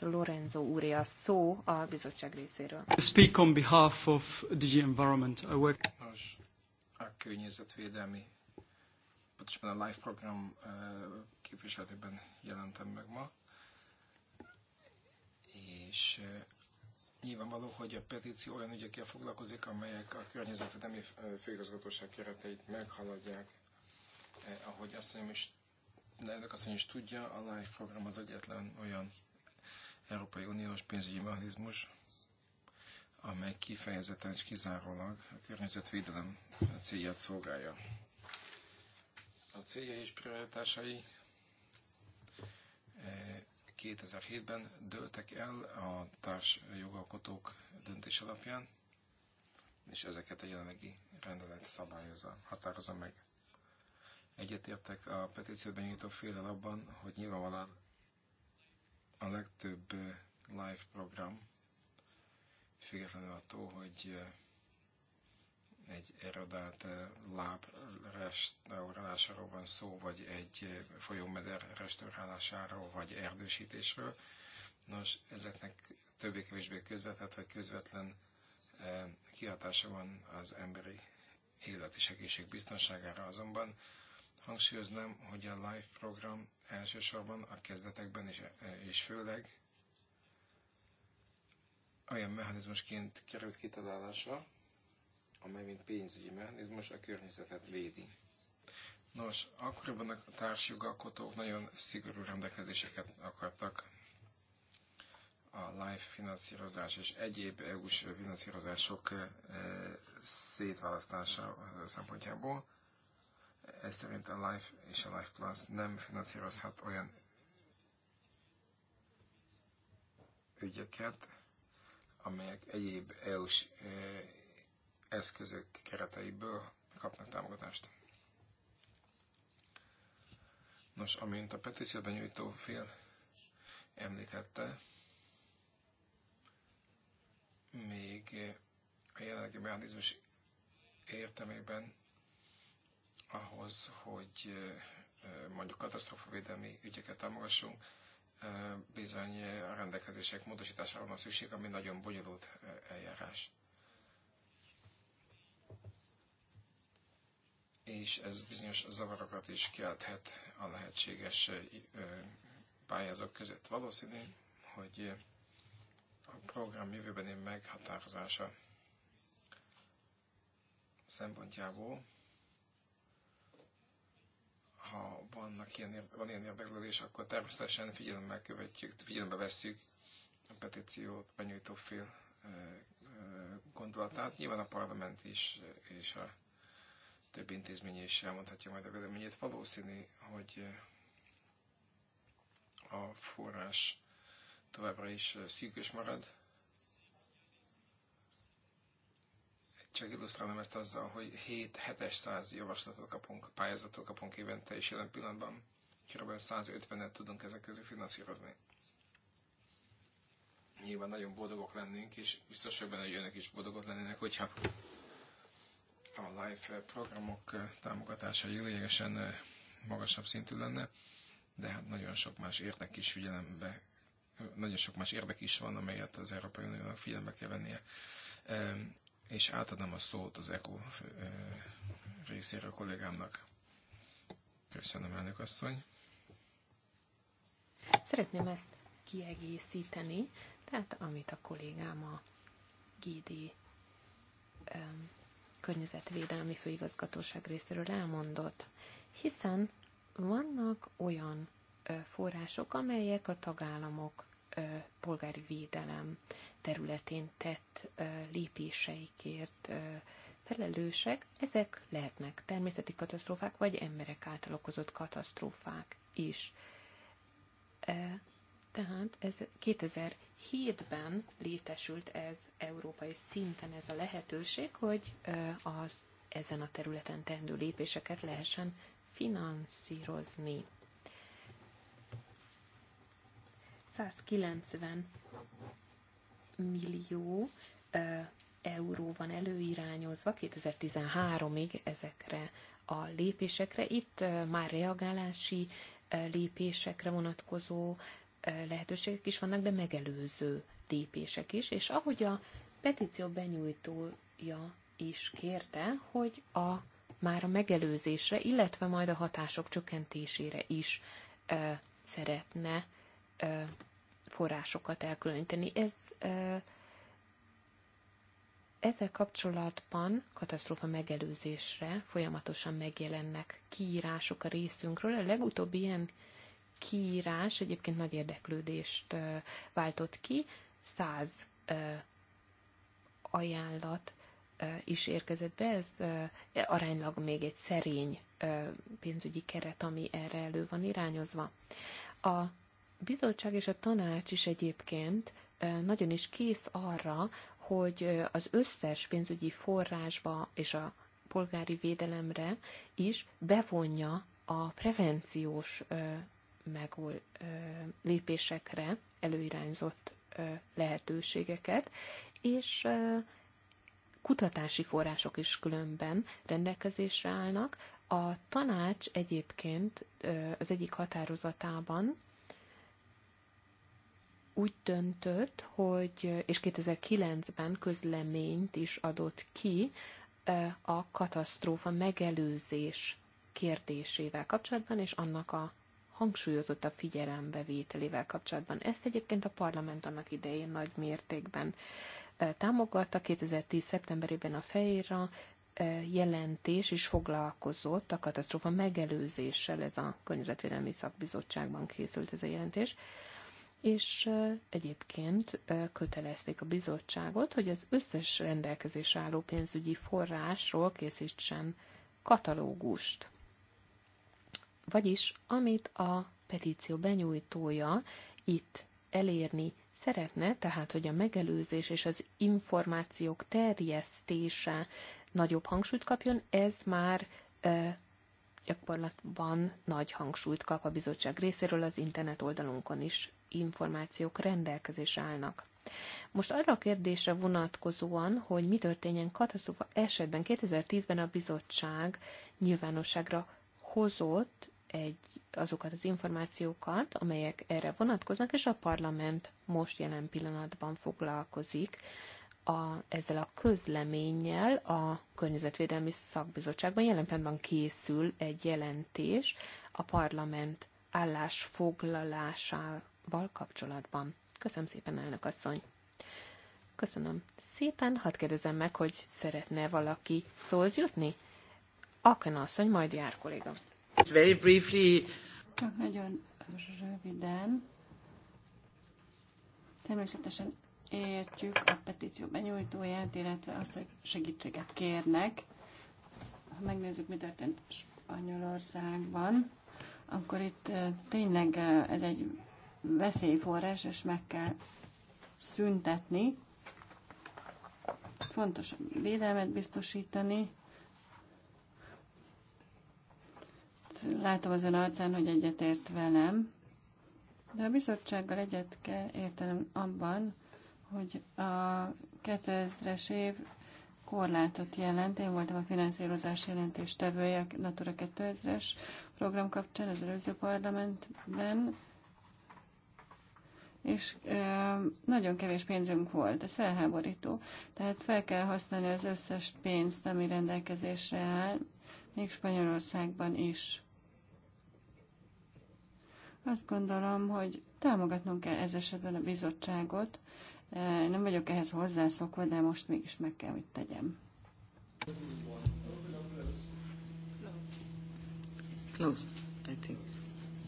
uh, Lorenzo úr a szó a bizottság részéről. Speak on behalf of DG Environment. I work... Nos, a környezetvédelmi, pontosan a LIFE program uh, képviseletében jelentem meg ma és nyilvánvaló, hogy a petíció olyan ügyekkel foglalkozik, amelyek a környezetvédelmi főigazgatóság kereteit meghaladják. Eh, ahogy azt mondjam, és Lelnök azt is tudja, a LIFE program az egyetlen olyan Európai Uniós pénzügyi mechanizmus, amely kifejezetten és kizárólag a környezetvédelem célját szolgálja. A célja és prioritásai 2007-ben dőltek el a társ jogalkotók döntés alapján, és ezeket a jelenlegi rendelet szabályozza, határozza meg. Egyetértek a petícióban nyújtó félel abban, hogy nyilvánvalóan a legtöbb live program, függetlenül attól, hogy egy erodát eh, láb restaurálásáról van szó, vagy egy eh, folyómeder restaurálásáról, vagy erdősítésről. Nos, ezeknek többé-kevésbé közvetett vagy közvetlen eh, kihatása van az emberi élet és egészség biztonságára azonban. Hangsúlyoznám, hogy a LIFE program elsősorban a kezdetekben és, és főleg olyan mechanizmusként került kitalálásra, amely mint pénzügyi mechanizmus a környezetet védi. Nos, akkoriban a társjogalkotók nagyon szigorú rendelkezéseket akartak a life finanszírozás és egyéb EU-s finanszírozások szétválasztása szempontjából. Ez szerint a Life és a Life Plus nem finanszírozhat olyan ügyeket, amelyek egyéb EU-s eszközök kereteiből kapnak támogatást. Nos, amint a petícióban nyújtó fél említette, még a jelenlegi mechanizmus értelmében ahhoz, hogy mondjuk katasztrófavédelmi ügyeket támogassunk, bizony a rendelkezések módosítására van szükség, ami nagyon bonyolult eljárás. és ez bizonyos zavarokat is kelthet a lehetséges pályázók között. Valószínű, hogy a program jövőbeni meghatározása szempontjából, ha vannak ilyen, van ilyen érdeklődés, akkor természetesen figyelemmel követjük, figyelembe vesszük a petíciót benyújtó fél gondolatát. Nyilván a parlament is, és a több intézmény is elmondhatja majd a véleményét. Valószínű, hogy eh, a forrás továbbra is eh, szűkös marad. Csak illusztrálom ezt azzal, hogy 7-7-es száz javaslatot kapunk, pályázatot kapunk évente, és jelen pillanatban kb. 150-et tudunk ezek közül finanszírozni. Nyilván nagyon boldogok lennénk, és biztos, hogy benne, hogy önök is boldogok lennének, hogyha a live programok eh, támogatása lényegesen eh, magasabb szintű lenne, de hát nagyon sok más érdek is figyelembe, nagyon sok más érdek is van, amelyet az Európai Uniónak figyelembe kell vennie. És átadom a szót az ECO eh, részéről kollégámnak. Köszönöm, elnök asszony. Szeretném ezt kiegészíteni, tehát amit a kollégám a GD környezetvédelmi főigazgatóság részéről elmondott, hiszen vannak olyan források, amelyek a tagállamok polgári védelem területén tett lépéseikért felelősek, ezek lehetnek természeti katasztrófák, vagy emberek által okozott katasztrófák is. Tehát ez 2007-ben létesült ez európai szinten ez a lehetőség, hogy az ezen a területen tendő lépéseket lehessen finanszírozni. 190 millió euró van előirányozva 2013-ig ezekre a lépésekre. Itt már reagálási lépésekre vonatkozó lehetőségek is vannak, de megelőző lépések is, és ahogy a petíció benyújtója is kérte, hogy a már a megelőzésre, illetve majd a hatások csökkentésére is ö, szeretne ö, forrásokat elkülöníteni. Ez ö, ezzel kapcsolatban katasztrófa megelőzésre folyamatosan megjelennek kiírások a részünkről. A legutóbbi ilyen kiírás egyébként nagy érdeklődést váltott ki, száz ajánlat is érkezett be, ez aránylag még egy szerény pénzügyi keret, ami erre elő van irányozva. A bizottság és a tanács is egyébként nagyon is kész arra, hogy az összes pénzügyi forrásba és a polgári védelemre is bevonja a prevenciós megúl lépésekre előirányzott lehetőségeket, és kutatási források is különben rendelkezésre állnak. A tanács egyébként az egyik határozatában úgy döntött, hogy, és 2009-ben közleményt is adott ki a katasztrófa megelőzés kérdésével kapcsolatban, és annak a hangsúlyozottabb figyelembevételével kapcsolatban. Ezt egyébként a parlament annak idején nagy mértékben támogatta. 2010. szeptemberében a fejra jelentés is foglalkozott a katasztrófa megelőzéssel, ez a Környezetvédelmi Szakbizottságban készült ez a jelentés, és egyébként kötelezték a bizottságot, hogy az összes rendelkezés álló pénzügyi forrásról készítsen katalógust vagyis, amit a petíció benyújtója itt elérni szeretne, tehát hogy a megelőzés és az információk terjesztése nagyobb hangsúlyt kapjon, ez már e, gyakorlatban nagy hangsúlyt kap a bizottság részéről, az internet oldalunkon is információk rendelkezés állnak. Most arra a kérdésre vonatkozóan, hogy mi történjen katasztrófa esetben 2010-ben a bizottság nyilvánosságra hozott egy, azokat az információkat, amelyek erre vonatkoznak, és a parlament most jelen pillanatban foglalkozik a, ezzel a közleménnyel a Környezetvédelmi Szakbizottságban jelen pillanatban készül egy jelentés a parlament állásfoglalásával kapcsolatban. Köszönöm szépen, elnök asszony! Köszönöm szépen, hadd kérdezem meg, hogy szeretne valaki szóhoz jutni? Aken asszony, majd jár kolléga. Very briefly. Csak nagyon röviden. Természetesen értjük a petíció benyújtóját, illetve azt, hogy segítséget kérnek. Ha megnézzük, mi történt Spanyolországban, akkor itt eh, tényleg eh, ez egy veszélyforrás, és meg kell szüntetni. Fontos a védelmet biztosítani, látom az ön arcán, hogy egyetért velem, de a bizottsággal egyet kell értenem abban, hogy a 2000-es év korlátot jelent. Én voltam a finanszírozás jelentés tevője a Natura 2000-es program kapcsán az előző parlamentben, és ö, nagyon kevés pénzünk volt, ez felháborító. Tehát fel kell használni az összes pénzt, ami rendelkezésre áll, még Spanyolországban is. Azt gondolom, hogy támogatnunk kell ez esetben a bizottságot. E, nem vagyok ehhez hozzászokva, de most mégis meg kell, hogy tegyem. Close, I think.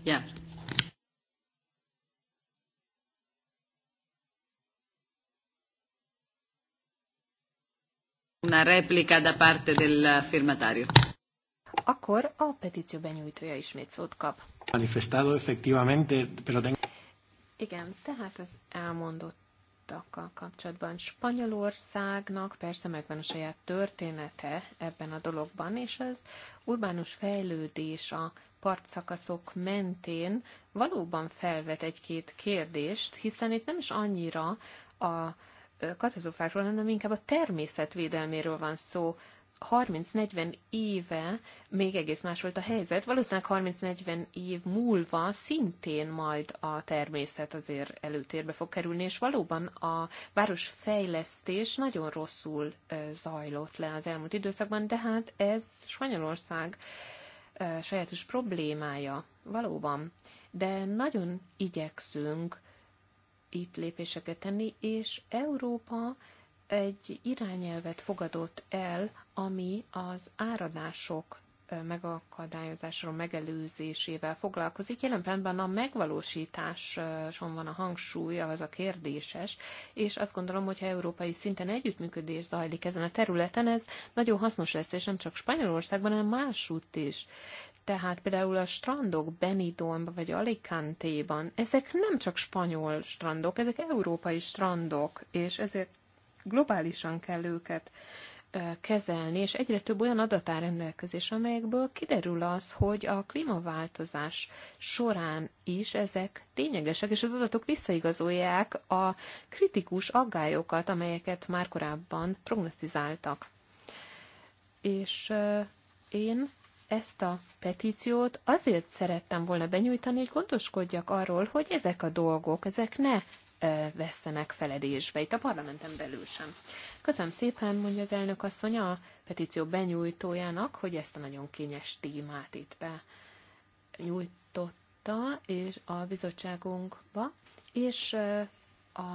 Yeah. Una replica da parte del firmatario. Akkor a petíció benyújtója ismét szót kap manifestado efectivamente, pero tengo... Igen, tehát az elmondottakkal kapcsolatban Spanyolországnak persze megvan a saját története ebben a dologban, és az urbánus fejlődés a partszakaszok mentén valóban felvet egy-két kérdést, hiszen itt nem is annyira a katasztrofákról, hanem inkább a természetvédelméről van szó, 30-40 éve még egész más volt a helyzet, valószínűleg 30-40 év múlva szintén majd a természet azért előtérbe fog kerülni, és valóban a városfejlesztés nagyon rosszul zajlott le az elmúlt időszakban, de hát ez Spanyolország sajátos problémája, valóban. De nagyon igyekszünk itt lépéseket tenni, és Európa egy irányelvet fogadott el, ami az áradások megakadályozásról megelőzésével foglalkozik. Jelen pillanatban a megvalósításon van a hangsúly, az a kérdéses, és azt gondolom, hogy ha európai szinten együttműködés zajlik ezen a területen, ez nagyon hasznos lesz, és nem csak Spanyolországban, hanem másútt is. Tehát például a strandok Benidormban vagy Alicante-ban, ezek nem csak spanyol strandok, ezek európai strandok, és ezért globálisan kell őket kezelni, és egyre több olyan adat áll rendelkezés, amelyekből kiderül az, hogy a klímaváltozás során is ezek ténylegesek, és az adatok visszaigazolják a kritikus aggályokat, amelyeket már korábban prognosztizáltak. És én ezt a petíciót azért szerettem volna benyújtani, hogy gondoskodjak arról, hogy ezek a dolgok, ezek ne vesztenek feledésbe, itt a parlamenten belül sem. Köszönöm szépen, mondja az elnök asszony a petíció benyújtójának, hogy ezt a nagyon kényes témát itt be nyújtotta és a bizottságunkba, és a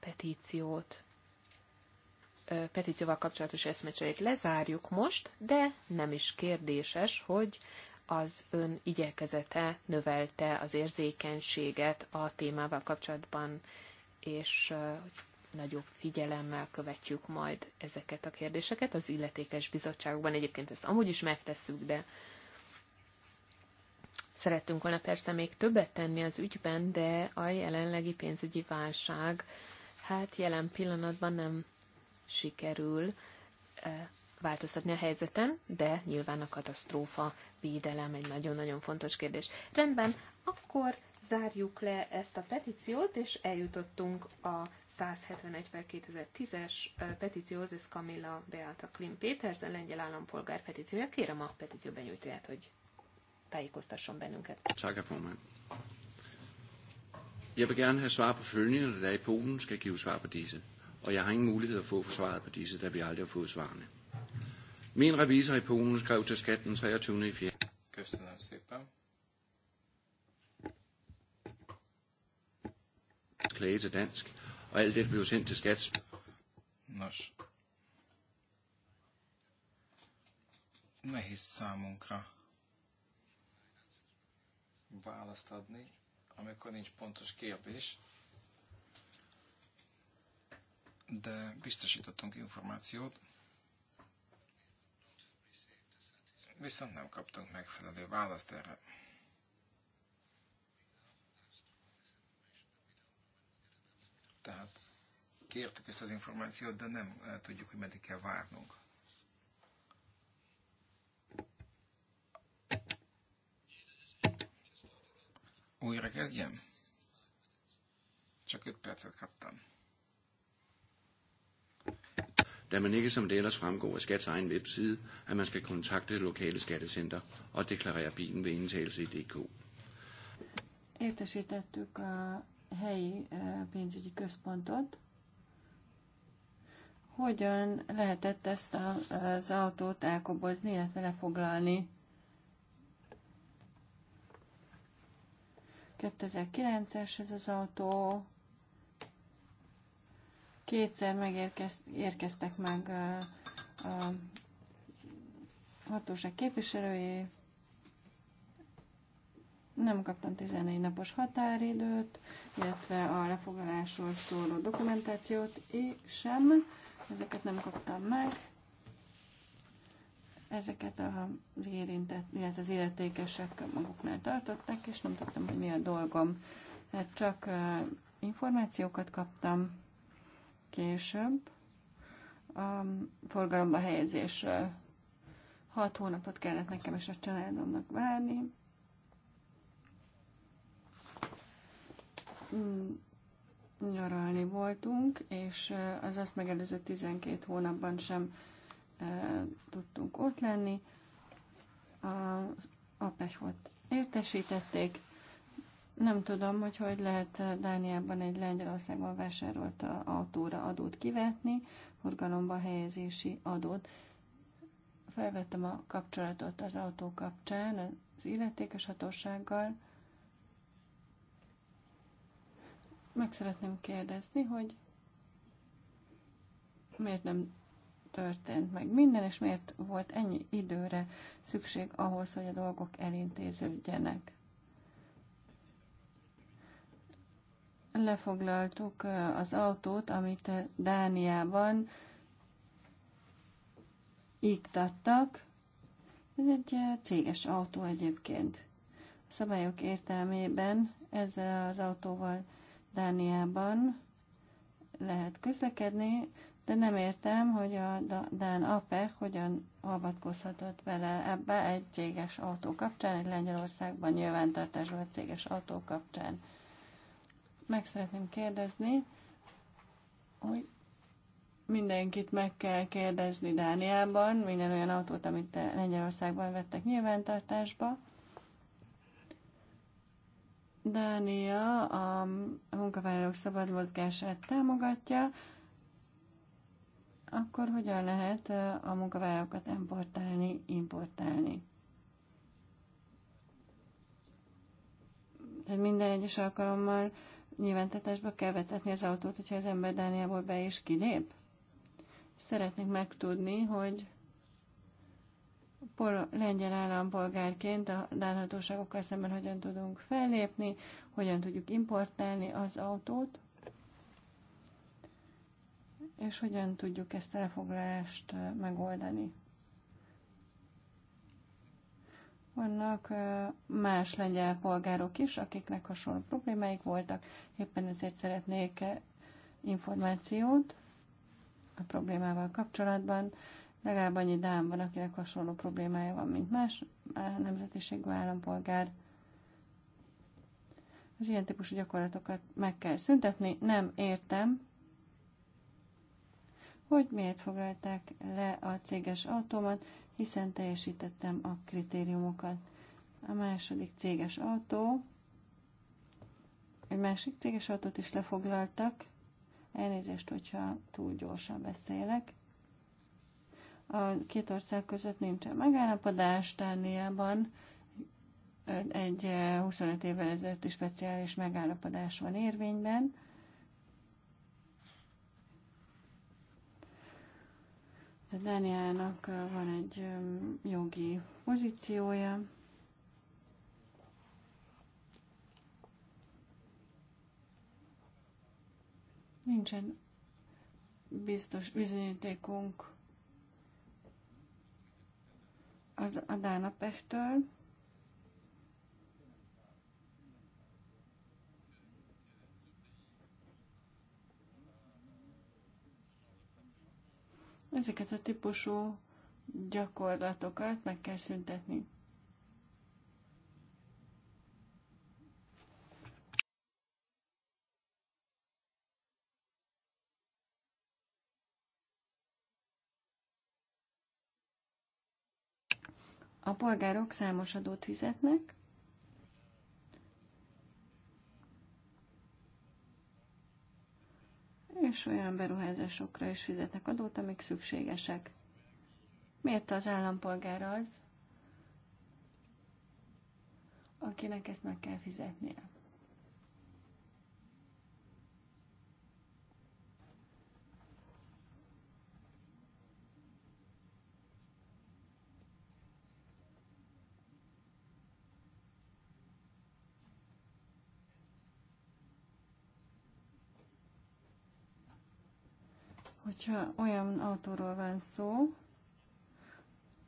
petíciót petícióval kapcsolatos eszmecserét lezárjuk most, de nem is kérdéses, hogy az ön igyekezete növelte az érzékenységet a témával kapcsolatban, és nagyobb figyelemmel követjük majd ezeket a kérdéseket az illetékes bizottságokban. Egyébként ezt amúgy is megtesszük, de szerettünk volna persze még többet tenni az ügyben, de a jelenlegi pénzügyi válság hát jelen pillanatban nem sikerül változtatni a helyzeten, de nyilván a katasztrófa védelem egy nagyon-nagyon fontos kérdés. Rendben, akkor zárjuk le ezt a petíciót, és eljutottunk a 171 per 2010-es petícióhoz, ez Kamilla Beata Klim a lengyel állampolgár petíciója. Kérem a petíció benyújtóját, hogy tájékoztasson bennünket. Tak, formand. Jeg vil gerne have svar på følgende, da er i Polen skal give svar på disse. Og jeg har ingen mulighed at få svaret på disse, da vi aldrig har fået svarene. Min revisor i Polen skrev til skat den 23. i 4. Köszönöm szépen. Klage til dansk, og alt det blev sendt til skat. Nos. Nehéz számunkra választ adni, amikor nincs pontos kérdés, de biztosítottunk információt. viszont nem kaptunk megfelelő választ erre. Tehát kértük ezt az információt, de nem eh, tudjuk, hogy meddig kell várnunk. Újra kezdjem? Csak 5 percet kaptam da man ikke, som det ellers fremgår af Skats egen webside, at man skal kontakte det lokale skattecenter og deklarere bilen ved indtagelse i DK. Értesítettük a helyi pénzügyi központot, hogyan lehetett ezt a, az autót elkobozni, illetve lefoglalni. 2009-es ez az autó, Kétszer megérkeztek meg a hatóság képviselői, nem kaptam 14 napos határidőt, illetve a lefoglalásról szóló dokumentációt sem. Ezeket nem kaptam meg. Ezeket az érintett, illetve az illetékesek maguknál tartották, és nem tudtam, hogy mi a dolgom. Hát csak információkat kaptam később a forgalomba helyezésről. Hat hónapot kellett nekem és a családomnak várni. Mm, nyaralni voltunk, és eh, az azt megelőző 12 hónapban sem eh, tudtunk ott lenni. Az apech volt értesítették, nem tudom, hogy hogy lehet eh, Dániában egy Lengyelországban vásárolt eh, autóra adót kivetni, forgalomba helyezési adót. Felvettem a kapcsolatot az autó kapcsán az illetékes hatósággal. Meg szeretném kérdezni, hogy miért nem történt meg minden, és miért volt ennyi időre szükség ahhoz, hogy a dolgok elintéződjenek. lefoglaltuk az autót, amit Dániában iktattak. Ez egy céges autó egyébként. A szabályok értelmében ezzel az autóval Dániában lehet közlekedni, de nem értem, hogy a Dán APEC hogyan avatkozhatott bele ebbe egy céges autó kapcsán, egy Lengyelországban nyilvántartásban céges autó kapcsán. Meg szeretném kérdezni, hogy mindenkit meg kell kérdezni Dániában, minden olyan autót, amit Lengyelországban vettek nyilvántartásba. Dánia a munkavállalók szabad mozgását támogatja, akkor hogyan lehet a munkavállalókat importálni, importálni? Tehát minden egyes alkalommal nyilvántatásba kell vetetni az autót, hogyha az ember Dániából be is kilép? Szeretnék megtudni, hogy pol- lengyel állampolgárként a dán hatóságokkal szemben hogyan tudunk fellépni, hogyan tudjuk importálni az autót, és hogyan tudjuk ezt a lefoglalást megoldani. Vannak más lengyel polgárok is, akiknek hasonló problémáik voltak, éppen ezért szeretnék információt a problémával kapcsolatban. Legalább annyi dám van, akinek hasonló problémája van, mint más nemzetiségű állampolgár. Az ilyen típusú gyakorlatokat meg kell szüntetni. Nem értem, hogy miért foglalták le a céges automat, hiszen teljesítettem a kritériumokat. A második céges autó, egy másik céges autót is lefoglaltak, elnézést, hogyha túl gyorsan beszélek. A két ország között nincsen megállapodás, Tániában egy 25 eh, évvel ezelőtti speciális megállapodás van érvényben, Tehát Dániának van egy jogi pozíciója, Nincsen biztos bizonyítékunk az Adánapektől. Ezeket a típusú gyakorlatokat meg kell szüntetni. A polgárok számos adót fizetnek, és olyan beruházásokra is fizetnek adót, amik szükségesek. Miért az állampolgár az, akinek ezt meg kell fizetnie? hogyha olyan autóról van szó,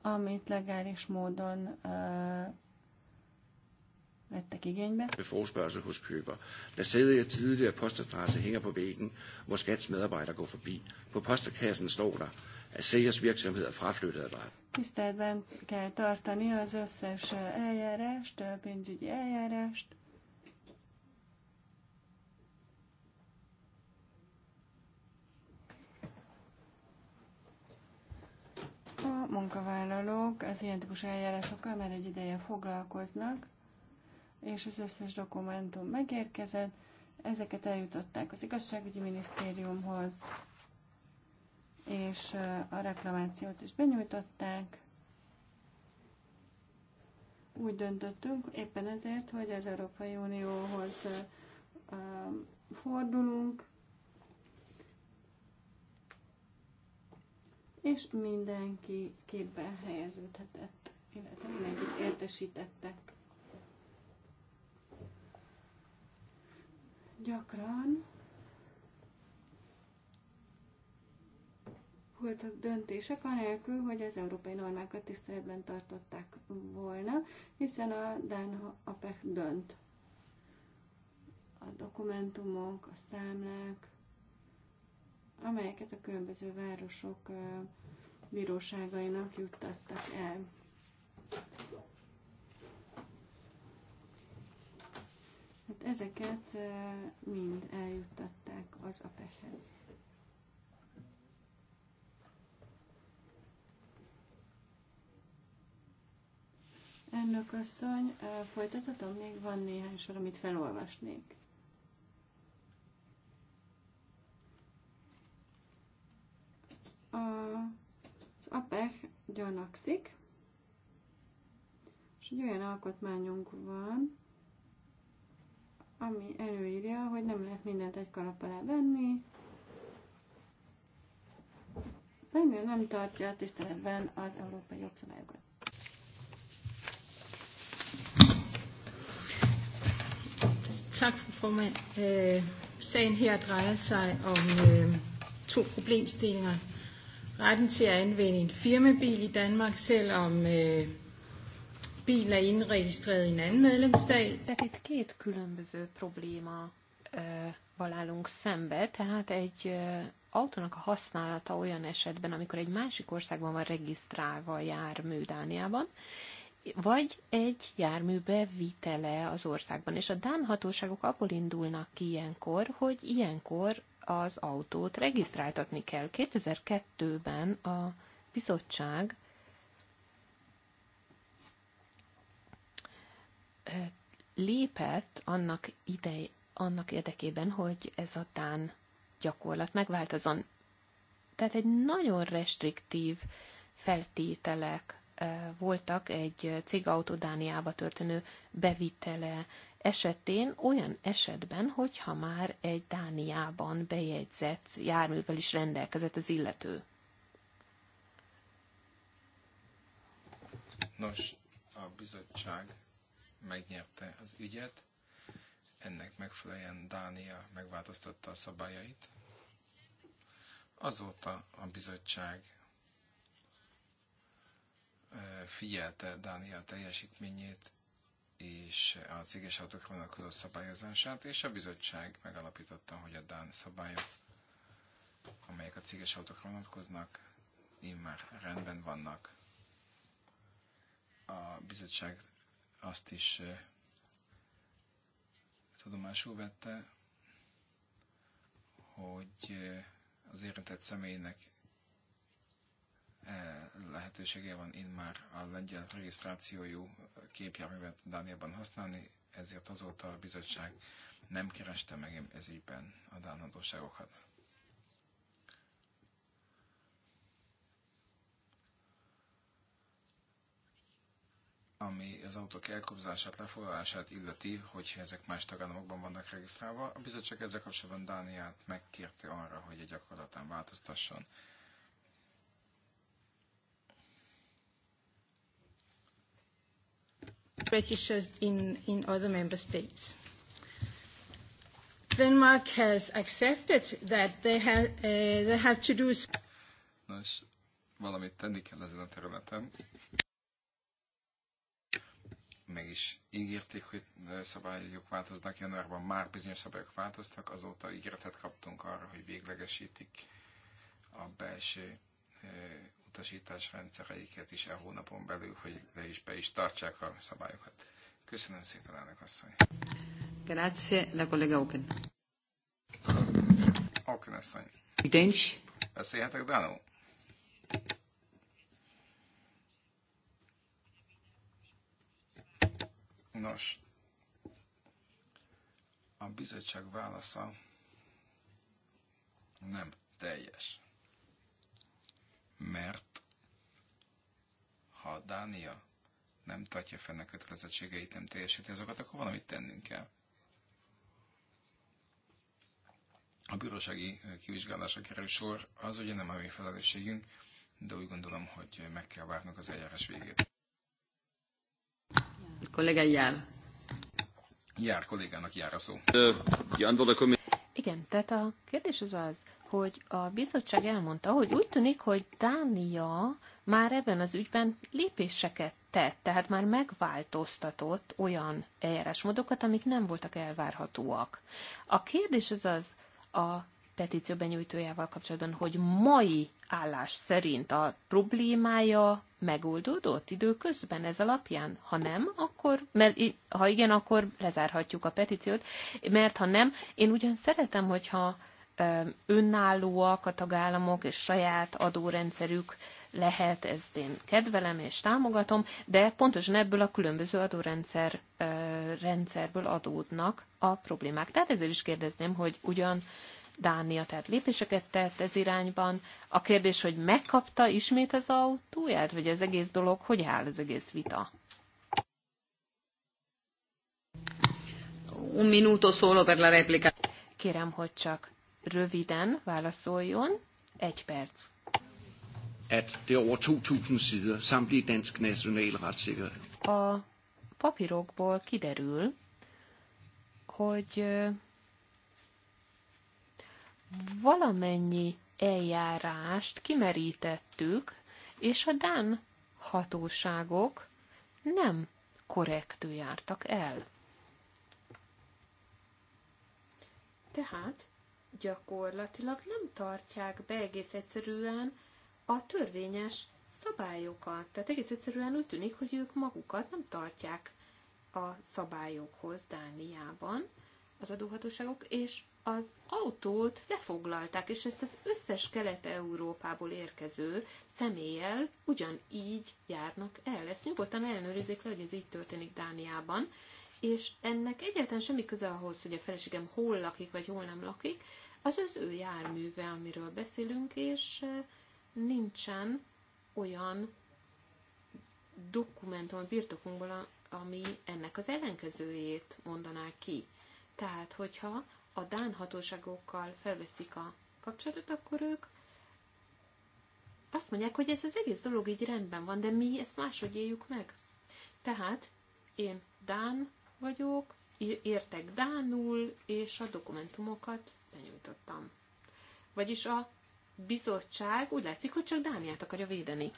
amit legális módon uh, vettek igénybe. Ved forspørgsel hos køber. Der jeg tidligere postadresse hænger på væggen, hvor skats medarbejder går forbi. På postkassen står der, at Segers virksomhed er fraflyttet af adresse. Tiszteletben kell tartani az összes eljárást, pénzügyi eljárást, munkavállalók az ilyen típusú eljárásokkal már egy ideje foglalkoznak, és az összes dokumentum megérkezett, ezeket eljutották az igazságügyi minisztériumhoz, és a reklamációt is benyújtották. Úgy döntöttünk, éppen ezért, hogy az Európai Unióhoz fordulunk, és mindenki képben helyeződhetett, illetve mindenki értesítettek. Gyakran voltak döntések, anélkül, hogy az európai normákat tiszteletben tartották volna, hiszen a Dán APEC dönt. A dokumentumok, a számlák, amelyeket a különböző városok bíróságainak juttattak el. Hát ezeket mind eljuttatták az apeh Elnök asszony, folytathatom? Még van néhány sor, amit felolvasnék. az APEC gyanakszik, és egy olyan alkotmányunk van, ami előírja, hogy nem lehet mindent egy kalap alá venni, Remélem nem tartja tiszteletben az európai jogszabályokat. Tak for formand. Øh, sagen her drejer sig om øh, to problemstillinger retten til at anvende en firmabil i Danmark, selvom øh, bilen er indregistreret i en anden medlemsstat. Tehát itt két különböző probléma øh, valálunk szembe, tehát egy øh, autónak a használata olyan esetben, amikor egy másik országban van regisztrálva a jármű Dániában, vagy egy járműbe vitele az országban. És a dán hatóságok abból indulnak ki ilyenkor, hogy ilyenkor az autót regisztráltatni kell. 2002-ben a bizottság lépett annak idej, annak érdekében, hogy ez a tán gyakorlat megváltozon. Tehát egy nagyon restriktív feltételek voltak egy cégautó Dániába történő bevitele esetén olyan esetben, hogyha már egy Dániában bejegyzett járművel is rendelkezett az illető. Nos, a bizottság megnyerte az ügyet, ennek megfelelően Dánia megváltoztatta a szabályait. Azóta a bizottság eh, figyelte Dánia teljesítményét, és a cégesautókra vonatkozó szabályozását, és a bizottság megalapította, hogy a Dán szabályok, amelyek a céges autókra vonatkoznak, immár rendben vannak. A bizottság azt is eh, tudomásul vette, hogy eh, az érintett személynek E, lehetősége van én már a lengyel regisztrációjú képjárművet Dániában használni, ezért azóta a bizottság nem kereste meg ez ígyben a dán hatóságokat. ami az autók elkobzását, lefoglalását illeti, hogy ezek más tagállamokban vannak regisztrálva. A bizottság ezzel kapcsolatban Dániát megkérte arra, hogy a gyakorlatán változtasson. registered in, in other member states. Denmark has accepted that they, have, uh, they have to do... Nos, valamit tenni kell ezen a területen. Meg is ígérték, hogy szabályok változnak. Januárban már bizonyos szabályok változtak, azóta ígéretet kaptunk arra, hogy véglegesítik a belső eh, utasítás rendszereiket is e hónapon belül, hogy le is be is tartsák a szabályokat. Köszönöm szépen, elnök asszony. Grazie, la collega Oken. Oken asszony. Idencs. Beszélhetek, Dánó? Nos, a bizottság válasza nem teljes mert ha Dánia nem tartja fenn a kötelezettségeit, nem teljesíti azokat, akkor valamit tennünk kell. A bírósági kivizsgálásra kerül sor, az ugye nem a mi felelősségünk, de úgy gondolom, hogy meg kell várnunk az eljárás végét. Kollega jár. Jár kollégának jár a szó. Igen, tehát a kérdés az az, hogy a bizottság elmondta, hogy úgy tűnik, hogy Dánia már ebben az ügyben lépéseket tett, tehát már megváltoztatott olyan eljárásmódokat, amik nem voltak elvárhatóak. A kérdés az az a petíció benyújtójával kapcsolatban, hogy mai állás szerint a problémája megoldódott időközben ez alapján? Ha nem, akkor, mert ha igen, akkor lezárhatjuk a petíciót, mert ha nem, én ugyan szeretem, hogyha önállóak a tagállamok, és saját adórendszerük lehet, ezt én kedvelem és támogatom, de pontosan ebből a különböző adórendszer rendszerből adódnak a problémák. Tehát ezért is kérdezném, hogy ugyan Dánia tehát lépéseket tett ez irányban. A kérdés, hogy megkapta ismét az autóját, vagy az egész dolog, hogy áll az egész vita? Un minuto solo per la replica. Kérem, hogy csak röviden válaszoljon. Egy perc. At det er over 2000 sider samtlige dansk national retssikkerhed. A papírokból kiderül, hogy valamennyi eljárást kimerítettük, és a Dán hatóságok nem korrektül jártak el. Tehát gyakorlatilag nem tartják be egész egyszerűen a törvényes szabályokat. Tehát egész egyszerűen úgy tűnik, hogy ők magukat nem tartják a szabályokhoz Dániában az adóhatóságok, és az autót lefoglalták, és ezt az összes kelet-európából érkező személlyel ugyanígy járnak el. Ezt nyugodtan ellenőrizzék le, hogy ez így történik Dániában és ennek egyáltalán semmi köze ahhoz, hogy a feleségem hol lakik, vagy hol nem lakik, az az ő járműve, amiről beszélünk, és nincsen olyan dokumentum a birtokunkból, ami ennek az ellenkezőjét mondaná ki. Tehát, hogyha a Dán hatóságokkal felveszik a kapcsolatot, akkor ők azt mondják, hogy ez az egész dolog így rendben van, de mi ezt máshogy éljük meg. Tehát én Dán vagyok, értek Dánul, és a dokumentumokat benyújtottam. Vagyis a bizottság úgy látszik, hogy csak Dániát akarja védeni.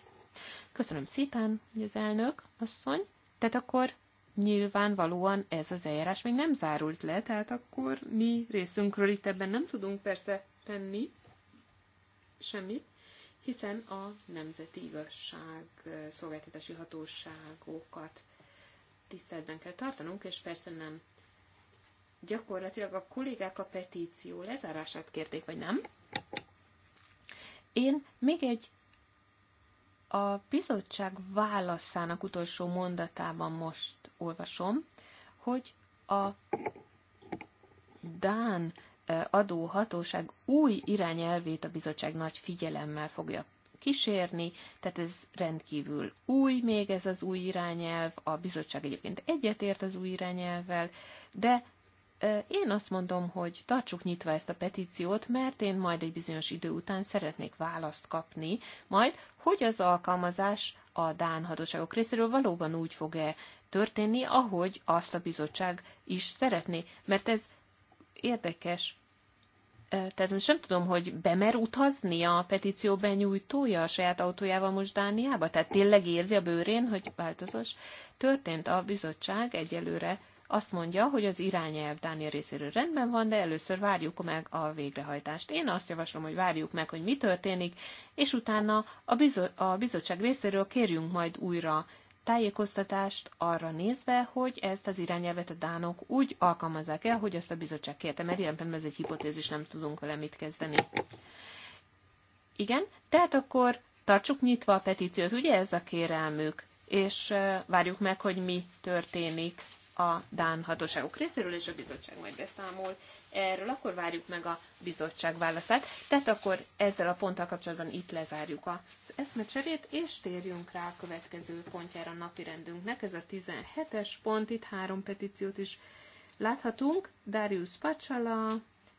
Köszönöm szépen, hogy az elnök asszony. Tehát akkor nyilvánvalóan ez az eljárás még nem zárult le, tehát akkor mi részünkről itt ebben nem tudunk persze tenni semmit, hiszen a Nemzeti Igazság eh, Szolgáltatási Hatóságokat tiszteletben kell tartanunk, és persze nem. Gyakorlatilag a kollégák a petíció lezárását kérték, vagy nem? Én még egy a bizottság válaszának utolsó mondatában most olvasom, hogy a Dán eh, adóhatóság új irányelvét a bizottság nagy figyelemmel fogja kísérni, tehát ez rendkívül új még ez az új irányelv, a bizottság egyébként egyetért az új irányelvvel, de én azt mondom, hogy tartsuk nyitva ezt a petíciót, mert én majd egy bizonyos idő után szeretnék választ kapni, majd, hogy az alkalmazás a Dán hatóságok részéről valóban úgy fog-e történni, ahogy azt a bizottság is szeretné. Mert ez érdekes tehát most nem tudom, hogy bemer utazni a petíció benyújtója a saját autójával most Dániába? Tehát tényleg érzi a bőrén, hogy változós? Történt a bizottság egyelőre azt mondja, hogy az irányelv Dánia részéről rendben van, de először várjuk meg a végrehajtást. Én azt javaslom, hogy várjuk meg, hogy mi történik, és utána a, bizo- a bizottság részéről kérjünk majd újra tájékoztatást arra nézve, hogy ezt az irányelvet a dánok úgy alkalmazzák el, hogy ezt a bizottság kérte, mert ilyen ez egy hipotézis, nem tudunk vele mit kezdeni. Igen, tehát akkor tartsuk nyitva a petíciót, ugye ez a kérelmük, és várjuk meg, hogy mi történik a Dán hatóságok részéről, és a bizottság majd beszámol erről, akkor várjuk meg a bizottság válaszát. Tehát akkor ezzel a ponttal kapcsolatban itt lezárjuk az eszmecserét, és térjünk rá a következő pontjára a napi rendünknek. Ez a 17-es pont, itt három petíciót is láthatunk. Darius Pacsala,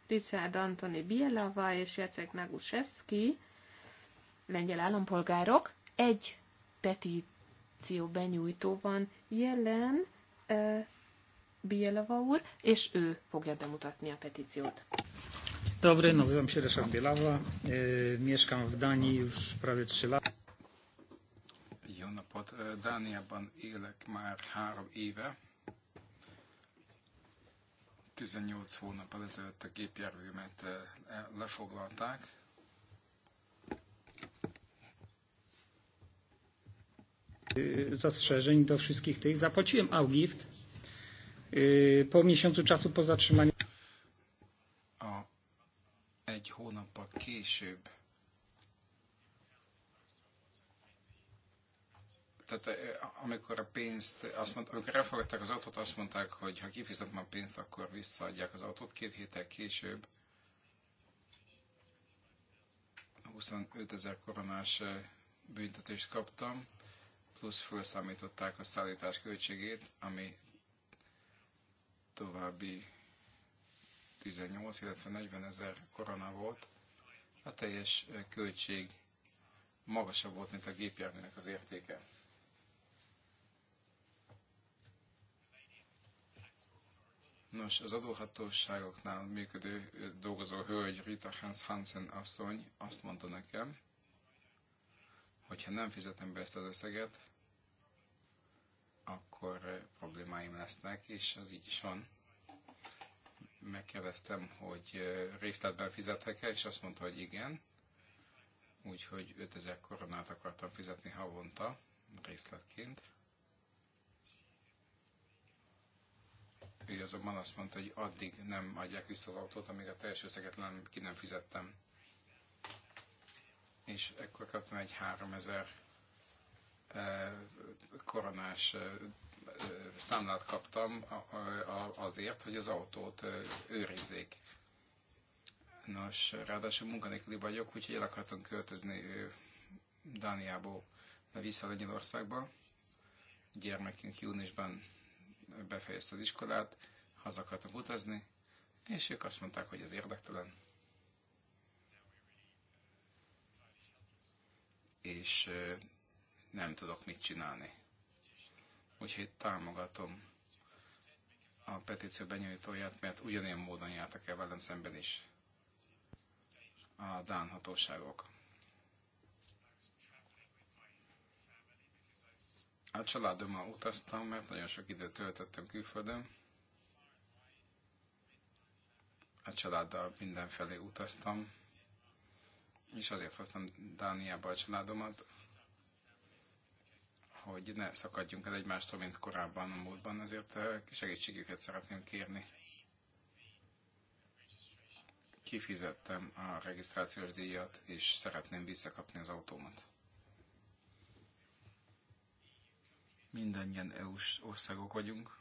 Richard Antoni Bielava és Jacek Naguszewski. lengyel állampolgárok, egy petíció benyújtó van jelen, Bielova úr, és ő fogja bemutatni a petíciót. Dobry, nazywam się Ryszard Bielawa, e, mieszkam w Danii już prawie 3 lata. Jó napot, e, Dániában élek már három éve. 18 hónap ezelőtt a gépjárvőmet e, lefoglalták, zastrzeżeń do wszystkich tych. Zapłaciłem Augift po miesiącu czasu po zatrzymaniu. A egy hónappal később tehát e, amikor a pénzt, azt mond, amikor elfogadták az autót, azt mondták, hogy ha kifizetem a pénzt, akkor visszaadják az autót. Két héttel később 25 ezer koronás e, büntetést kaptam plusz felszámították a szállítás költségét, ami további 18, illetve 40 ezer korona volt. A teljes költség magasabb volt, mint a gépjárműnek az értéke. Nos, az adóhatóságoknál működő dolgozó hölgy Rita Hans Hansen asszony azt mondta nekem, hogy ha nem fizetem be ezt az összeget, akkor eh, problémáim lesznek, és az így is van. Megkérdeztem, hogy eh, részletben fizetek-e, és azt mondta, hogy igen. Úgyhogy 5000 koronát akartam fizetni havonta részletként. Ő azonban azt mondta, hogy addig nem adják vissza az autót, amíg a teljes összeget nem, ki nem fizettem. És ekkor kaptam egy 3000 Eh, koronás eh, eh, számlát kaptam azért, hogy az autót őrizzék. Nos, ráadásul munkanélküli vagyok, úgyhogy el akartam költözni Dániából vissza Lengyelországba. Gyermekünk júniusban befejezte az iskolát, haza akartam utazni, és ők azt mondták, hogy ez érdektelen. És nem tudok mit csinálni. Úgyhogy támogatom a petíció benyújtóját, mert ugyanilyen módon jártak el velem szemben is a Dán hatóságok. A családommal utaztam, mert nagyon sok időt töltöttem külföldön. A családdal mindenfelé utaztam, és azért hoztam Dániába a családomat, hogy ne szakadjunk el egymástól, mint korábban a múltban, azért eh, segítségüket szeretném kérni. Kifizettem a regisztrációs díjat, és szeretném visszakapni az autómat. Mindannyian EU-s országok vagyunk.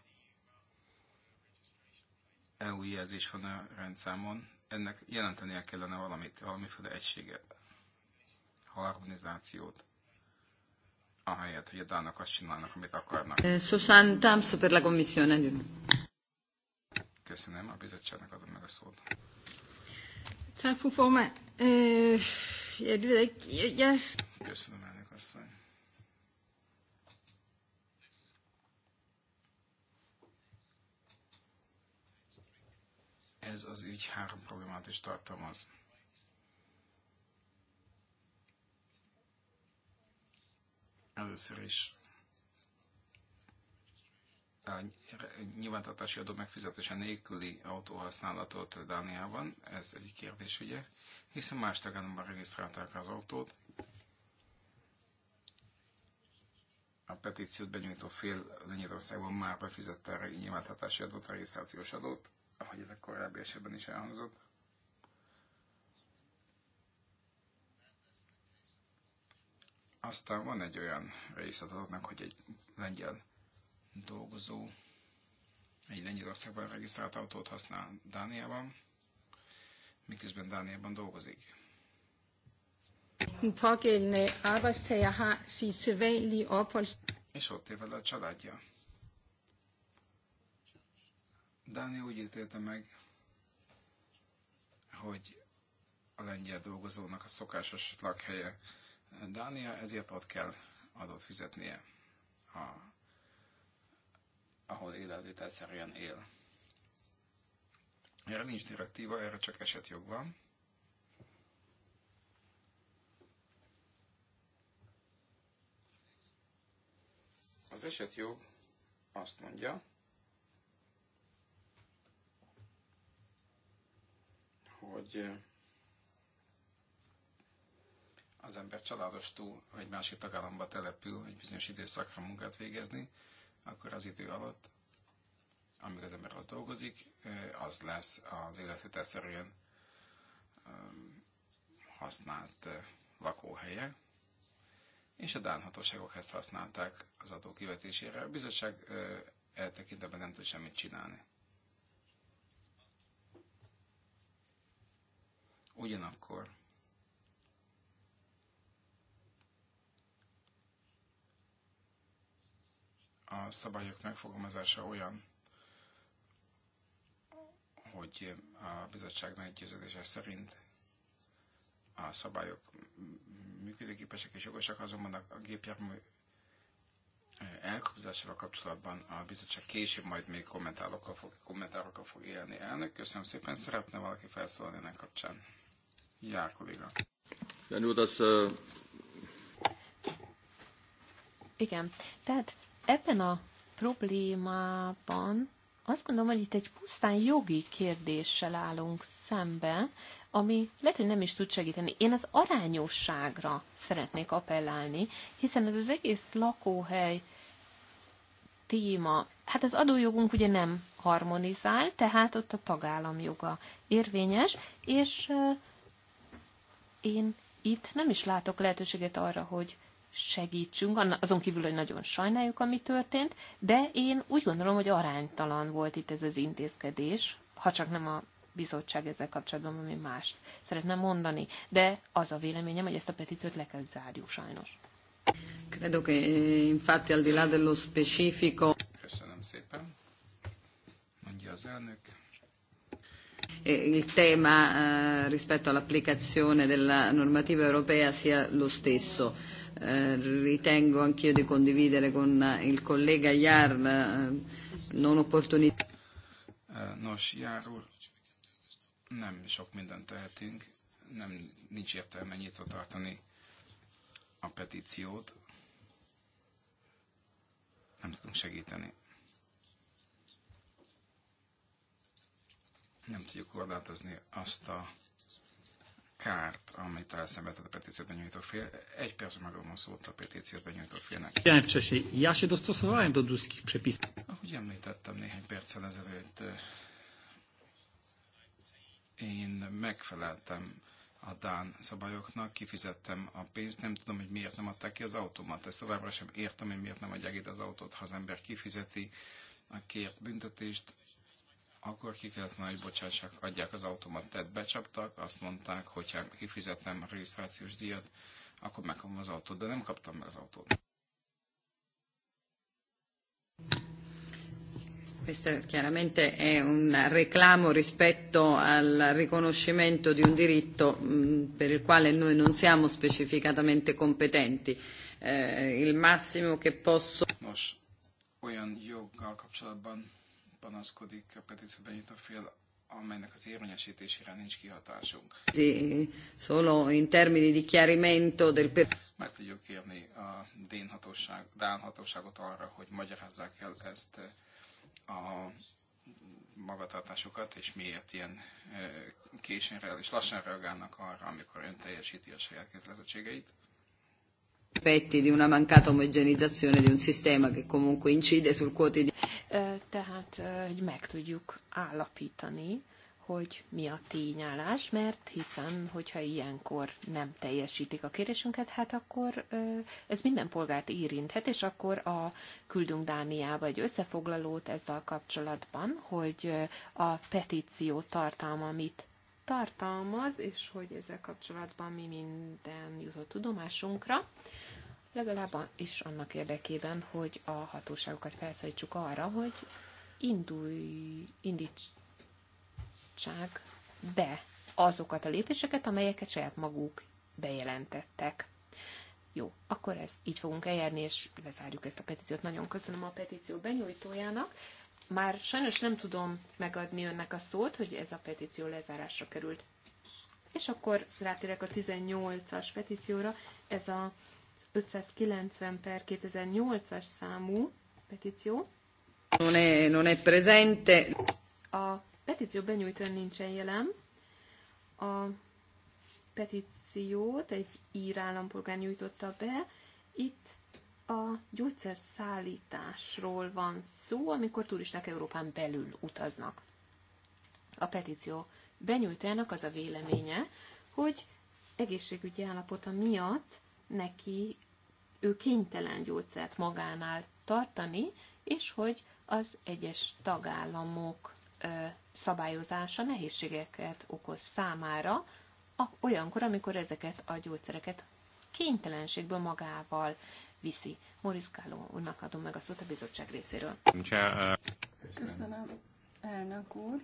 EU jelzés van a rendszámon. Ennek jelentenie kellene valamit, valamiféle egységet, harmonizációt ahelyett, hogy a dánok azt csinálnak, amit akarnak. Eh, Susan Tamsu per la Commissione. Köszönöm, a bizottságnak adom meg a szót. Tak, fru eh, Köszönöm, elnök asszony. Ez az ügy három problémát is tartalmaz. Először is a nyilvántartási adó megfizetése nélküli autóhasználatot Dániában, ez egy kérdés ugye, hiszen más tagállamban regisztrálták az autót. A petíciót benyújtó fél Lengyelországban már befizette a nyilvántartási adót, a regisztrációs adót, ahogy ez a korábbi esetben is elhangzott. Aztán van egy olyan része az adatnak, hogy egy lengyel dolgozó egy Lengyelországban regisztrált autót használ Dániában, miközben Dániában dolgozik. És ott ével a családja. Dáni úgy ítélte meg, hogy a lengyel dolgozónak a szokásos lakhelye Dánia, ezért ott kell adót fizetnie, a, ahol életvételszerűen él. Erre nincs direktíva, erre csak esetjog van. Az esetjog azt mondja, hogy az ember családos túl, hogy másik tagállamba települ, hogy bizonyos időszakra munkát végezni, akkor az idő alatt, amíg az ember ott dolgozik, az lesz az életvitelszerűen használt lakóhelye, és a Dán hatóságok ezt használták az adó kivetésére. A bizottság eltekintetben nem tud semmit csinálni. Ugyanakkor a szabályok megfogalmazása olyan, hogy a bizottság meggyőződése szerint a szabályok működőképesek és jogosak, azonban a gépjármű elkobzásával kapcsolatban a bizottság később majd még kommentárokkal fog, kommentárokkal fog élni. Elnök, köszönöm szépen, szeretne valaki felszólalni ennek kapcsán. Jár kolléga. Igen, tehát ebben a problémában azt gondolom, hogy itt egy pusztán jogi kérdéssel állunk szemben, ami lehet, hogy nem is tud segíteni. Én az arányosságra szeretnék appellálni, hiszen ez az egész lakóhely téma, hát az adójogunk ugye nem harmonizál, tehát ott a tagállam joga érvényes, és én itt nem is látok lehetőséget arra, hogy segítsünk, azon kívül, hogy nagyon sajnáljuk, ami történt, de én úgy gondolom, hogy aránytalan volt itt ez az intézkedés, ha csak nem a bizottság ezzel kapcsolatban ami mást szeretne mondani. De az a véleményem, hogy ezt a petíciót le kell zárjuk sajnos. Credo che infatti al di là dello specifico... Köszönöm szépen. Mondja az elnök. E il tema eh, rispetto all'applicazione della normativa europea sia lo stesso. Eh, ritengo anch'io di condividere con eh, il collega Jarl eh, non opportunità. Nos, Jár úr, nem sok mindent tehetünk, nem, nincs értelme nyitva tartani a petíciót, nem tudunk segíteni. Nem tudjuk korlátozni azt a kárt, amit elszenvedett a petíciót benyújtó fél. Egy perc magam a szót a petíciót benyújtó félnek. Ahogy említettem néhány perccel ezelőtt, én megfeleltem a Dán szabályoknak, kifizettem a pénzt, nem tudom, hogy miért nem adták ki az autómat. Ezt továbbra sem értem, hogy miért nem adják ide az autót, ha az ember kifizeti a kért büntetést, akkor ki kellett volna, hogy bocsássak, adják az automat. Tehát becsaptak, azt mondták, hogyha kifizetem a regisztrációs díjat, akkor megkapom az autót, de nem kaptam meg az autót. Questo chiaramente è un reclamo rispetto al riconoscimento di un diritto mh, per il quale noi non siamo specificatamente competenti. Eh, il massimo che posso. Nos, olyan joggal kapcsolatban panaszkodik a petíció benyújtó fél, amelynek az érvényesítésére nincs kihatásunk. Sí, Solo in termini di chiarimento del Meg tudjuk kérni a Dén hatóság, Dán hatóságot arra, hogy magyarázzák el ezt eh, a magatartásokat, és miért ilyen eh, későn és lassan reagálnak arra, amikor ön teljesíti a saját kötelezettségeit effetti di una mancata omogenizzazione di un sistema che comunque incide sul quotidiano. Tehát, hogy meg tudjuk állapítani, hogy mi a tényállás, mert hiszen, hogyha ilyenkor nem teljesítik a kérésünket, hát akkor ez minden polgárt érinthet, és akkor a küldünk Dániába egy összefoglalót ezzel kapcsolatban, hogy a petíció tartalma mit tartalmaz, és hogy ezzel kapcsolatban mi minden jutott tudomásunkra, legalább is annak érdekében, hogy a hatóságokat felszólítsuk arra, hogy indulj, indítsák be azokat a lépéseket, amelyeket saját maguk bejelentettek. Jó, akkor ez így fogunk eljárni, és lezárjuk ezt a petíciót. Nagyon köszönöm a petíció benyújtójának már sajnos nem tudom megadni önnek a szót, hogy ez a petíció lezárásra került. És akkor rátérek a 18-as petícióra, ez a 590 per 2008-as számú petíció. Non è, non è presente. A petíció benyújtón nincsen jelen. A petíciót egy ír állampolgár nyújtotta be. Itt a gyógyszerszállításról van szó, amikor turisták Európán belül utaznak. A petíció benyújtának az a véleménye, hogy egészségügyi állapota miatt neki ő kénytelen gyógyszert magánál tartani, és hogy az egyes tagállamok ö, szabályozása nehézségeket okoz számára, olyankor, amikor ezeket a gyógyszereket kénytelenségből magával viszi. Moris Kálló úrnak adom meg a szót a bizottság részéről. Uh, Köszönöm, elnök úr.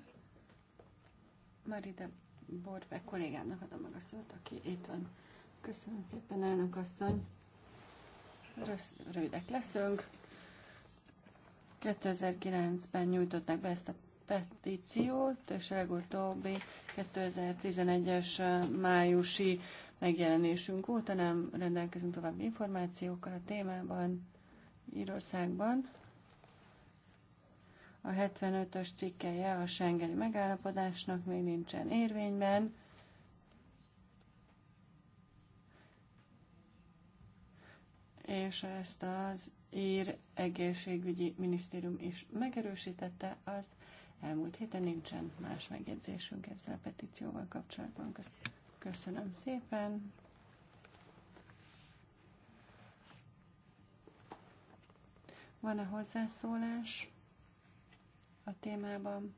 ide Borbe kollégámnak adom meg a szót, aki itt van. Köszönöm szépen, elnök asszony. Rövidek leszünk. 2009-ben nyújtották be ezt a petíciót, és legutóbbi 2011-es májusi megjelenésünk óta nem rendelkezünk további információkkal a témában Írországban. A 75-ös cikkeje a Schengeni megállapodásnak még nincsen érvényben. És ezt az ír egészségügyi minisztérium is megerősítette, az elmúlt héten nincsen más megjegyzésünk ezzel a petícióval kapcsolatban. Köszönöm. Köszönöm szépen. Van-e hozzászólás a témában?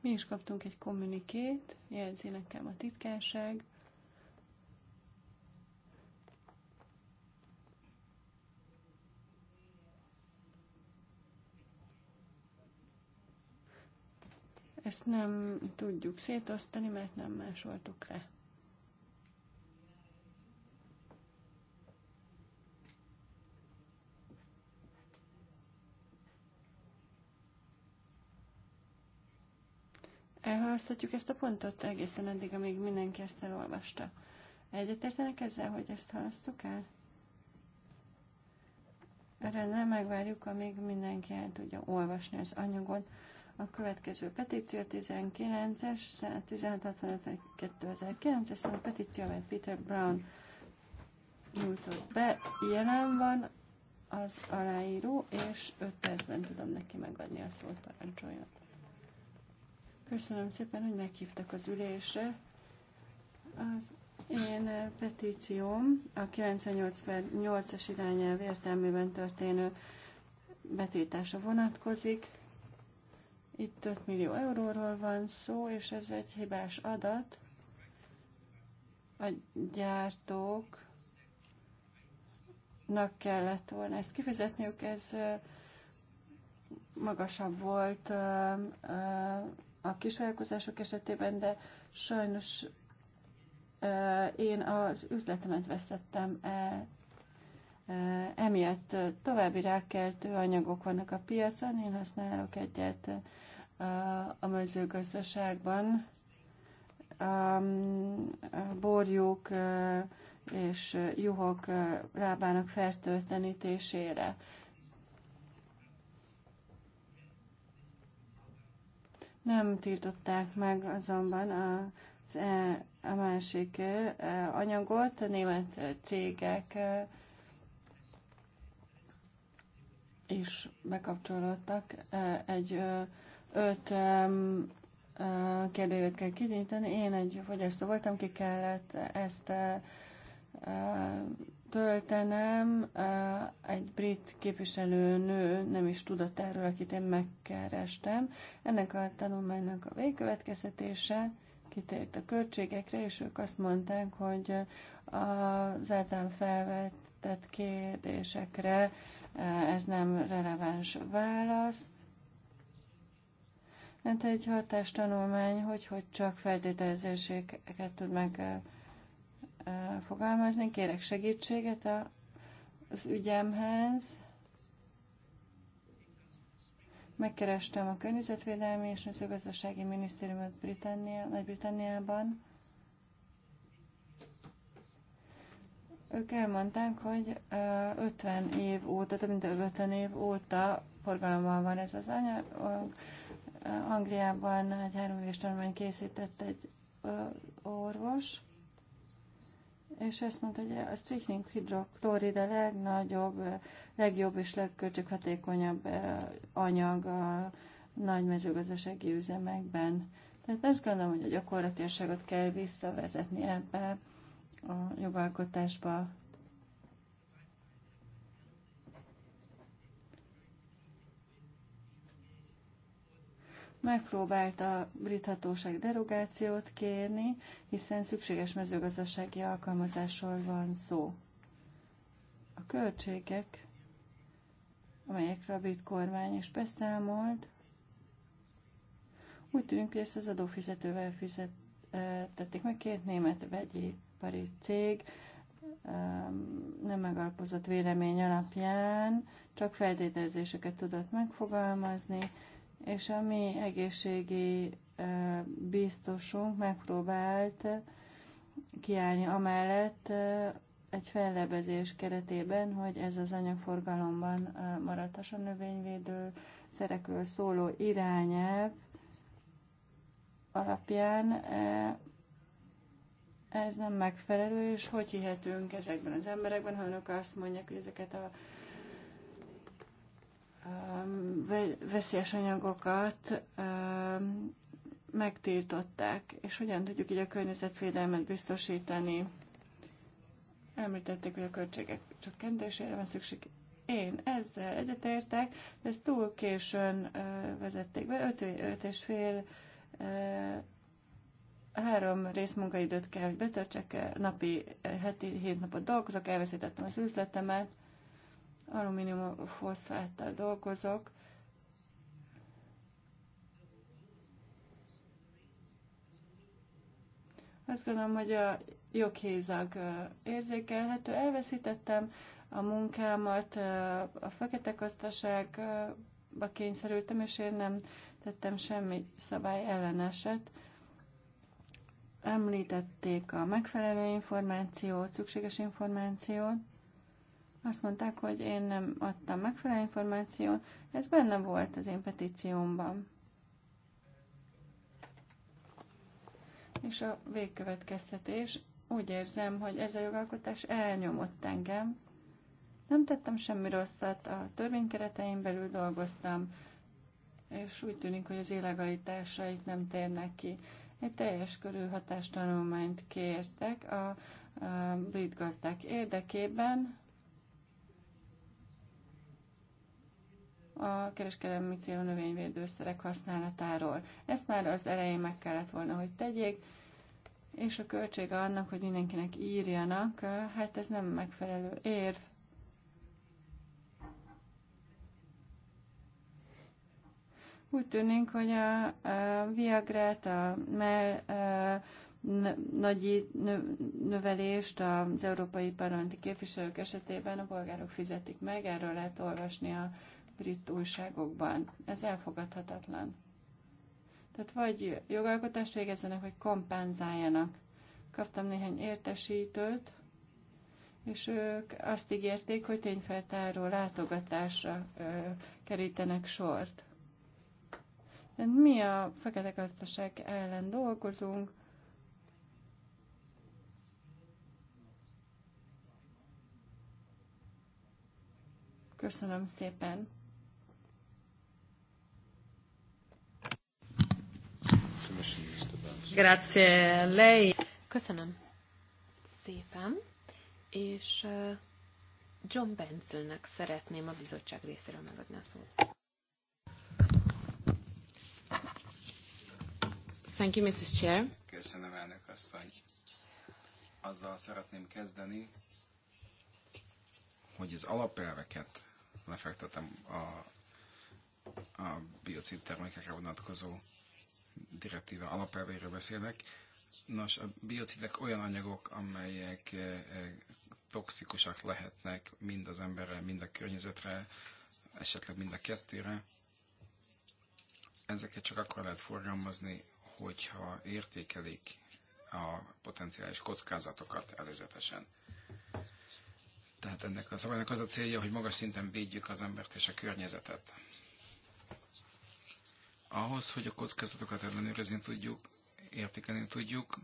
Mi is kaptunk egy kommunikét, jelzi nekem a titkárság. Ezt nem tudjuk szétosztani, mert nem másoltuk le. Elhalasztatjuk ezt a pontot egészen addig, amíg mindenki ezt elolvasta. Egyetértenek ezzel, hogy ezt halasszuk el? Rendben, megvárjuk, amíg mindenki el tudja olvasni az anyagot. A következő petíció 19-es, 1665-2009-es, szóval a petíció, amelyet Peter Brown nyújtott be, jelen van az aláíró, és 5 percben tudom neki megadni a szót, parancsoljon. Köszönöm szépen, hogy meghívtak az ülésre. Az én petícióm a 98-as irányelv értelmében történő betiltása vonatkozik. Itt 5 millió euróról van szó, és ez egy hibás adat. A gyártóknak kellett volna ezt kifizetniük, ez magasabb volt a kisvállalkozások esetében, de sajnos én az üzletemet vesztettem el Emiatt további rákkeltő anyagok vannak a piacon, én használok egyet a mezőgazdaságban. A borjuk és juhok lábának fertőtlenítésére. Nem tiltották meg azonban a e, a másik anyagot, a német cégek is bekapcsolódtak. Egy öt kérdőjét kell kinyitani. Én egy fogyasztó voltam, ki kellett ezt töltenem. Egy brit képviselő nő, nem is tudott erről, akit én megkerestem. Ennek a tanulmánynak a végkövetkeztetése kitért a költségekre, és ők azt mondták, hogy az általán felvetett kérdésekre Eh, ez nem releváns válasz. Mert hát egy hatástanulmány hogy, hogy csak feltételezéseket tud meg eh, eh, fogalmazni. Kérek segítséget az ügyemhez. Megkerestem a Környezetvédelmi és Mezőgazdasági Minisztériumot Britannia, Nagy-Britanniában. Ők elmondták, hogy 50 év óta, több mint 50 év óta forgalomban van ez az anyag. Angliában egy három éves tanulmány készített egy orvos, és azt mondta, hogy a strychnin hidroklorid a legnagyobb, legjobb és legköltséghatékonyabb anyag a nagy mezőgazdasági üzemekben. Tehát azt gondolom, hogy a gyakorlatilasságot kell visszavezetni ebbe a jogalkotásba. Megpróbált a brit hatóság derogációt kérni, hiszen szükséges mezőgazdasági alkalmazásról van szó. A költségek, amelyekre a brit kormány is beszámolt, úgy tűnik, hogy ezt az adófizetővel tették meg két német vegyi ipari cég nem megalapozott vélemény alapján csak feltételezéseket tudott megfogalmazni, és a mi egészségi biztosunk megpróbált kiállni amellett egy fellebezés keretében, hogy ez az anyagforgalomban a növényvédő szerekről szóló irányelv alapján ez nem megfelelő, és hogy hihetünk ezekben az emberekben, ha önök azt mondják, hogy ezeket a um, veszélyes anyagokat um, megtiltották, és hogyan tudjuk így a környezetvédelmet biztosítani. Említették, hogy a költségek csökkentésére van szükség. Én ezzel egyetértek, de ezt túl későn uh, vezették be, öt és fél uh, három rész munkaidőt kell, hogy betöltsek, napi eh, heti hét napot dolgozok, elveszítettem az üzletemet, alumínium foszfáttal dolgozok, Azt gondolom, hogy a joghézag eh, érzékelhető. Elveszítettem a munkámat, eh, a fekete gazdaságba kényszerültem, és én nem tettem semmi szabály elleneset. Említették a megfelelő információt, szükséges információt. Azt mondták, hogy én nem adtam megfelelő információt. Ez benne volt az én petíciómban. És a végkövetkeztetés, úgy érzem, hogy ez a jogalkotás elnyomott engem. Nem tettem semmi rosszat, a törvénykeretein belül dolgoztam, és úgy tűnik, hogy az illegalitásait nem térnek ki. Egy teljes körű hatástanulmányt kértek a, a brit gazdák érdekében. a kereskedelmi célú növényvédőszerek használatáról. Ezt már az elején meg kellett volna, hogy tegyék, és a költsége annak, hogy mindenkinek írjanak, hát ez nem megfelelő érv Úgy tűnik, hogy a, a viagrát, a mell nagy növelést az európai parlamenti képviselők esetében a polgárok fizetik meg, erről lehet olvasni a brit újságokban. Ez elfogadhatatlan. Tehát vagy jogalkotást végezzenek, vagy kompenzáljanak. Kaptam néhány értesítőt, és ők azt ígérték, hogy tényfeltáró látogatásra ö, kerítenek sort. Mi a fekete gazdaság ellen dolgozunk, Köszönöm szépen. Grazie lei. Köszönöm szépen, és uh, John Bensonnek szeretném a bizottság részéről megadni a szót. Thank you, Mrs. Chair. Köszönöm, elnök asszony. Azzal szeretném kezdeni, hogy az alapelveket lefektetem a, a biocid termékekre vonatkozó direktíva alapelveiről beszélek. Nos, a biocidek olyan anyagok, amelyek eh, toxikusak lehetnek mind az emberre, mind a környezetre, esetleg mind a kettőre. Ezeket csak akkor lehet forgalmazni, hogyha értékelik a potenciális kockázatokat előzetesen. Tehát ennek a szabálynak az a célja, hogy magas szinten védjük az embert és a környezetet. Ahhoz, hogy a kockázatokat ellenőrizni tudjuk, értékelni tudjuk,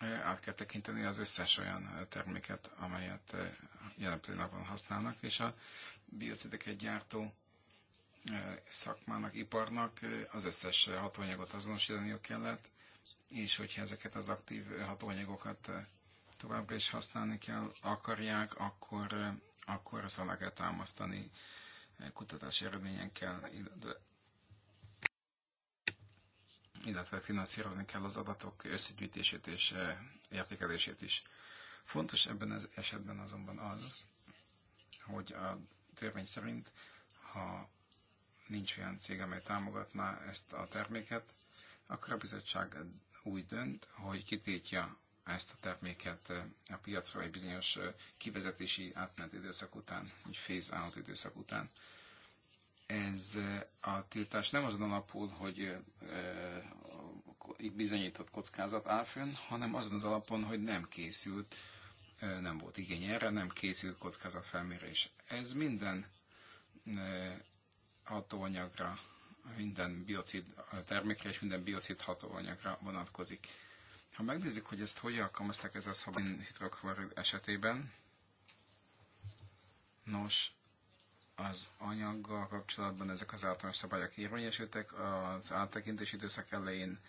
át kell tekinteni az összes olyan terméket, amelyet jelen pillanatban használnak, és a egy gyártó Eh, szakmának, iparnak eh, az összes hatóanyagot azonosítaniuk kellett, és hogyha ezeket az aktív eh, hatóanyagokat továbbra is használni kell, akarják, akkor, akkor azt alá kell támasztani kutatási eredményekkel, illetve finanszírozni kell az adatok összegyűjtését és értékelését is. Fontos ebben az esetben azonban az, hogy a törvény szerint, ha nincs olyan cég, amely támogatná ezt a terméket, akkor a bizottság úgy dönt, hogy kitétja ezt a terméket a piacra egy bizonyos kivezetési átmeneti időszak után, egy phase out időszak után. Ez a tiltás nem azon alapul, hogy bizonyított kockázat áll fönn, hanem azon az alapon, hogy nem készült, nem volt igény erre, nem készült kockázatfelmérés. Ez minden hatóanyagra, minden biocid termékre és minden biocid hatóanyagra vonatkozik. Ha megnézzük, hogy ezt hogy alkalmazták ez a szabin hidroklorid esetében, nos, az anyaggal kapcsolatban ezek az általános szabályok érvényesültek, az áttekintés időszak elején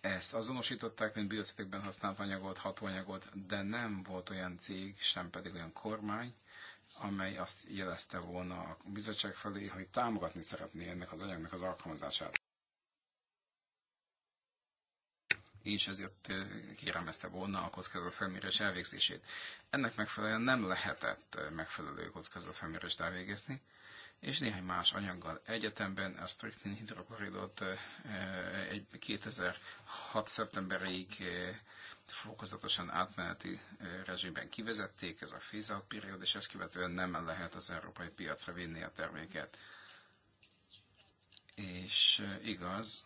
ezt azonosították, mint biocidekben használt anyagot, hatóanyagot, de nem volt olyan cég, sem pedig olyan kormány, amely azt jelezte volna a bizottság felé, hogy támogatni szeretné ennek az anyagnak az alkalmazását. és ezért eh, kérelmezte volna a felmérés elvégzését. Ennek megfelelően nem lehetett eh, megfelelő felmérést elvégezni, és néhány más anyaggal egyetemben a strychnin hidrokoridot eh, egy 2006. szeptemberig fokozatosan átmeneti eh, rezsimben kivezették, ez a phase-out period, és ezt követően nem lehet az európai piacra vinni a terméket. És eh, igaz,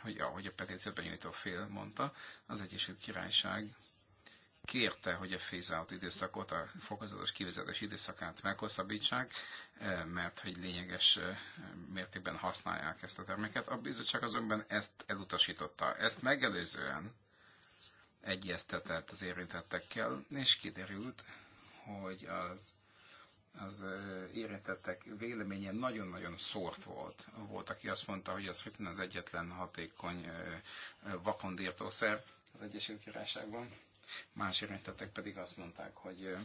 hogy ahogy a petícióban nyújtó fél mondta, az Egyesült Királyság kérte, hogy a phase-out időszakot, a fokozatos kivezetés időszakát meghosszabbítsák, eh, mert hogy lényeges mértékben használják ezt a terméket. A bizottság azonban ezt elutasította. Ezt megelőzően egyeztetett az érintettekkel, és kiderült, hogy az, az érintettek véleménye nagyon-nagyon szórt volt. Volt, aki azt mondta, hogy az ritin az egyetlen hatékony vakondírtószer az Egyesült Királyságban, más érintettek pedig azt mondták, hogy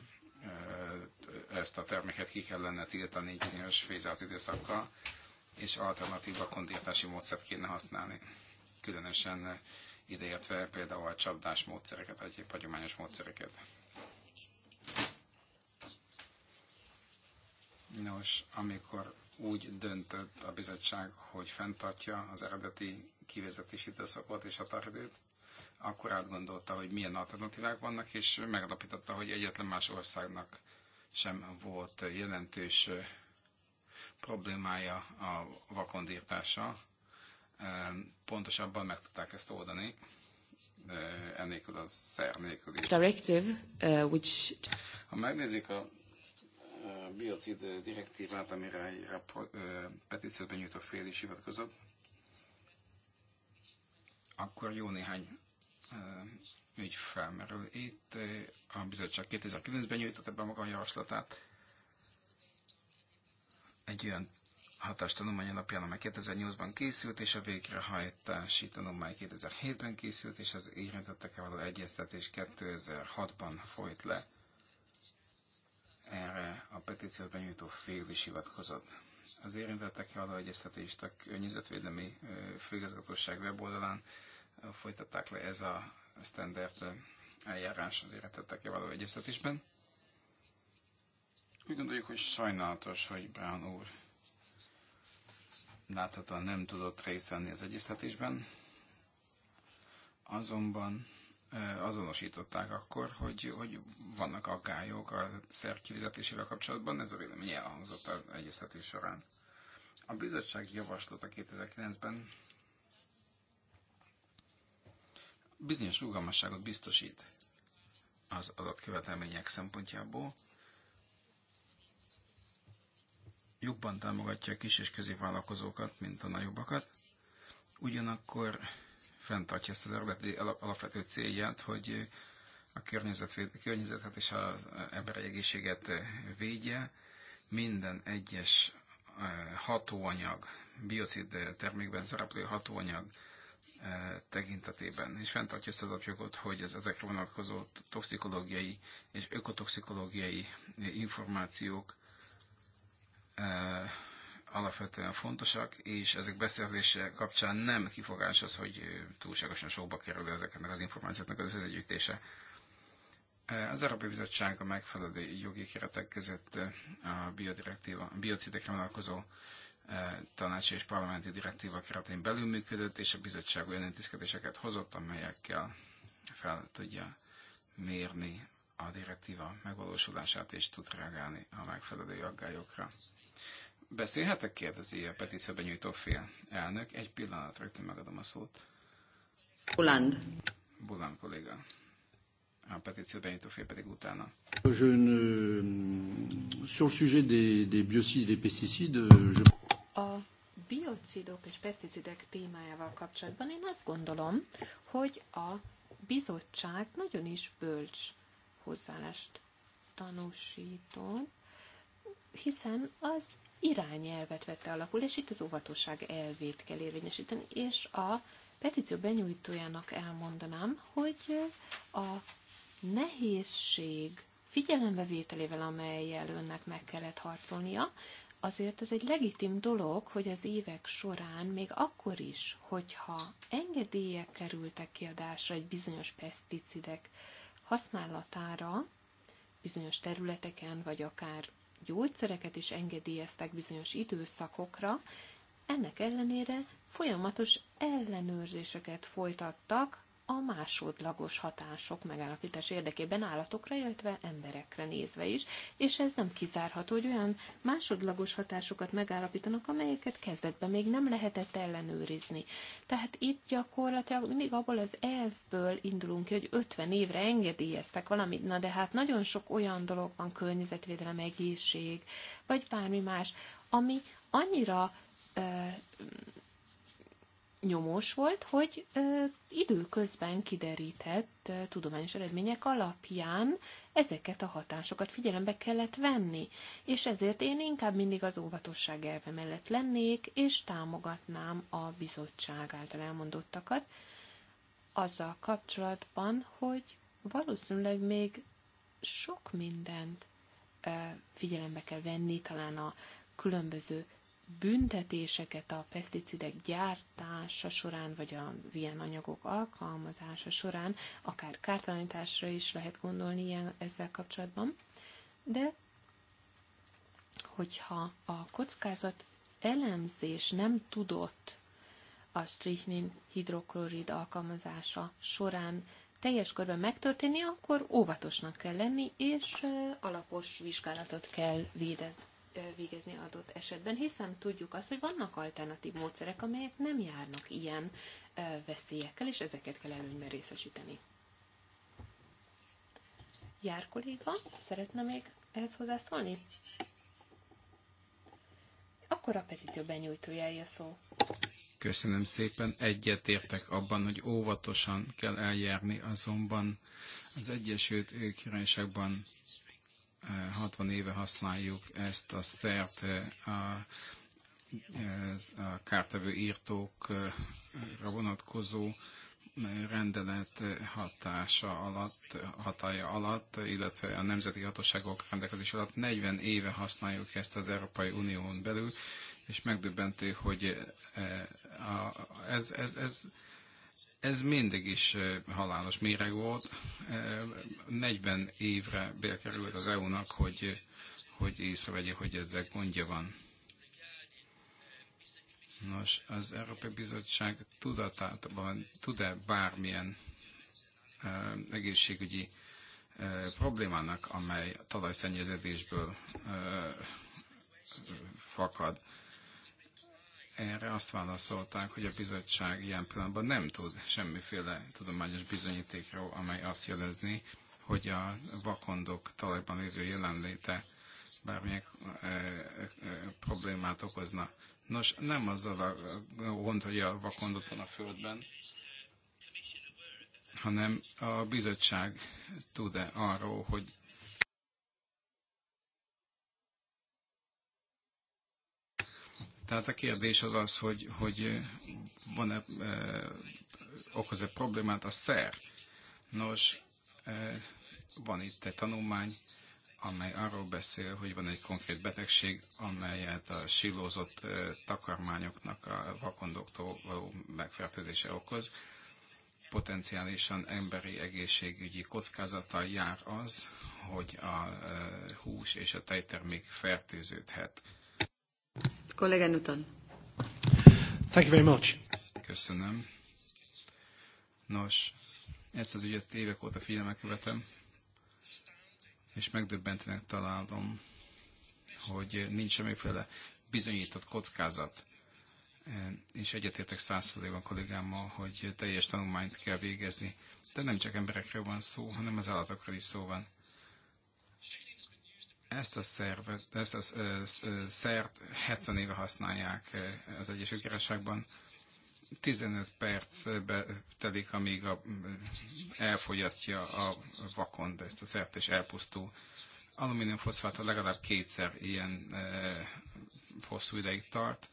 ezt a terméket ki kellene tiltani egy bizonyos fézált időszakkal, és alternatív vakondírtási módszert kéne használni. Különösen ideértve például a csapdás módszereket, egyéb hagyományos módszereket. Nos, amikor úgy döntött a bizottság, hogy fenntartja az eredeti kivezetési időszakot és a határidőt, akkor átgondolta, hogy milyen alternatívák vannak, és megalapította, hogy egyetlen más országnak sem volt jelentős problémája a vakondírtása, pontosabban meg tudták ezt oldani, ennélkül a szer nélkül is. Directive, uh, which... Ha megnézik a biocid direktívát, amire egy petíciót petícióban nyújtó fél is hivatkozott, akkor jó néhány ügy felmerül. Itt a bizottság 2009-ben nyújtotta be maga a javaslatát egy olyan hatás tanulmány alapján, amely 2008-ban készült, és a végrehajtási tanulmány 2007-ben készült, és az érintettekkel való egyeztetés 2006-ban folyt le. Erre a petíciót benyújtó fél is hivatkozott. Az érintettekkel való egyeztetést a Környezetvédelmi Főigazgatóság weboldalán folytatták le ez a standard eljárás az érintettekkel való egyeztetésben. Úgy gondoljuk, hogy sajnálatos, hogy Brown úr láthatóan nem tudott részt venni az egyeztetésben, azonban azonosították akkor, hogy, hogy vannak aggályok a szerb kivizetésével kapcsolatban, ez a vélemény elhangzott az egyeztetés során. A bizottság javaslata 2009-ben bizonyos rugalmasságot biztosít az adatkövetelmények szempontjából, jobban támogatja a kis és középvállalkozókat, mint a nagyobbakat, ugyanakkor fenntartja ezt az alapvető célját, hogy a környezetet és az emberi egészséget védje, minden egyes e, hatóanyag, biocid termékben szereplő hatóanyag e, tekintetében, és fenntartja ezt az apjogot, hogy az ezekre vonatkozó toxikológiai és ökotoxikológiai információk alapvetően fontosak, és ezek beszerzése kapcsán nem kifogás az, hogy túlságosan sokba kerül ezeknek az információknak az összegyűjtése. Az Európai Bizottság a megfelelő jogi keretek között a biocidekre vonatkozó tanácsi és parlamenti direktíva keretén belül működött, és a bizottság olyan intézkedéseket hozott, amelyekkel fel tudja mérni a direktíva megvalósulását, és tud reagálni a megfelelő aggályokra. Beszélhetek? kérdezi a petíció benyújtó fél. Elnök, egy pillanat, rögtön megadom a szót. Buland. Buland kolléga. A petíció benyújtó fél pedig utána. Je ne... Sur le sujet des, des biocides et pesticides, je... A biocidok és peszticidek témájával kapcsolatban én azt gondolom, hogy a bizottság nagyon is bölcs hozzáállást tanúsított, hiszen az irányelvet vette alapul, és itt az óvatosság elvét kell érvényesíteni, és a petíció benyújtójának elmondanám, hogy a nehézség figyelembevételével, amelyel önnek meg kellett harcolnia, azért ez egy legitim dolog, hogy az évek során, még akkor is, hogyha engedélyek kerültek kiadásra egy bizonyos peszticidek használatára, bizonyos területeken, vagy akár gyógyszereket is engedélyeztek bizonyos időszakokra, ennek ellenére folyamatos ellenőrzéseket folytattak a másodlagos hatások megállapítás érdekében állatokra, illetve emberekre nézve is, és ez nem kizárható, hogy olyan másodlagos hatásokat megállapítanak, amelyeket kezdetben még nem lehetett ellenőrizni. Tehát itt gyakorlatilag mindig abból az elvből indulunk ki, hogy 50 évre engedélyeztek valamit, na de hát nagyon sok olyan dolog van, környezetvédelem, egészség, vagy bármi más, ami annyira nyomós volt, hogy ö, időközben kiderített ö, tudományos eredmények alapján ezeket a hatásokat figyelembe kellett venni, és ezért én inkább mindig az óvatosság elve mellett lennék, és támogatnám a bizottság által elmondottakat azzal kapcsolatban, hogy valószínűleg még sok mindent ö, figyelembe kell venni, talán a különböző büntetéseket a peszticidek gyártása során, vagy az ilyen anyagok alkalmazása során, akár kártalanításra is lehet gondolni ilyen, ezzel kapcsolatban, de hogyha a kockázat elemzés nem tudott a strychnin hidroklorid alkalmazása során teljes körben megtörténni, akkor óvatosnak kell lenni, és alapos vizsgálatot kell végezni adott esetben, hiszen tudjuk azt, hogy vannak alternatív módszerek, amelyek nem járnak ilyen veszélyekkel, és ezeket kell előnyben részesíteni. Jár kolléga, szeretne még ehhez hozzászólni? Akkor a petíció benyújtójája szó. Köszönöm szépen, egyetértek abban, hogy óvatosan kell eljárni, azonban az Egyesült Királyságban 60 eh, éve használjuk ezt a szert eh, a, a kártevő írtókra vonatkozó eh, rendelet hatása alatt, hatája alatt, illetve a nemzeti hatóságok rendelkezés alatt 40 éve használjuk ezt az Európai Unión belül, és megdöbbentő, hogy ez, ez, ez ez mindig is halálos méreg volt. 40 évre bekerült az EU-nak, hogy, hogy észrevegye, hogy ezzel gondja van. Nos, az Európai Bizottság tudatában tud-e bármilyen egészségügyi problémának, amely talajszennyeződésből fakad. Erre azt válaszolták, hogy a bizottság ilyen pillanatban nem tud semmiféle tudományos bizonyítékról, amely azt jelezni, hogy a vakondok talajban lévő jelenléte bármilyen e, e, e, problémát okozna. Nos, nem azzal a gond, hogy a vakondot van a földben, hanem a bizottság tud-e arról, hogy Tehát a kérdés az az, hogy, hogy van-e, okoz-e problémát a szer. Nos, van itt egy tanulmány, amely arról beszél, hogy van egy konkrét betegség, amelyet a sílózott takarmányoknak a vakondoktól való megfertőzése okoz. Potenciálisan emberi egészségügyi kockázata jár az, hogy a hús és a tejtermék fertőződhet. Kollega Newton. Thank you very much. Köszönöm. Nos, ezt az ügyet évek óta figyelemmel követem, és megdöbbentőnek találom, hogy nincs semmiféle bizonyított kockázat. És egyetértek százszerzében kollégámmal, hogy teljes tanulmányt kell végezni. De nem csak emberekről van szó, hanem az állatokról is szó van. Ezt a, szervet, ezt a szert 70 éve használják az Egyesült Királyságban. 15 perc telik, amíg a, elfogyasztja a vakond ezt a szert, és elpusztul. Alumínium foszfát legalább kétszer ilyen e, hosszú ideig tart,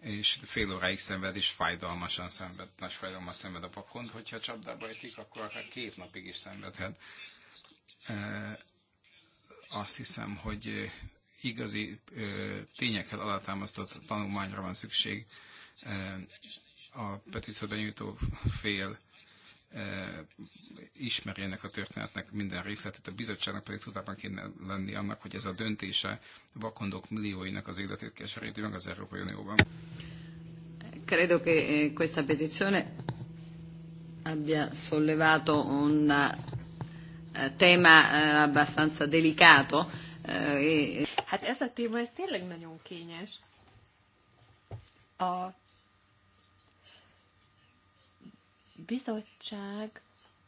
és fél óráig szenved, és fájdalmasan szenved, nagy fájdalmal szenved a vakond. Hogyha csapdába ejtik, akkor akár két napig is szenvedhet. E, azt hiszem, hogy igazi tényekkel alátámasztott tanulmányra van szükség. A petícióban benyújtó fél ismeri ennek a történetnek minden részletét, a bizottságnak pedig tudában kéne lenni annak, hogy ez a döntése vakondok millióinak az életét keseríti meg az Európai Unióban. Credo che eh, questa petizione abbia sollevato una tema eh, abbastanza delicato. Eh, e- hát ez a téma, ez tényleg nagyon kényes. A bizottság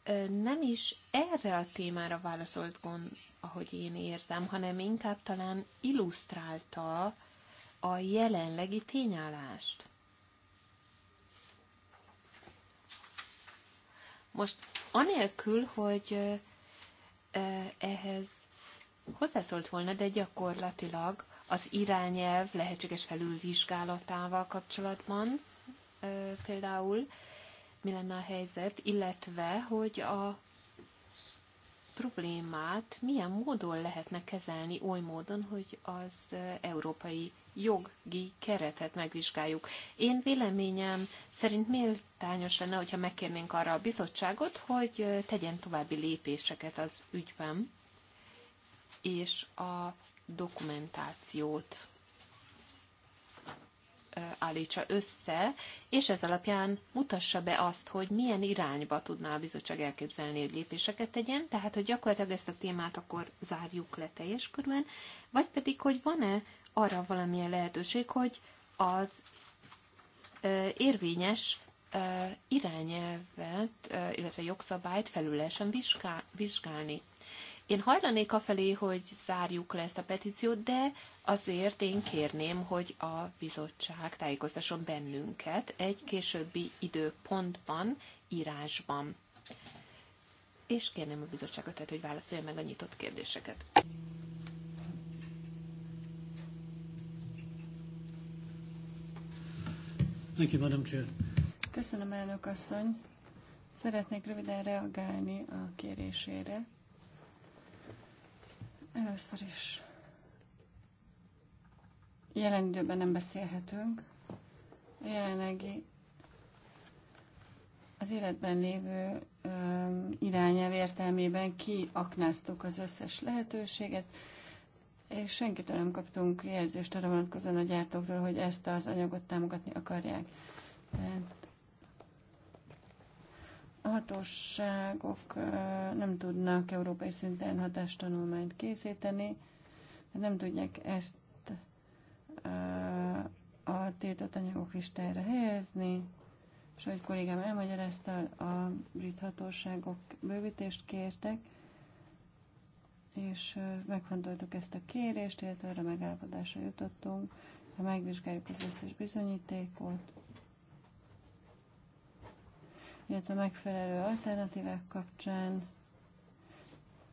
eh, nem is erre a témára válaszolt gond, ahogy én érzem, hanem inkább talán illusztrálta a jelenlegi tényállást. Most anélkül, hogy ehhez hozzászólt volna, de gyakorlatilag az irányelv lehetséges felülvizsgálatával kapcsolatban például mi lenne a helyzet, illetve hogy a problémát milyen módon lehetne kezelni oly módon, hogy az európai jogi keretet megvizsgáljuk. Én véleményem szerint méltányos lenne, hogyha megkérnénk arra a bizottságot, hogy tegyen további lépéseket az ügyben, és a dokumentációt állítsa össze, és ez alapján mutassa be azt, hogy milyen irányba tudná a bizottság elképzelni, hogy lépéseket tegyen, tehát hogy gyakorlatilag ezt a témát akkor zárjuk le teljes körben, vagy pedig, hogy van-e arra valamilyen lehetőség, hogy az érvényes irányelvet, illetve jogszabályt felül lehessen vizsgálni. Én hajlanék afelé, hogy zárjuk le ezt a petíciót, de azért én kérném, hogy a bizottság tájékoztasson bennünket egy későbbi időpontban, írásban. És kérném a bizottságot, tehát, hogy válaszolja meg a nyitott kérdéseket. Thank you, Madam Chair. Köszönöm, elnök asszony. Szeretnék röviden reagálni a kérésére. Először is jelen időben nem beszélhetünk. A jelenlegi az életben lévő irányelv értelmében kiaknáztuk az összes lehetőséget, és senkitől nem kaptunk jelzést arra vonatkozóan a gyártóktól, hogy ezt az anyagot támogatni akarják. Tehát a hatóságok nem tudnak európai szinten hatástanulmányt készíteni, nem tudják ezt a tiltott anyagok listájára helyezni, és ahogy kollégám elmagyarázta, a brit hatóságok bővítést kértek, és megfontoltuk ezt a kérést, illetve arra megállapodásra jutottunk, ha megvizsgáljuk az összes bizonyítékot, illetve megfelelő alternatívák kapcsán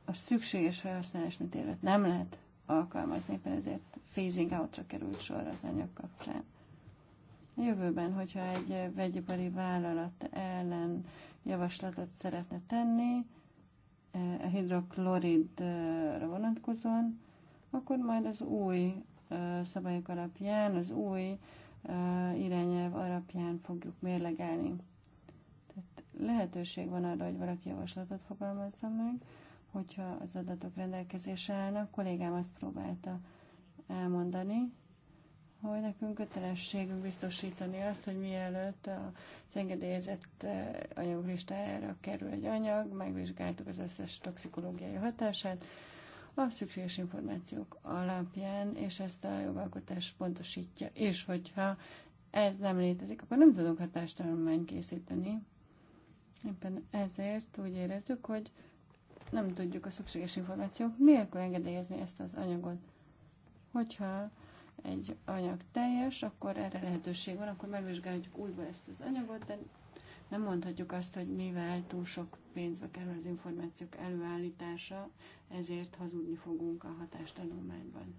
a szükséges felhasználás mint nem lehet alkalmazni, éppen ezért phasing outra került sor az anyag kapcsán. A jövőben, hogyha egy vegyipari vállalat ellen javaslatot szeretne tenni, a eh, hidrokloridra vonatkozóan, akkor majd az új eh, szabályok alapján, az új eh, irányelv alapján fogjuk mérlegelni. Tehát lehetőség van arra, hogy valaki javaslatot fogalmazza meg, hogyha az adatok rendelkezésre állnak. A kollégám azt próbálta elmondani, hogy nekünk kötelességünk biztosítani azt, hogy mielőtt az engedélyezett eh, anyagok listájára kerül egy anyag, megvizsgáltuk az összes toxikológiai hatását, a szükséges információk alapján, és ezt a jogalkotás pontosítja, és hogyha ez nem létezik, akkor nem tudunk hatástanulmányt készíteni. Éppen ezért úgy érezzük, hogy nem tudjuk a szükséges információk nélkül engedélyezni ezt az anyagot. Hogyha egy anyag teljes, akkor erre lehetőség van, akkor megvizsgáljuk újra ezt az anyagot, de nem mondhatjuk azt, hogy mivel túl sok pénzbe kerül az információk előállítása, ezért hazudni fogunk a hatástanulmányban.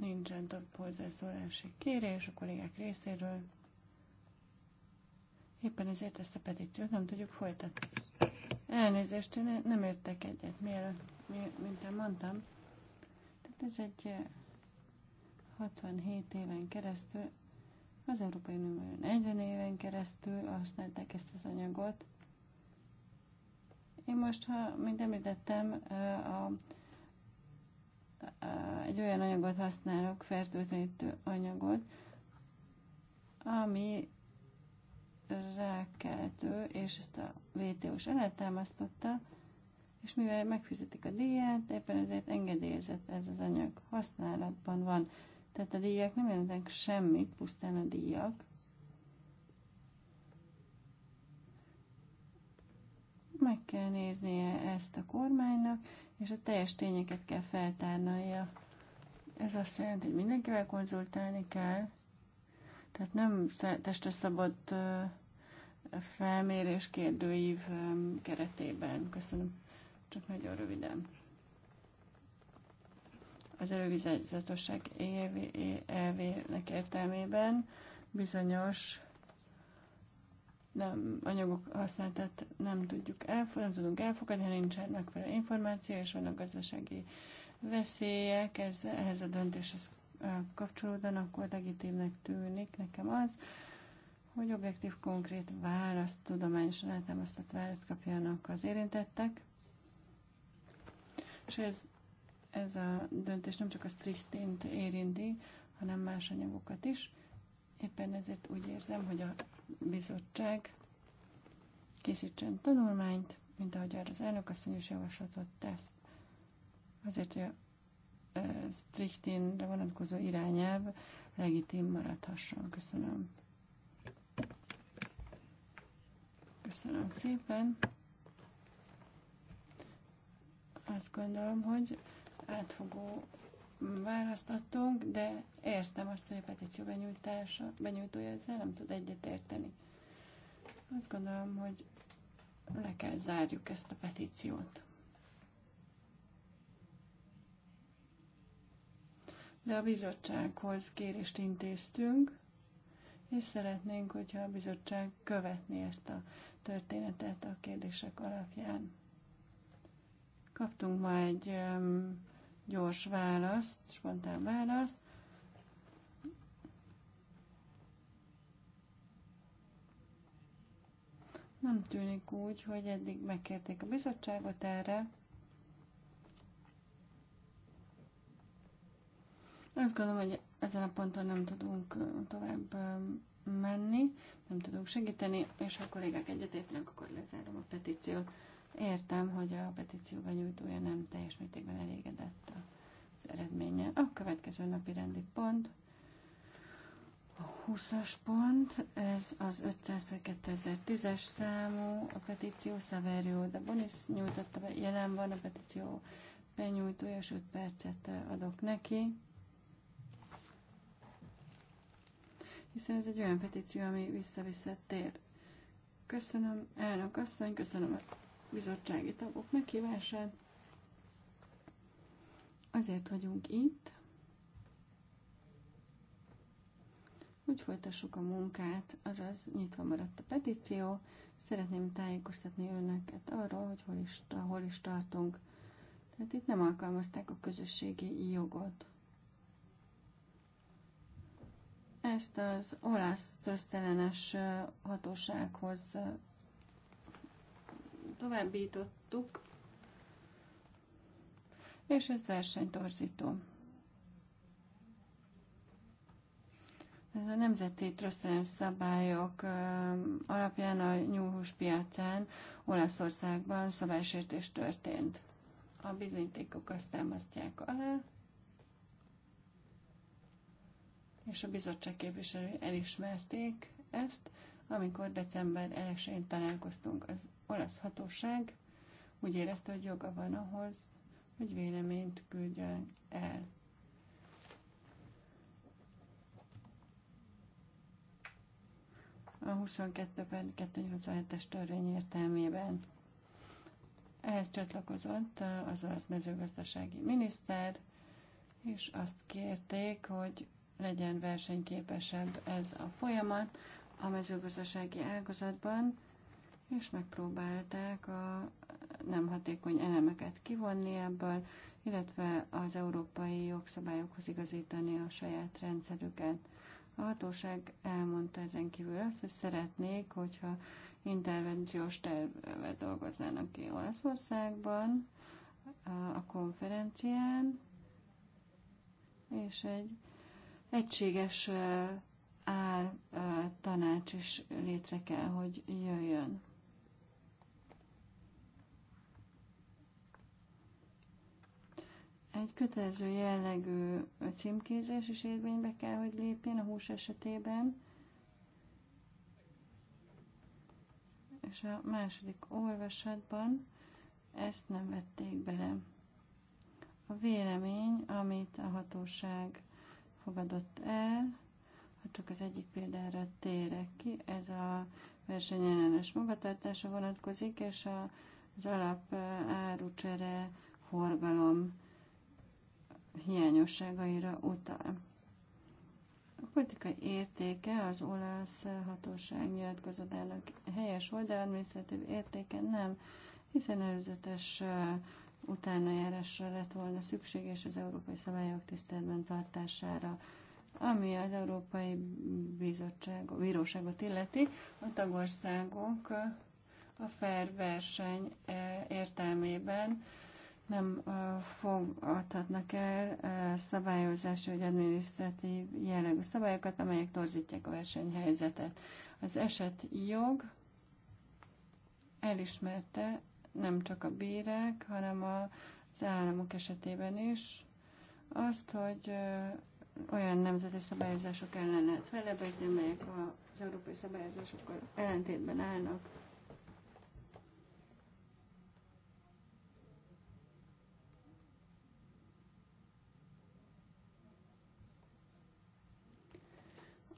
Nincsen több hozzászólási kérés a kollégák részéről. Éppen ezért ezt a petíciót nem tudjuk folytatni. Elnézést, én nem értek egyet, mielőtt, mint én mondtam. Tehát ez egy 67 eh, éven keresztül, az Európai Unió 40 éven keresztül használták ezt az anyagot. Én most, ha, mint említettem, eh, a, a, eh, egy olyan anyagot használok, fertőtlenítő anyagot, ami rákeltő, és ezt a wto s elátámasztotta, és mivel megfizetik a díját, éppen ezért engedélyezett ez az anyag használatban van. Tehát a díjak nem jelentenek semmit, pusztán a díjak. Meg kell néznie ezt a kormánynak, és a teljes tényeket kell feltárnia. Ez azt jelenti, hogy mindenkivel konzultálni kell, tehát nem testre szabott felmérés kérdőív keretében. Köszönöm. Csak nagyon röviden. Az elővizetosság elvének értelmében bizonyos nem, anyagok használatát nem tudjuk el, nem tudunk elfogadni, ha nincsen megfelelő információ, és vannak gazdasági veszélyek, ez, ehhez a döntéshez kapcsolódanak, akkor legitimnek tűnik nekem az, hogy objektív, konkrét választ, tudományosan eltámasztott választ kapjanak az érintettek. És ez, ez a döntés nem csak a strichtint érinti, hanem más anyagokat is. Éppen ezért úgy érzem, hogy a bizottság készítsen tanulmányt, mint ahogy arra az elnök asszony is javaslatot tesz. Azért, hogy a Trichtinre vonatkozó irányelv legitim maradhasson. Köszönöm. Köszönöm szépen. Azt gondolom, hogy átfogó választ adtunk, de értem azt, hogy a petíció benyújtása, benyújtója ezzel nem tud egyetérteni. Azt gondolom, hogy le kell zárjuk ezt a petíciót. de a bizottsághoz kérést intéztünk, és szeretnénk, hogyha a bizottság követni ezt a történetet a kérdések alapján. Kaptunk ma egy um, gyors választ, spontán választ. Nem tűnik úgy, hogy eddig megkérték a bizottságot erre, Azt gondolom, hogy ezen a ponton nem tudunk tovább menni, nem tudunk segíteni, és ha a kollégák egyetértnek, akkor lezárom a petíciót. Értem, hogy a petíció benyújtója nem teljes mértékben elégedett az eredménye. A következő napi rendi pont, a 20-as pont, ez az 500 2010-es számú, a petíció Saverio de Bonis nyújtotta be, jelen van a petíció benyújtója, és 5 percet adok neki. hiszen ez egy olyan petíció, ami vissza tér. Köszönöm elnök asszony, köszönöm a bizottsági tagok meghívását. Azért vagyunk itt, hogy folytassuk a munkát, azaz nyitva maradt a petíció. Szeretném tájékoztatni önöket arról, hogy hol is, hol is tartunk. Tehát itt nem alkalmazták a közösségi jogot. Ezt az olasz köztelenes hatósághoz továbbítottuk, és ez versenytorzító. Ez a nemzeti trösztelenes szabályok alapján a nyúlhús piacán Olaszországban szabálysértés történt. A bizonyítékok azt támasztják alá, és a bizottság képviselői elismerték ezt, amikor december 1-én találkoztunk. Az olasz hatóság úgy érezte, hogy joga van ahhoz, hogy véleményt küldjön el. A 22 per 287-es törvény értelmében ehhez csatlakozott az olasz mezőgazdasági miniszter, és azt kérték, hogy legyen versenyképesebb ez a folyamat a mezőgazdasági ágazatban, és megpróbálták a nem hatékony elemeket kivonni ebből, illetve az európai jogszabályokhoz igazítani a saját rendszerüket. A hatóság elmondta ezen kívül azt, hogy szeretnék, hogyha intervenciós tervet dolgoznának ki Olaszországban, a konferencián, és egy egységes ár tanács is létre kell, hogy jöjjön. Egy kötelező jellegű címkézés is érvénybe kell, hogy lépjen a hús esetében. És a második olvasatban ezt nem vették bele. A vélemény, amit a hatóság fogadott el. Ha csak az egyik példára térek ki, ez a versenyellenes magatartása vonatkozik, és a, az alap árucsere forgalom hiányosságaira utal. A politikai értéke az olasz hatóság nyilatkozatának helyes volt, de administratív értéke nem, hiszen előzetes utánajárásra lett volna szükség, és az európai szabályok tiszteletben tartására ami az Európai Bizottság, Bíróságot illeti, a tagországok a fair verseny eh, értelmében nem eh, fogadhatnak el eh, szabályozási vagy adminisztratív jellegű szabályokat, amelyek torzítják a versenyhelyzetet. Az eset jog elismerte nem csak a bérek, hanem az államok esetében is azt, hogy olyan nemzeti szabályozások ellen lehet fellebezni, amelyek az európai szabályozásokkal ellentétben állnak.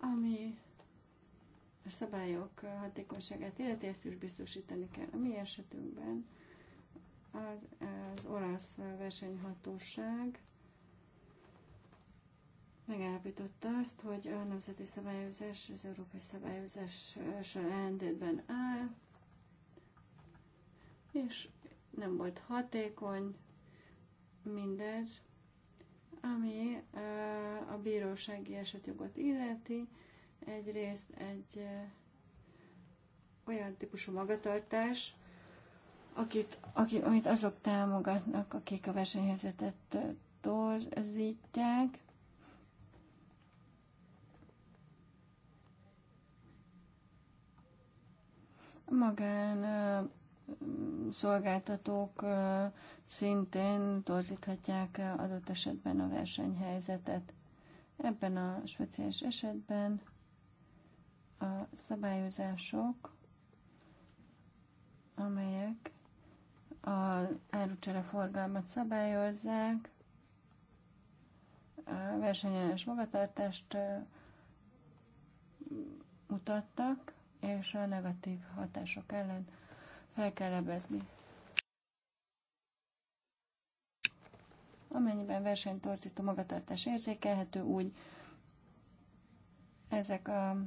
Ami a szabályok hatékonyságát illeti, ezt is biztosítani kell. A mi esetünkben az, az olasz versenyhatóság megállapította azt, hogy a nemzeti szabályozás az európai szabályozással ellentétben áll, és nem volt hatékony mindez, ami a bírósági esetjogot illeti, Egyrészt egy olyan típusú magatartás, akit, akit, amit azok támogatnak, akik a versenyhelyzetet torzítják. Magán szolgáltatók szintén torzíthatják adott esetben a versenyhelyzetet. Ebben a speciális esetben a szabályozások, amelyek az árucsere forgalmat szabályozzák, a versenyellenes magatartást mutattak, és a negatív hatások ellen fel kell lebezni. Amennyiben versenytorzító magatartás érzékelhető, úgy ezek a, a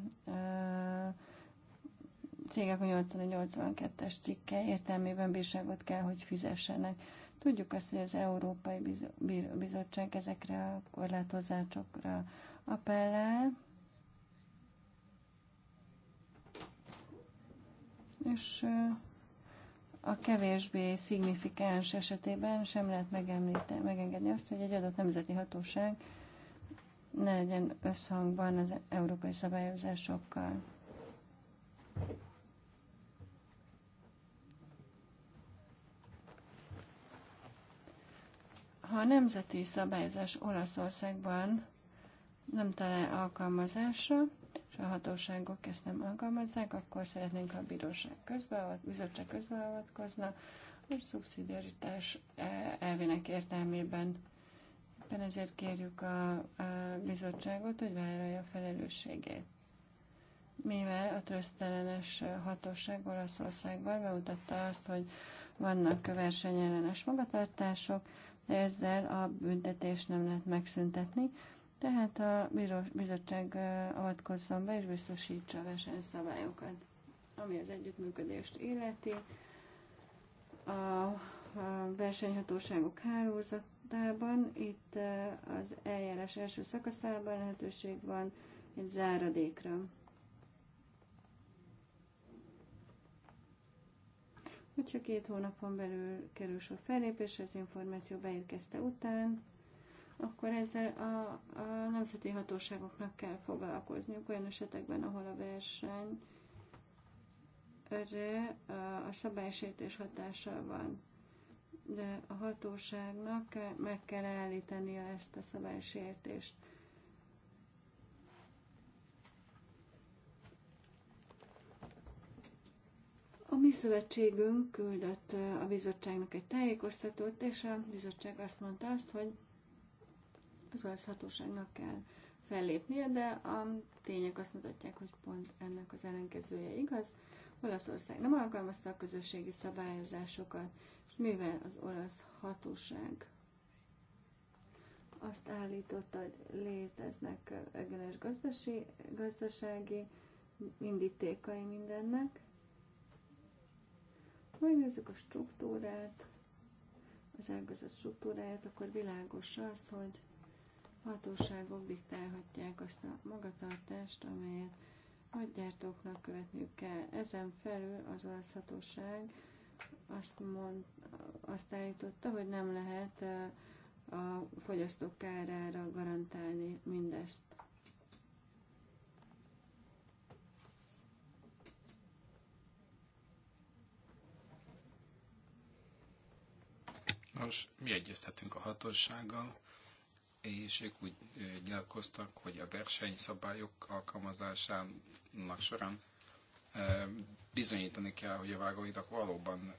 cégek 80-82-es cikke értelmében bírságot kell, hogy fizessenek. Tudjuk azt, hogy az Európai Bizottság ezekre a korlátozásokra appellál, és a kevésbé szignifikáns esetében sem lehet megengedni azt, hogy egy adott nemzeti hatóság ne legyen összhangban az európai szabályozásokkal. Ha a nemzeti szabályozás Olaszországban nem talál alkalmazásra, és a hatóságok ezt nem alkalmazzák, akkor szeretnénk, ha a bíróság közbeavat, bizottság közbeavatkozna, a szubszidiaritás eh, elvének értelmében Éppen ezért kérjük a, a bizottságot, hogy vállalja a felelősségét. Mivel a trösztelenes hatóság Olaszországban bemutatta azt, hogy vannak versenyellenes magatartások, de ezzel a büntetés nem lehet megszüntetni, tehát a bizottság avatkozzon be és biztosítsa a versenyszabályokat, ami az együttműködést illeti. A a versenyhatóságok hálózat vitában. Itt eh, az eljárás első szakaszában lehetőség van egy záradékra. Hogyha két hónapon belül kerül sor fellépésre, az információ beérkezte után, akkor ezzel a, a nemzeti hatóságoknak kell foglalkozniuk olyan esetekben, ahol a verseny erre eh, a szabálysértés hatása van de a hatóságnak meg kell állítania ezt a szabálysértést. A mi szövetségünk küldött a bizottságnak egy tájékoztatót, és a bizottság azt mondta azt, hogy az olasz hatóságnak kell fellépnie, de a tények azt mutatják, hogy pont ennek az ellenkezője igaz. Olaszország nem alkalmazta a közösségi szabályozásokat, mivel az olasz hatóság azt állította, hogy léteznek egyenes gazdasági indítékai mindennek. Megnézzük a struktúrát, az ágazat struktúráját, akkor világos az, hogy hatóságok diktálhatják azt a magatartást, amelyet a gyártóknak követniük kell. Ezen felül az olasz hatóság azt, mond, azt állította, hogy nem lehet a fogyasztók kárára garantálni mindezt. Nos, mi egyeztetünk a hatósággal, és ők úgy nyilatkoztak, hogy a versenyszabályok alkalmazásának során Bizonyítani kell, hogy a vágóidak valóban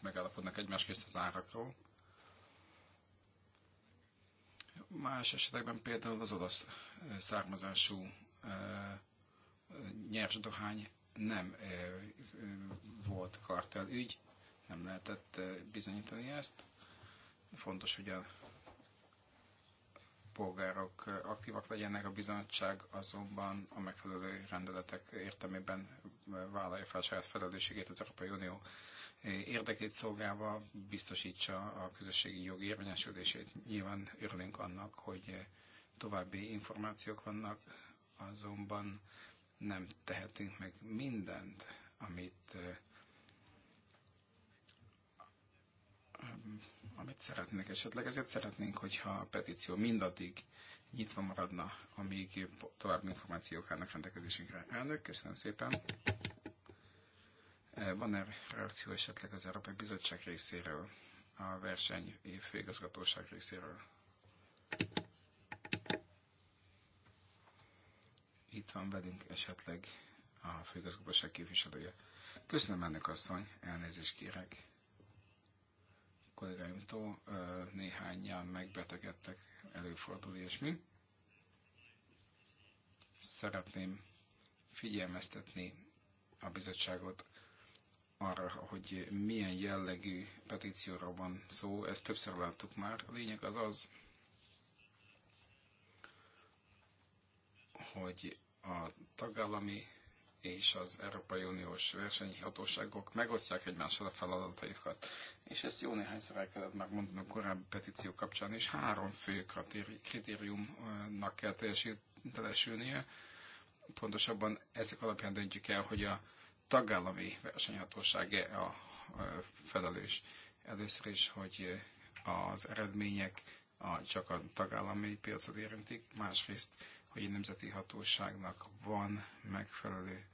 megállapodnak egymás közt az árakról. Más esetekben például az olasz származású nyers dohány nem volt kartel ügy, nem lehetett bizonyítani ezt. Fontos, hogy a polgárok aktívak legyenek, a bizottság azonban a megfelelő rendeletek értelmében vállalja fel saját felelősségét az Európai Unió érdekét szolgálva, biztosítsa a közösségi jog érvényesülését. Nyilván örülünk annak, hogy további információk vannak, azonban nem tehetünk meg mindent, amit amit szeretnék esetleg. Ezért szeretnénk, hogyha a petíció mindaddig nyitva maradna, amíg további információk állnak rendelkezésünkre. Elnök, köszönöm szépen. Eh, van-e reakció esetleg az Európai Bizottság részéről, a verseny főigazgatóság részéről? Itt van velünk esetleg a főigazgatóság képviselője. Köszönöm, elnök asszony, elnézést kérek kollégáimtól, néhányan megbetegedtek, előfordul ilyesmi. Szeretném figyelmeztetni a bizottságot arra, hogy milyen jellegű petícióra van szó, ezt többször láttuk már. A lényeg az az, hogy a tagállami és az Európai Uniós versenyhatóságok megosztják egymással a feladataikat. És ezt jó néhányszor el kellett már a korábbi petíció kapcsán is, három fő kritériumnak kell teljesítelesülnie. Pontosabban ezek alapján döntjük el, hogy a tagállami versenyhatóság -e a felelős. Először is, hogy az eredmények a, csak a tagállami piacot érintik, másrészt, hogy a nemzeti hatóságnak van megfelelő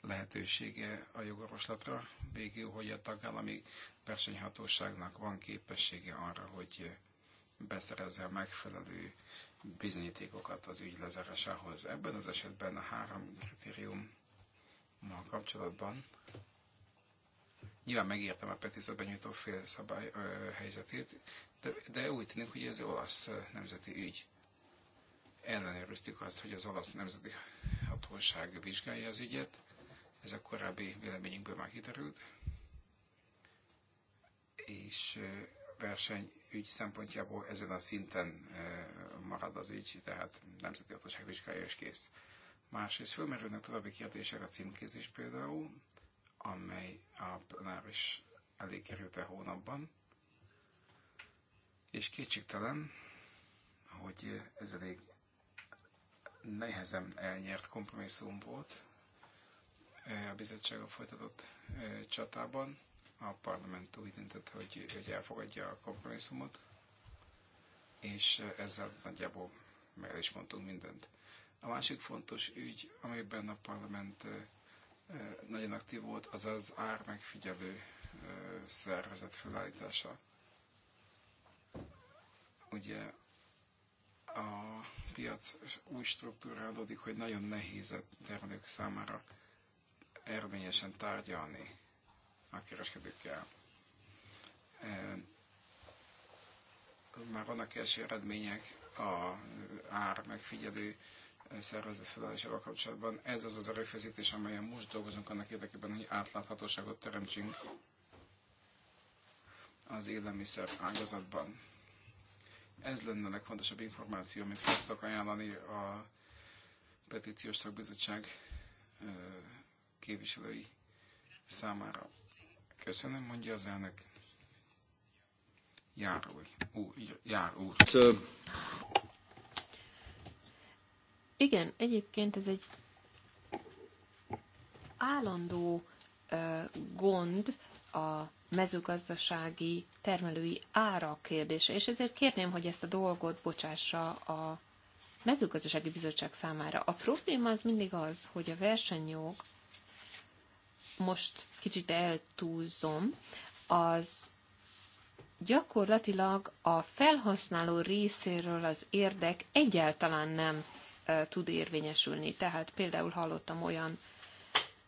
lehetősége a jogorvoslatra, végül, hogy a tagállami versenyhatóságnak van képessége arra, hogy beszerezze a megfelelő bizonyítékokat az ügy lezárásához. Ebben az esetben a három kritériummal kapcsolatban nyilván megértem a petíciót benyújtó fél szabály ö, helyzetét, de, de úgy tűnik, hogy ez olasz nemzeti ügy. Ellenőriztük azt, hogy az olasz nemzeti hatóság vizsgálja az ügyet, ez a korábbi véleményünkből már kiderült, és versenyügy szempontjából ezen a szinten marad az ügy, tehát nemzeti hatóság vizsgálja és kész. Másrészt fölmerülnek további kérdések a címkézés például, amely a plenáris elég került a e hónapban, és kétségtelen, hogy ez elég nehezen elnyert kompromisszum volt, a bizottság a folytatott csatában. A parlament úgy döntött, hogy, hogy elfogadja a kompromisszumot, és ezzel nagyjából meg is mondtunk mindent. A másik fontos ügy, amiben a parlament nagyon aktív volt, az az ármegfigyelő szervezet felállítása. Ugye a piac úgy struktúrálódik, hogy nagyon nehéz a termelők számára eredményesen tárgyalni a kereskedőkkel. E, már vannak első eredmények a ár megfigyelő szervezet felállásával kapcsolatban. Ez az az erőfeszítés, amelyen most dolgozunk annak érdekében, hogy átláthatóságot teremtsünk az élelmiszer ágazatban. Ez lenne a legfontosabb információ, amit fogtok ajánlani a petíciós szakbizottság e, képviselői számára. Köszönöm, mondja az elnök. Jár úr. jár úr. Igen, egyébként ez egy állandó uh, gond a mezőgazdasági termelői árak kérdése, és ezért kérném, hogy ezt a dolgot bocsássa a mezőgazdasági bizottság számára. A probléma az mindig az, hogy a versenyjog most kicsit eltúlzom, az gyakorlatilag a felhasználó részéről az érdek egyáltalán nem e, tud érvényesülni. Tehát például hallottam olyan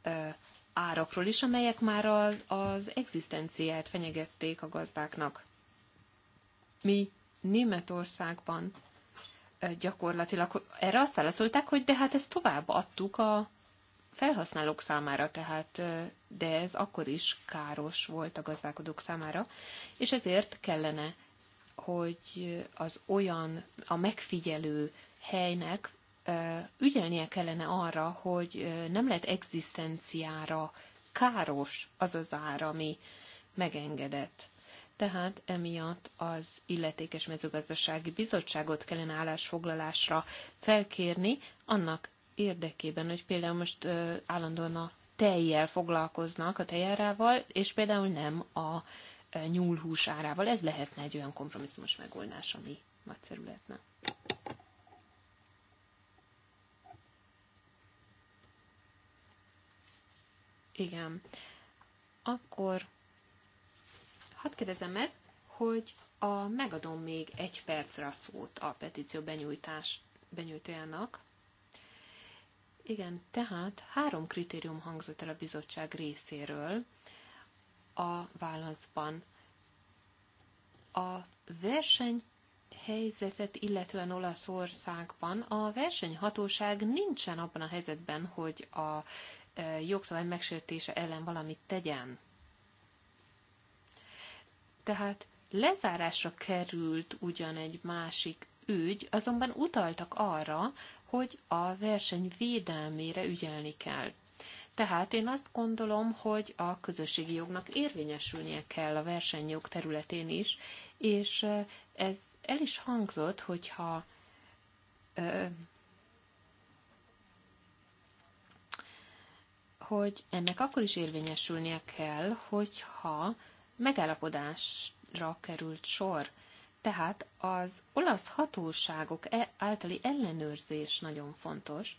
e, árakról is, amelyek már az, az egzisztenciát fenyegették a gazdáknak. Mi Németországban e, gyakorlatilag erre azt válaszolták, hogy de hát ezt tovább adtuk a felhasználók számára, tehát, de ez akkor is káros volt a gazdálkodók számára, és ezért kellene, hogy az olyan, a megfigyelő helynek ügyelnie kellene arra, hogy nem lehet egzisztenciára káros az az ár, ami megengedett. Tehát emiatt az illetékes mezőgazdasági bizottságot kellene állásfoglalásra felkérni, annak érdekében, hogy például most állandóan a tejjel foglalkoznak, a tejárával, és például nem a nyúlhús árával. Ez lehetne egy olyan kompromisszumos megoldás, ami nagyszerű lehetne. Igen. Akkor hadd kérdezem meg, hogy a, megadom még egy percre a szót a petíció benyújtás benyújtójának, igen, tehát három kritérium hangzott el a bizottság részéről a válaszban. A verseny helyzetet, illetően Olaszországban a versenyhatóság nincsen abban a helyzetben, hogy a e, jogszabály megsértése ellen valamit tegyen. Tehát lezárásra került ugyan egy másik ügy, azonban utaltak arra, hogy a verseny védelmére ügyelni kell. Tehát én azt gondolom, hogy a közösségi jognak érvényesülnie kell a versenyjog területén is, és ez el is hangzott, hogyha hogy ennek akkor is érvényesülnie kell, hogyha megállapodásra került sor tehát az olasz hatóságok e- általi ellenőrzés nagyon fontos,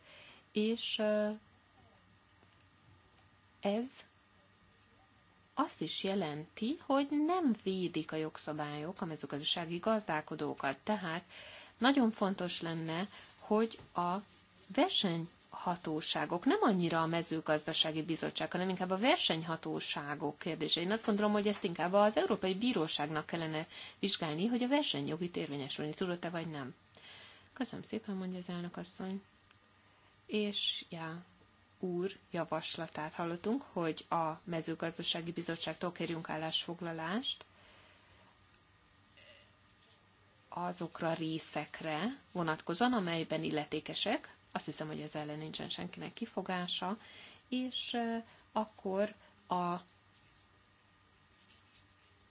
és ez azt is jelenti, hogy nem védik a jogszabályok a mezőgazdasági gazdálkodókat. Tehát nagyon fontos lenne, hogy a verseny hatóságok, nem annyira a mezőgazdasági bizottság, hanem inkább a versenyhatóságok kérdése. Én azt gondolom, hogy ezt inkább az Európai Bíróságnak kellene vizsgálni, hogy a versenyjogi érvényesülni tudott-e vagy nem. Köszönöm szépen, mondja az elnök asszony. És já, úr javaslatát hallottunk, hogy a mezőgazdasági bizottságtól kérjünk állásfoglalást, azokra a részekre vonatkozóan, amelyben illetékesek, azt hiszem, hogy ez ellen nincsen senkinek kifogása, és akkor a,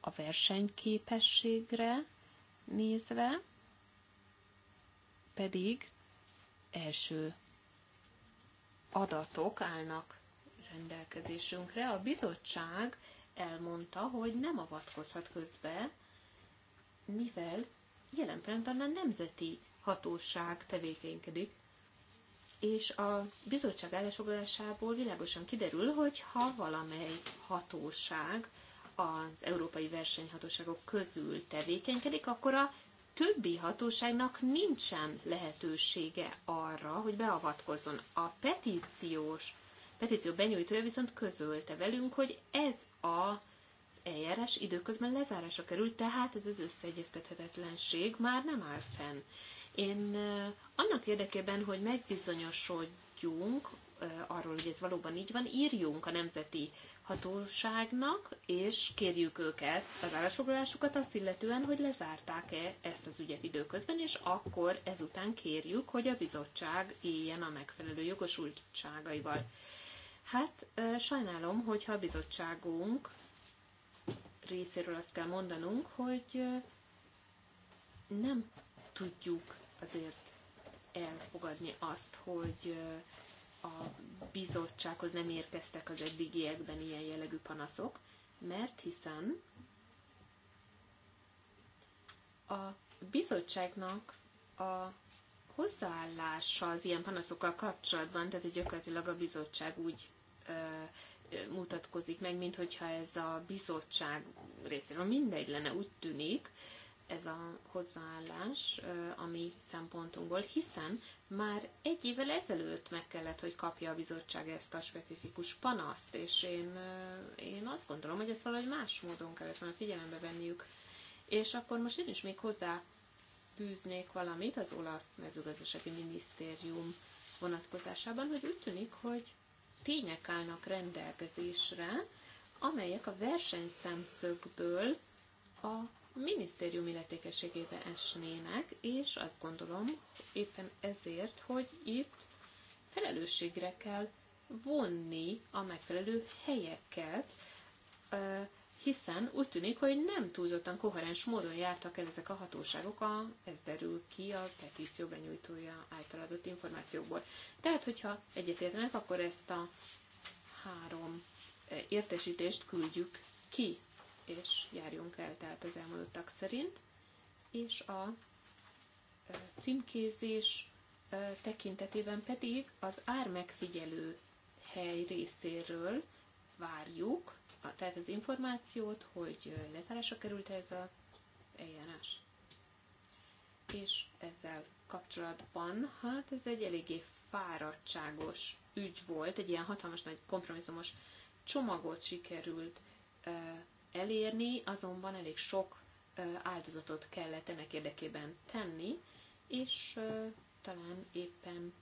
a versenyképességre nézve pedig első adatok állnak rendelkezésünkre. A bizottság elmondta, hogy nem avatkozhat közbe, mivel jelen pillanatban a nemzeti hatóság tevékenykedik és a bizottság állásfoglalásából világosan kiderül, hogy ha valamely hatóság az európai versenyhatóságok közül tevékenykedik, akkor a többi hatóságnak nincsen lehetősége arra, hogy beavatkozzon. A petíciós, petíció benyújtója viszont közölte velünk, hogy ez a eljárás időközben lezárásra került, tehát ez az összeegyeztethetetlenség már nem áll fenn. Én annak érdekében, hogy megbizonyosodjunk arról, hogy ez valóban így van, írjunk a nemzeti hatóságnak, és kérjük őket az állásfoglalásukat azt illetően, hogy lezárták-e ezt az ügyet időközben, és akkor ezután kérjük, hogy a bizottság éljen a megfelelő jogosultságaival. Hát sajnálom, hogyha a bizottságunk részéről azt kell mondanunk, hogy nem tudjuk azért elfogadni azt, hogy a bizottsághoz nem érkeztek az eddigiekben ilyen jellegű panaszok, mert hiszen a bizottságnak a hozzáállása az ilyen panaszokkal kapcsolatban, tehát gyakorlatilag a bizottság úgy mutatkozik meg, mint hogyha ez a bizottság részéről mindegy lenne, úgy tűnik, ez a hozzáállás a mi szempontunkból, hiszen már egy évvel ezelőtt meg kellett, hogy kapja a bizottság ezt a specifikus panaszt, és én, én azt gondolom, hogy ezt valahogy más módon kellett volna figyelembe venniük. És akkor most én is még hozzá fűznék valamit az olasz mezőgazdasági minisztérium vonatkozásában, hogy úgy tűnik, hogy tények állnak rendelkezésre, amelyek a versenyszemszögből a minisztérium illetékeségébe esnének, és azt gondolom éppen ezért, hogy itt felelősségre kell vonni a megfelelő helyeket, hiszen úgy tűnik, hogy nem túlzottan koherens módon jártak el ezek a hatóságok, a, ez derül ki a petíció benyújtója által adott információkból. Tehát, hogyha egyetértenek, akkor ezt a három e, értesítést küldjük ki, és járjunk el tehát az elmondottak szerint, és a e, címkézés e, tekintetében pedig az ármegfigyelő hely részéről várjuk tehát az információt, hogy lezárásra került ez az eljárás. És ezzel kapcsolatban, hát ez egy eléggé fáradtságos ügy volt, egy ilyen hatalmas nagy kompromisszumos csomagot sikerült elérni, azonban elég sok áldozatot kellett ennek érdekében tenni, és talán éppen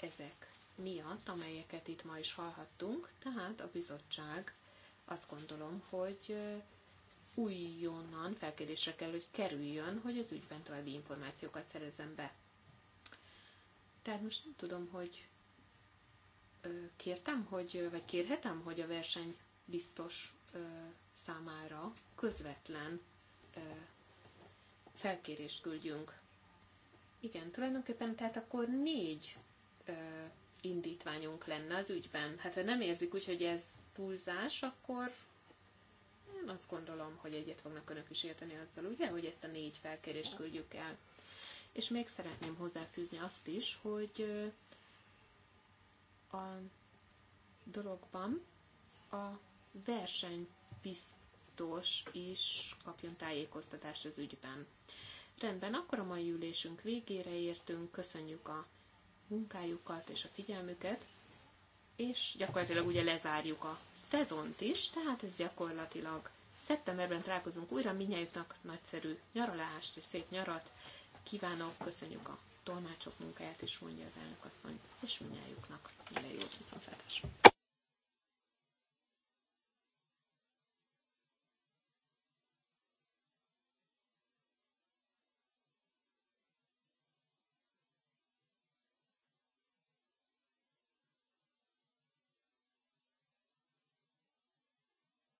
ezek miatt, amelyeket itt ma is hallhattunk, tehát a bizottság azt gondolom, hogy újonnan felkérésre kell, hogy kerüljön, hogy az ügyben további információkat szerezzen be. Tehát most nem tudom, hogy kértem, hogy, vagy kérhetem, hogy a verseny biztos számára közvetlen felkérést küldjünk. Igen, tulajdonképpen tehát akkor négy indítványunk lenne az ügyben. Hát ha nem érzik úgy, hogy ez túlzás, akkor én azt gondolom, hogy egyet fognak önök is érteni azzal, ugye, hogy ezt a négy felkérést küldjük el. És még szeretném hozzáfűzni azt is, hogy a dologban a versenybiztos is kapjon tájékoztatást az ügyben. Rendben, akkor a mai ülésünk végére értünk, köszönjük a munkájukat és a figyelmüket, és gyakorlatilag ugye lezárjuk a szezont is, tehát ez gyakorlatilag szeptemberben találkozunk újra, mindnyájuknak nagyszerű nyaralást és szép nyarat kívánok, köszönjük a tolmácsok munkáját és mondja az elnök asszony, és mindnyájuknak minden jót viszontlátásra.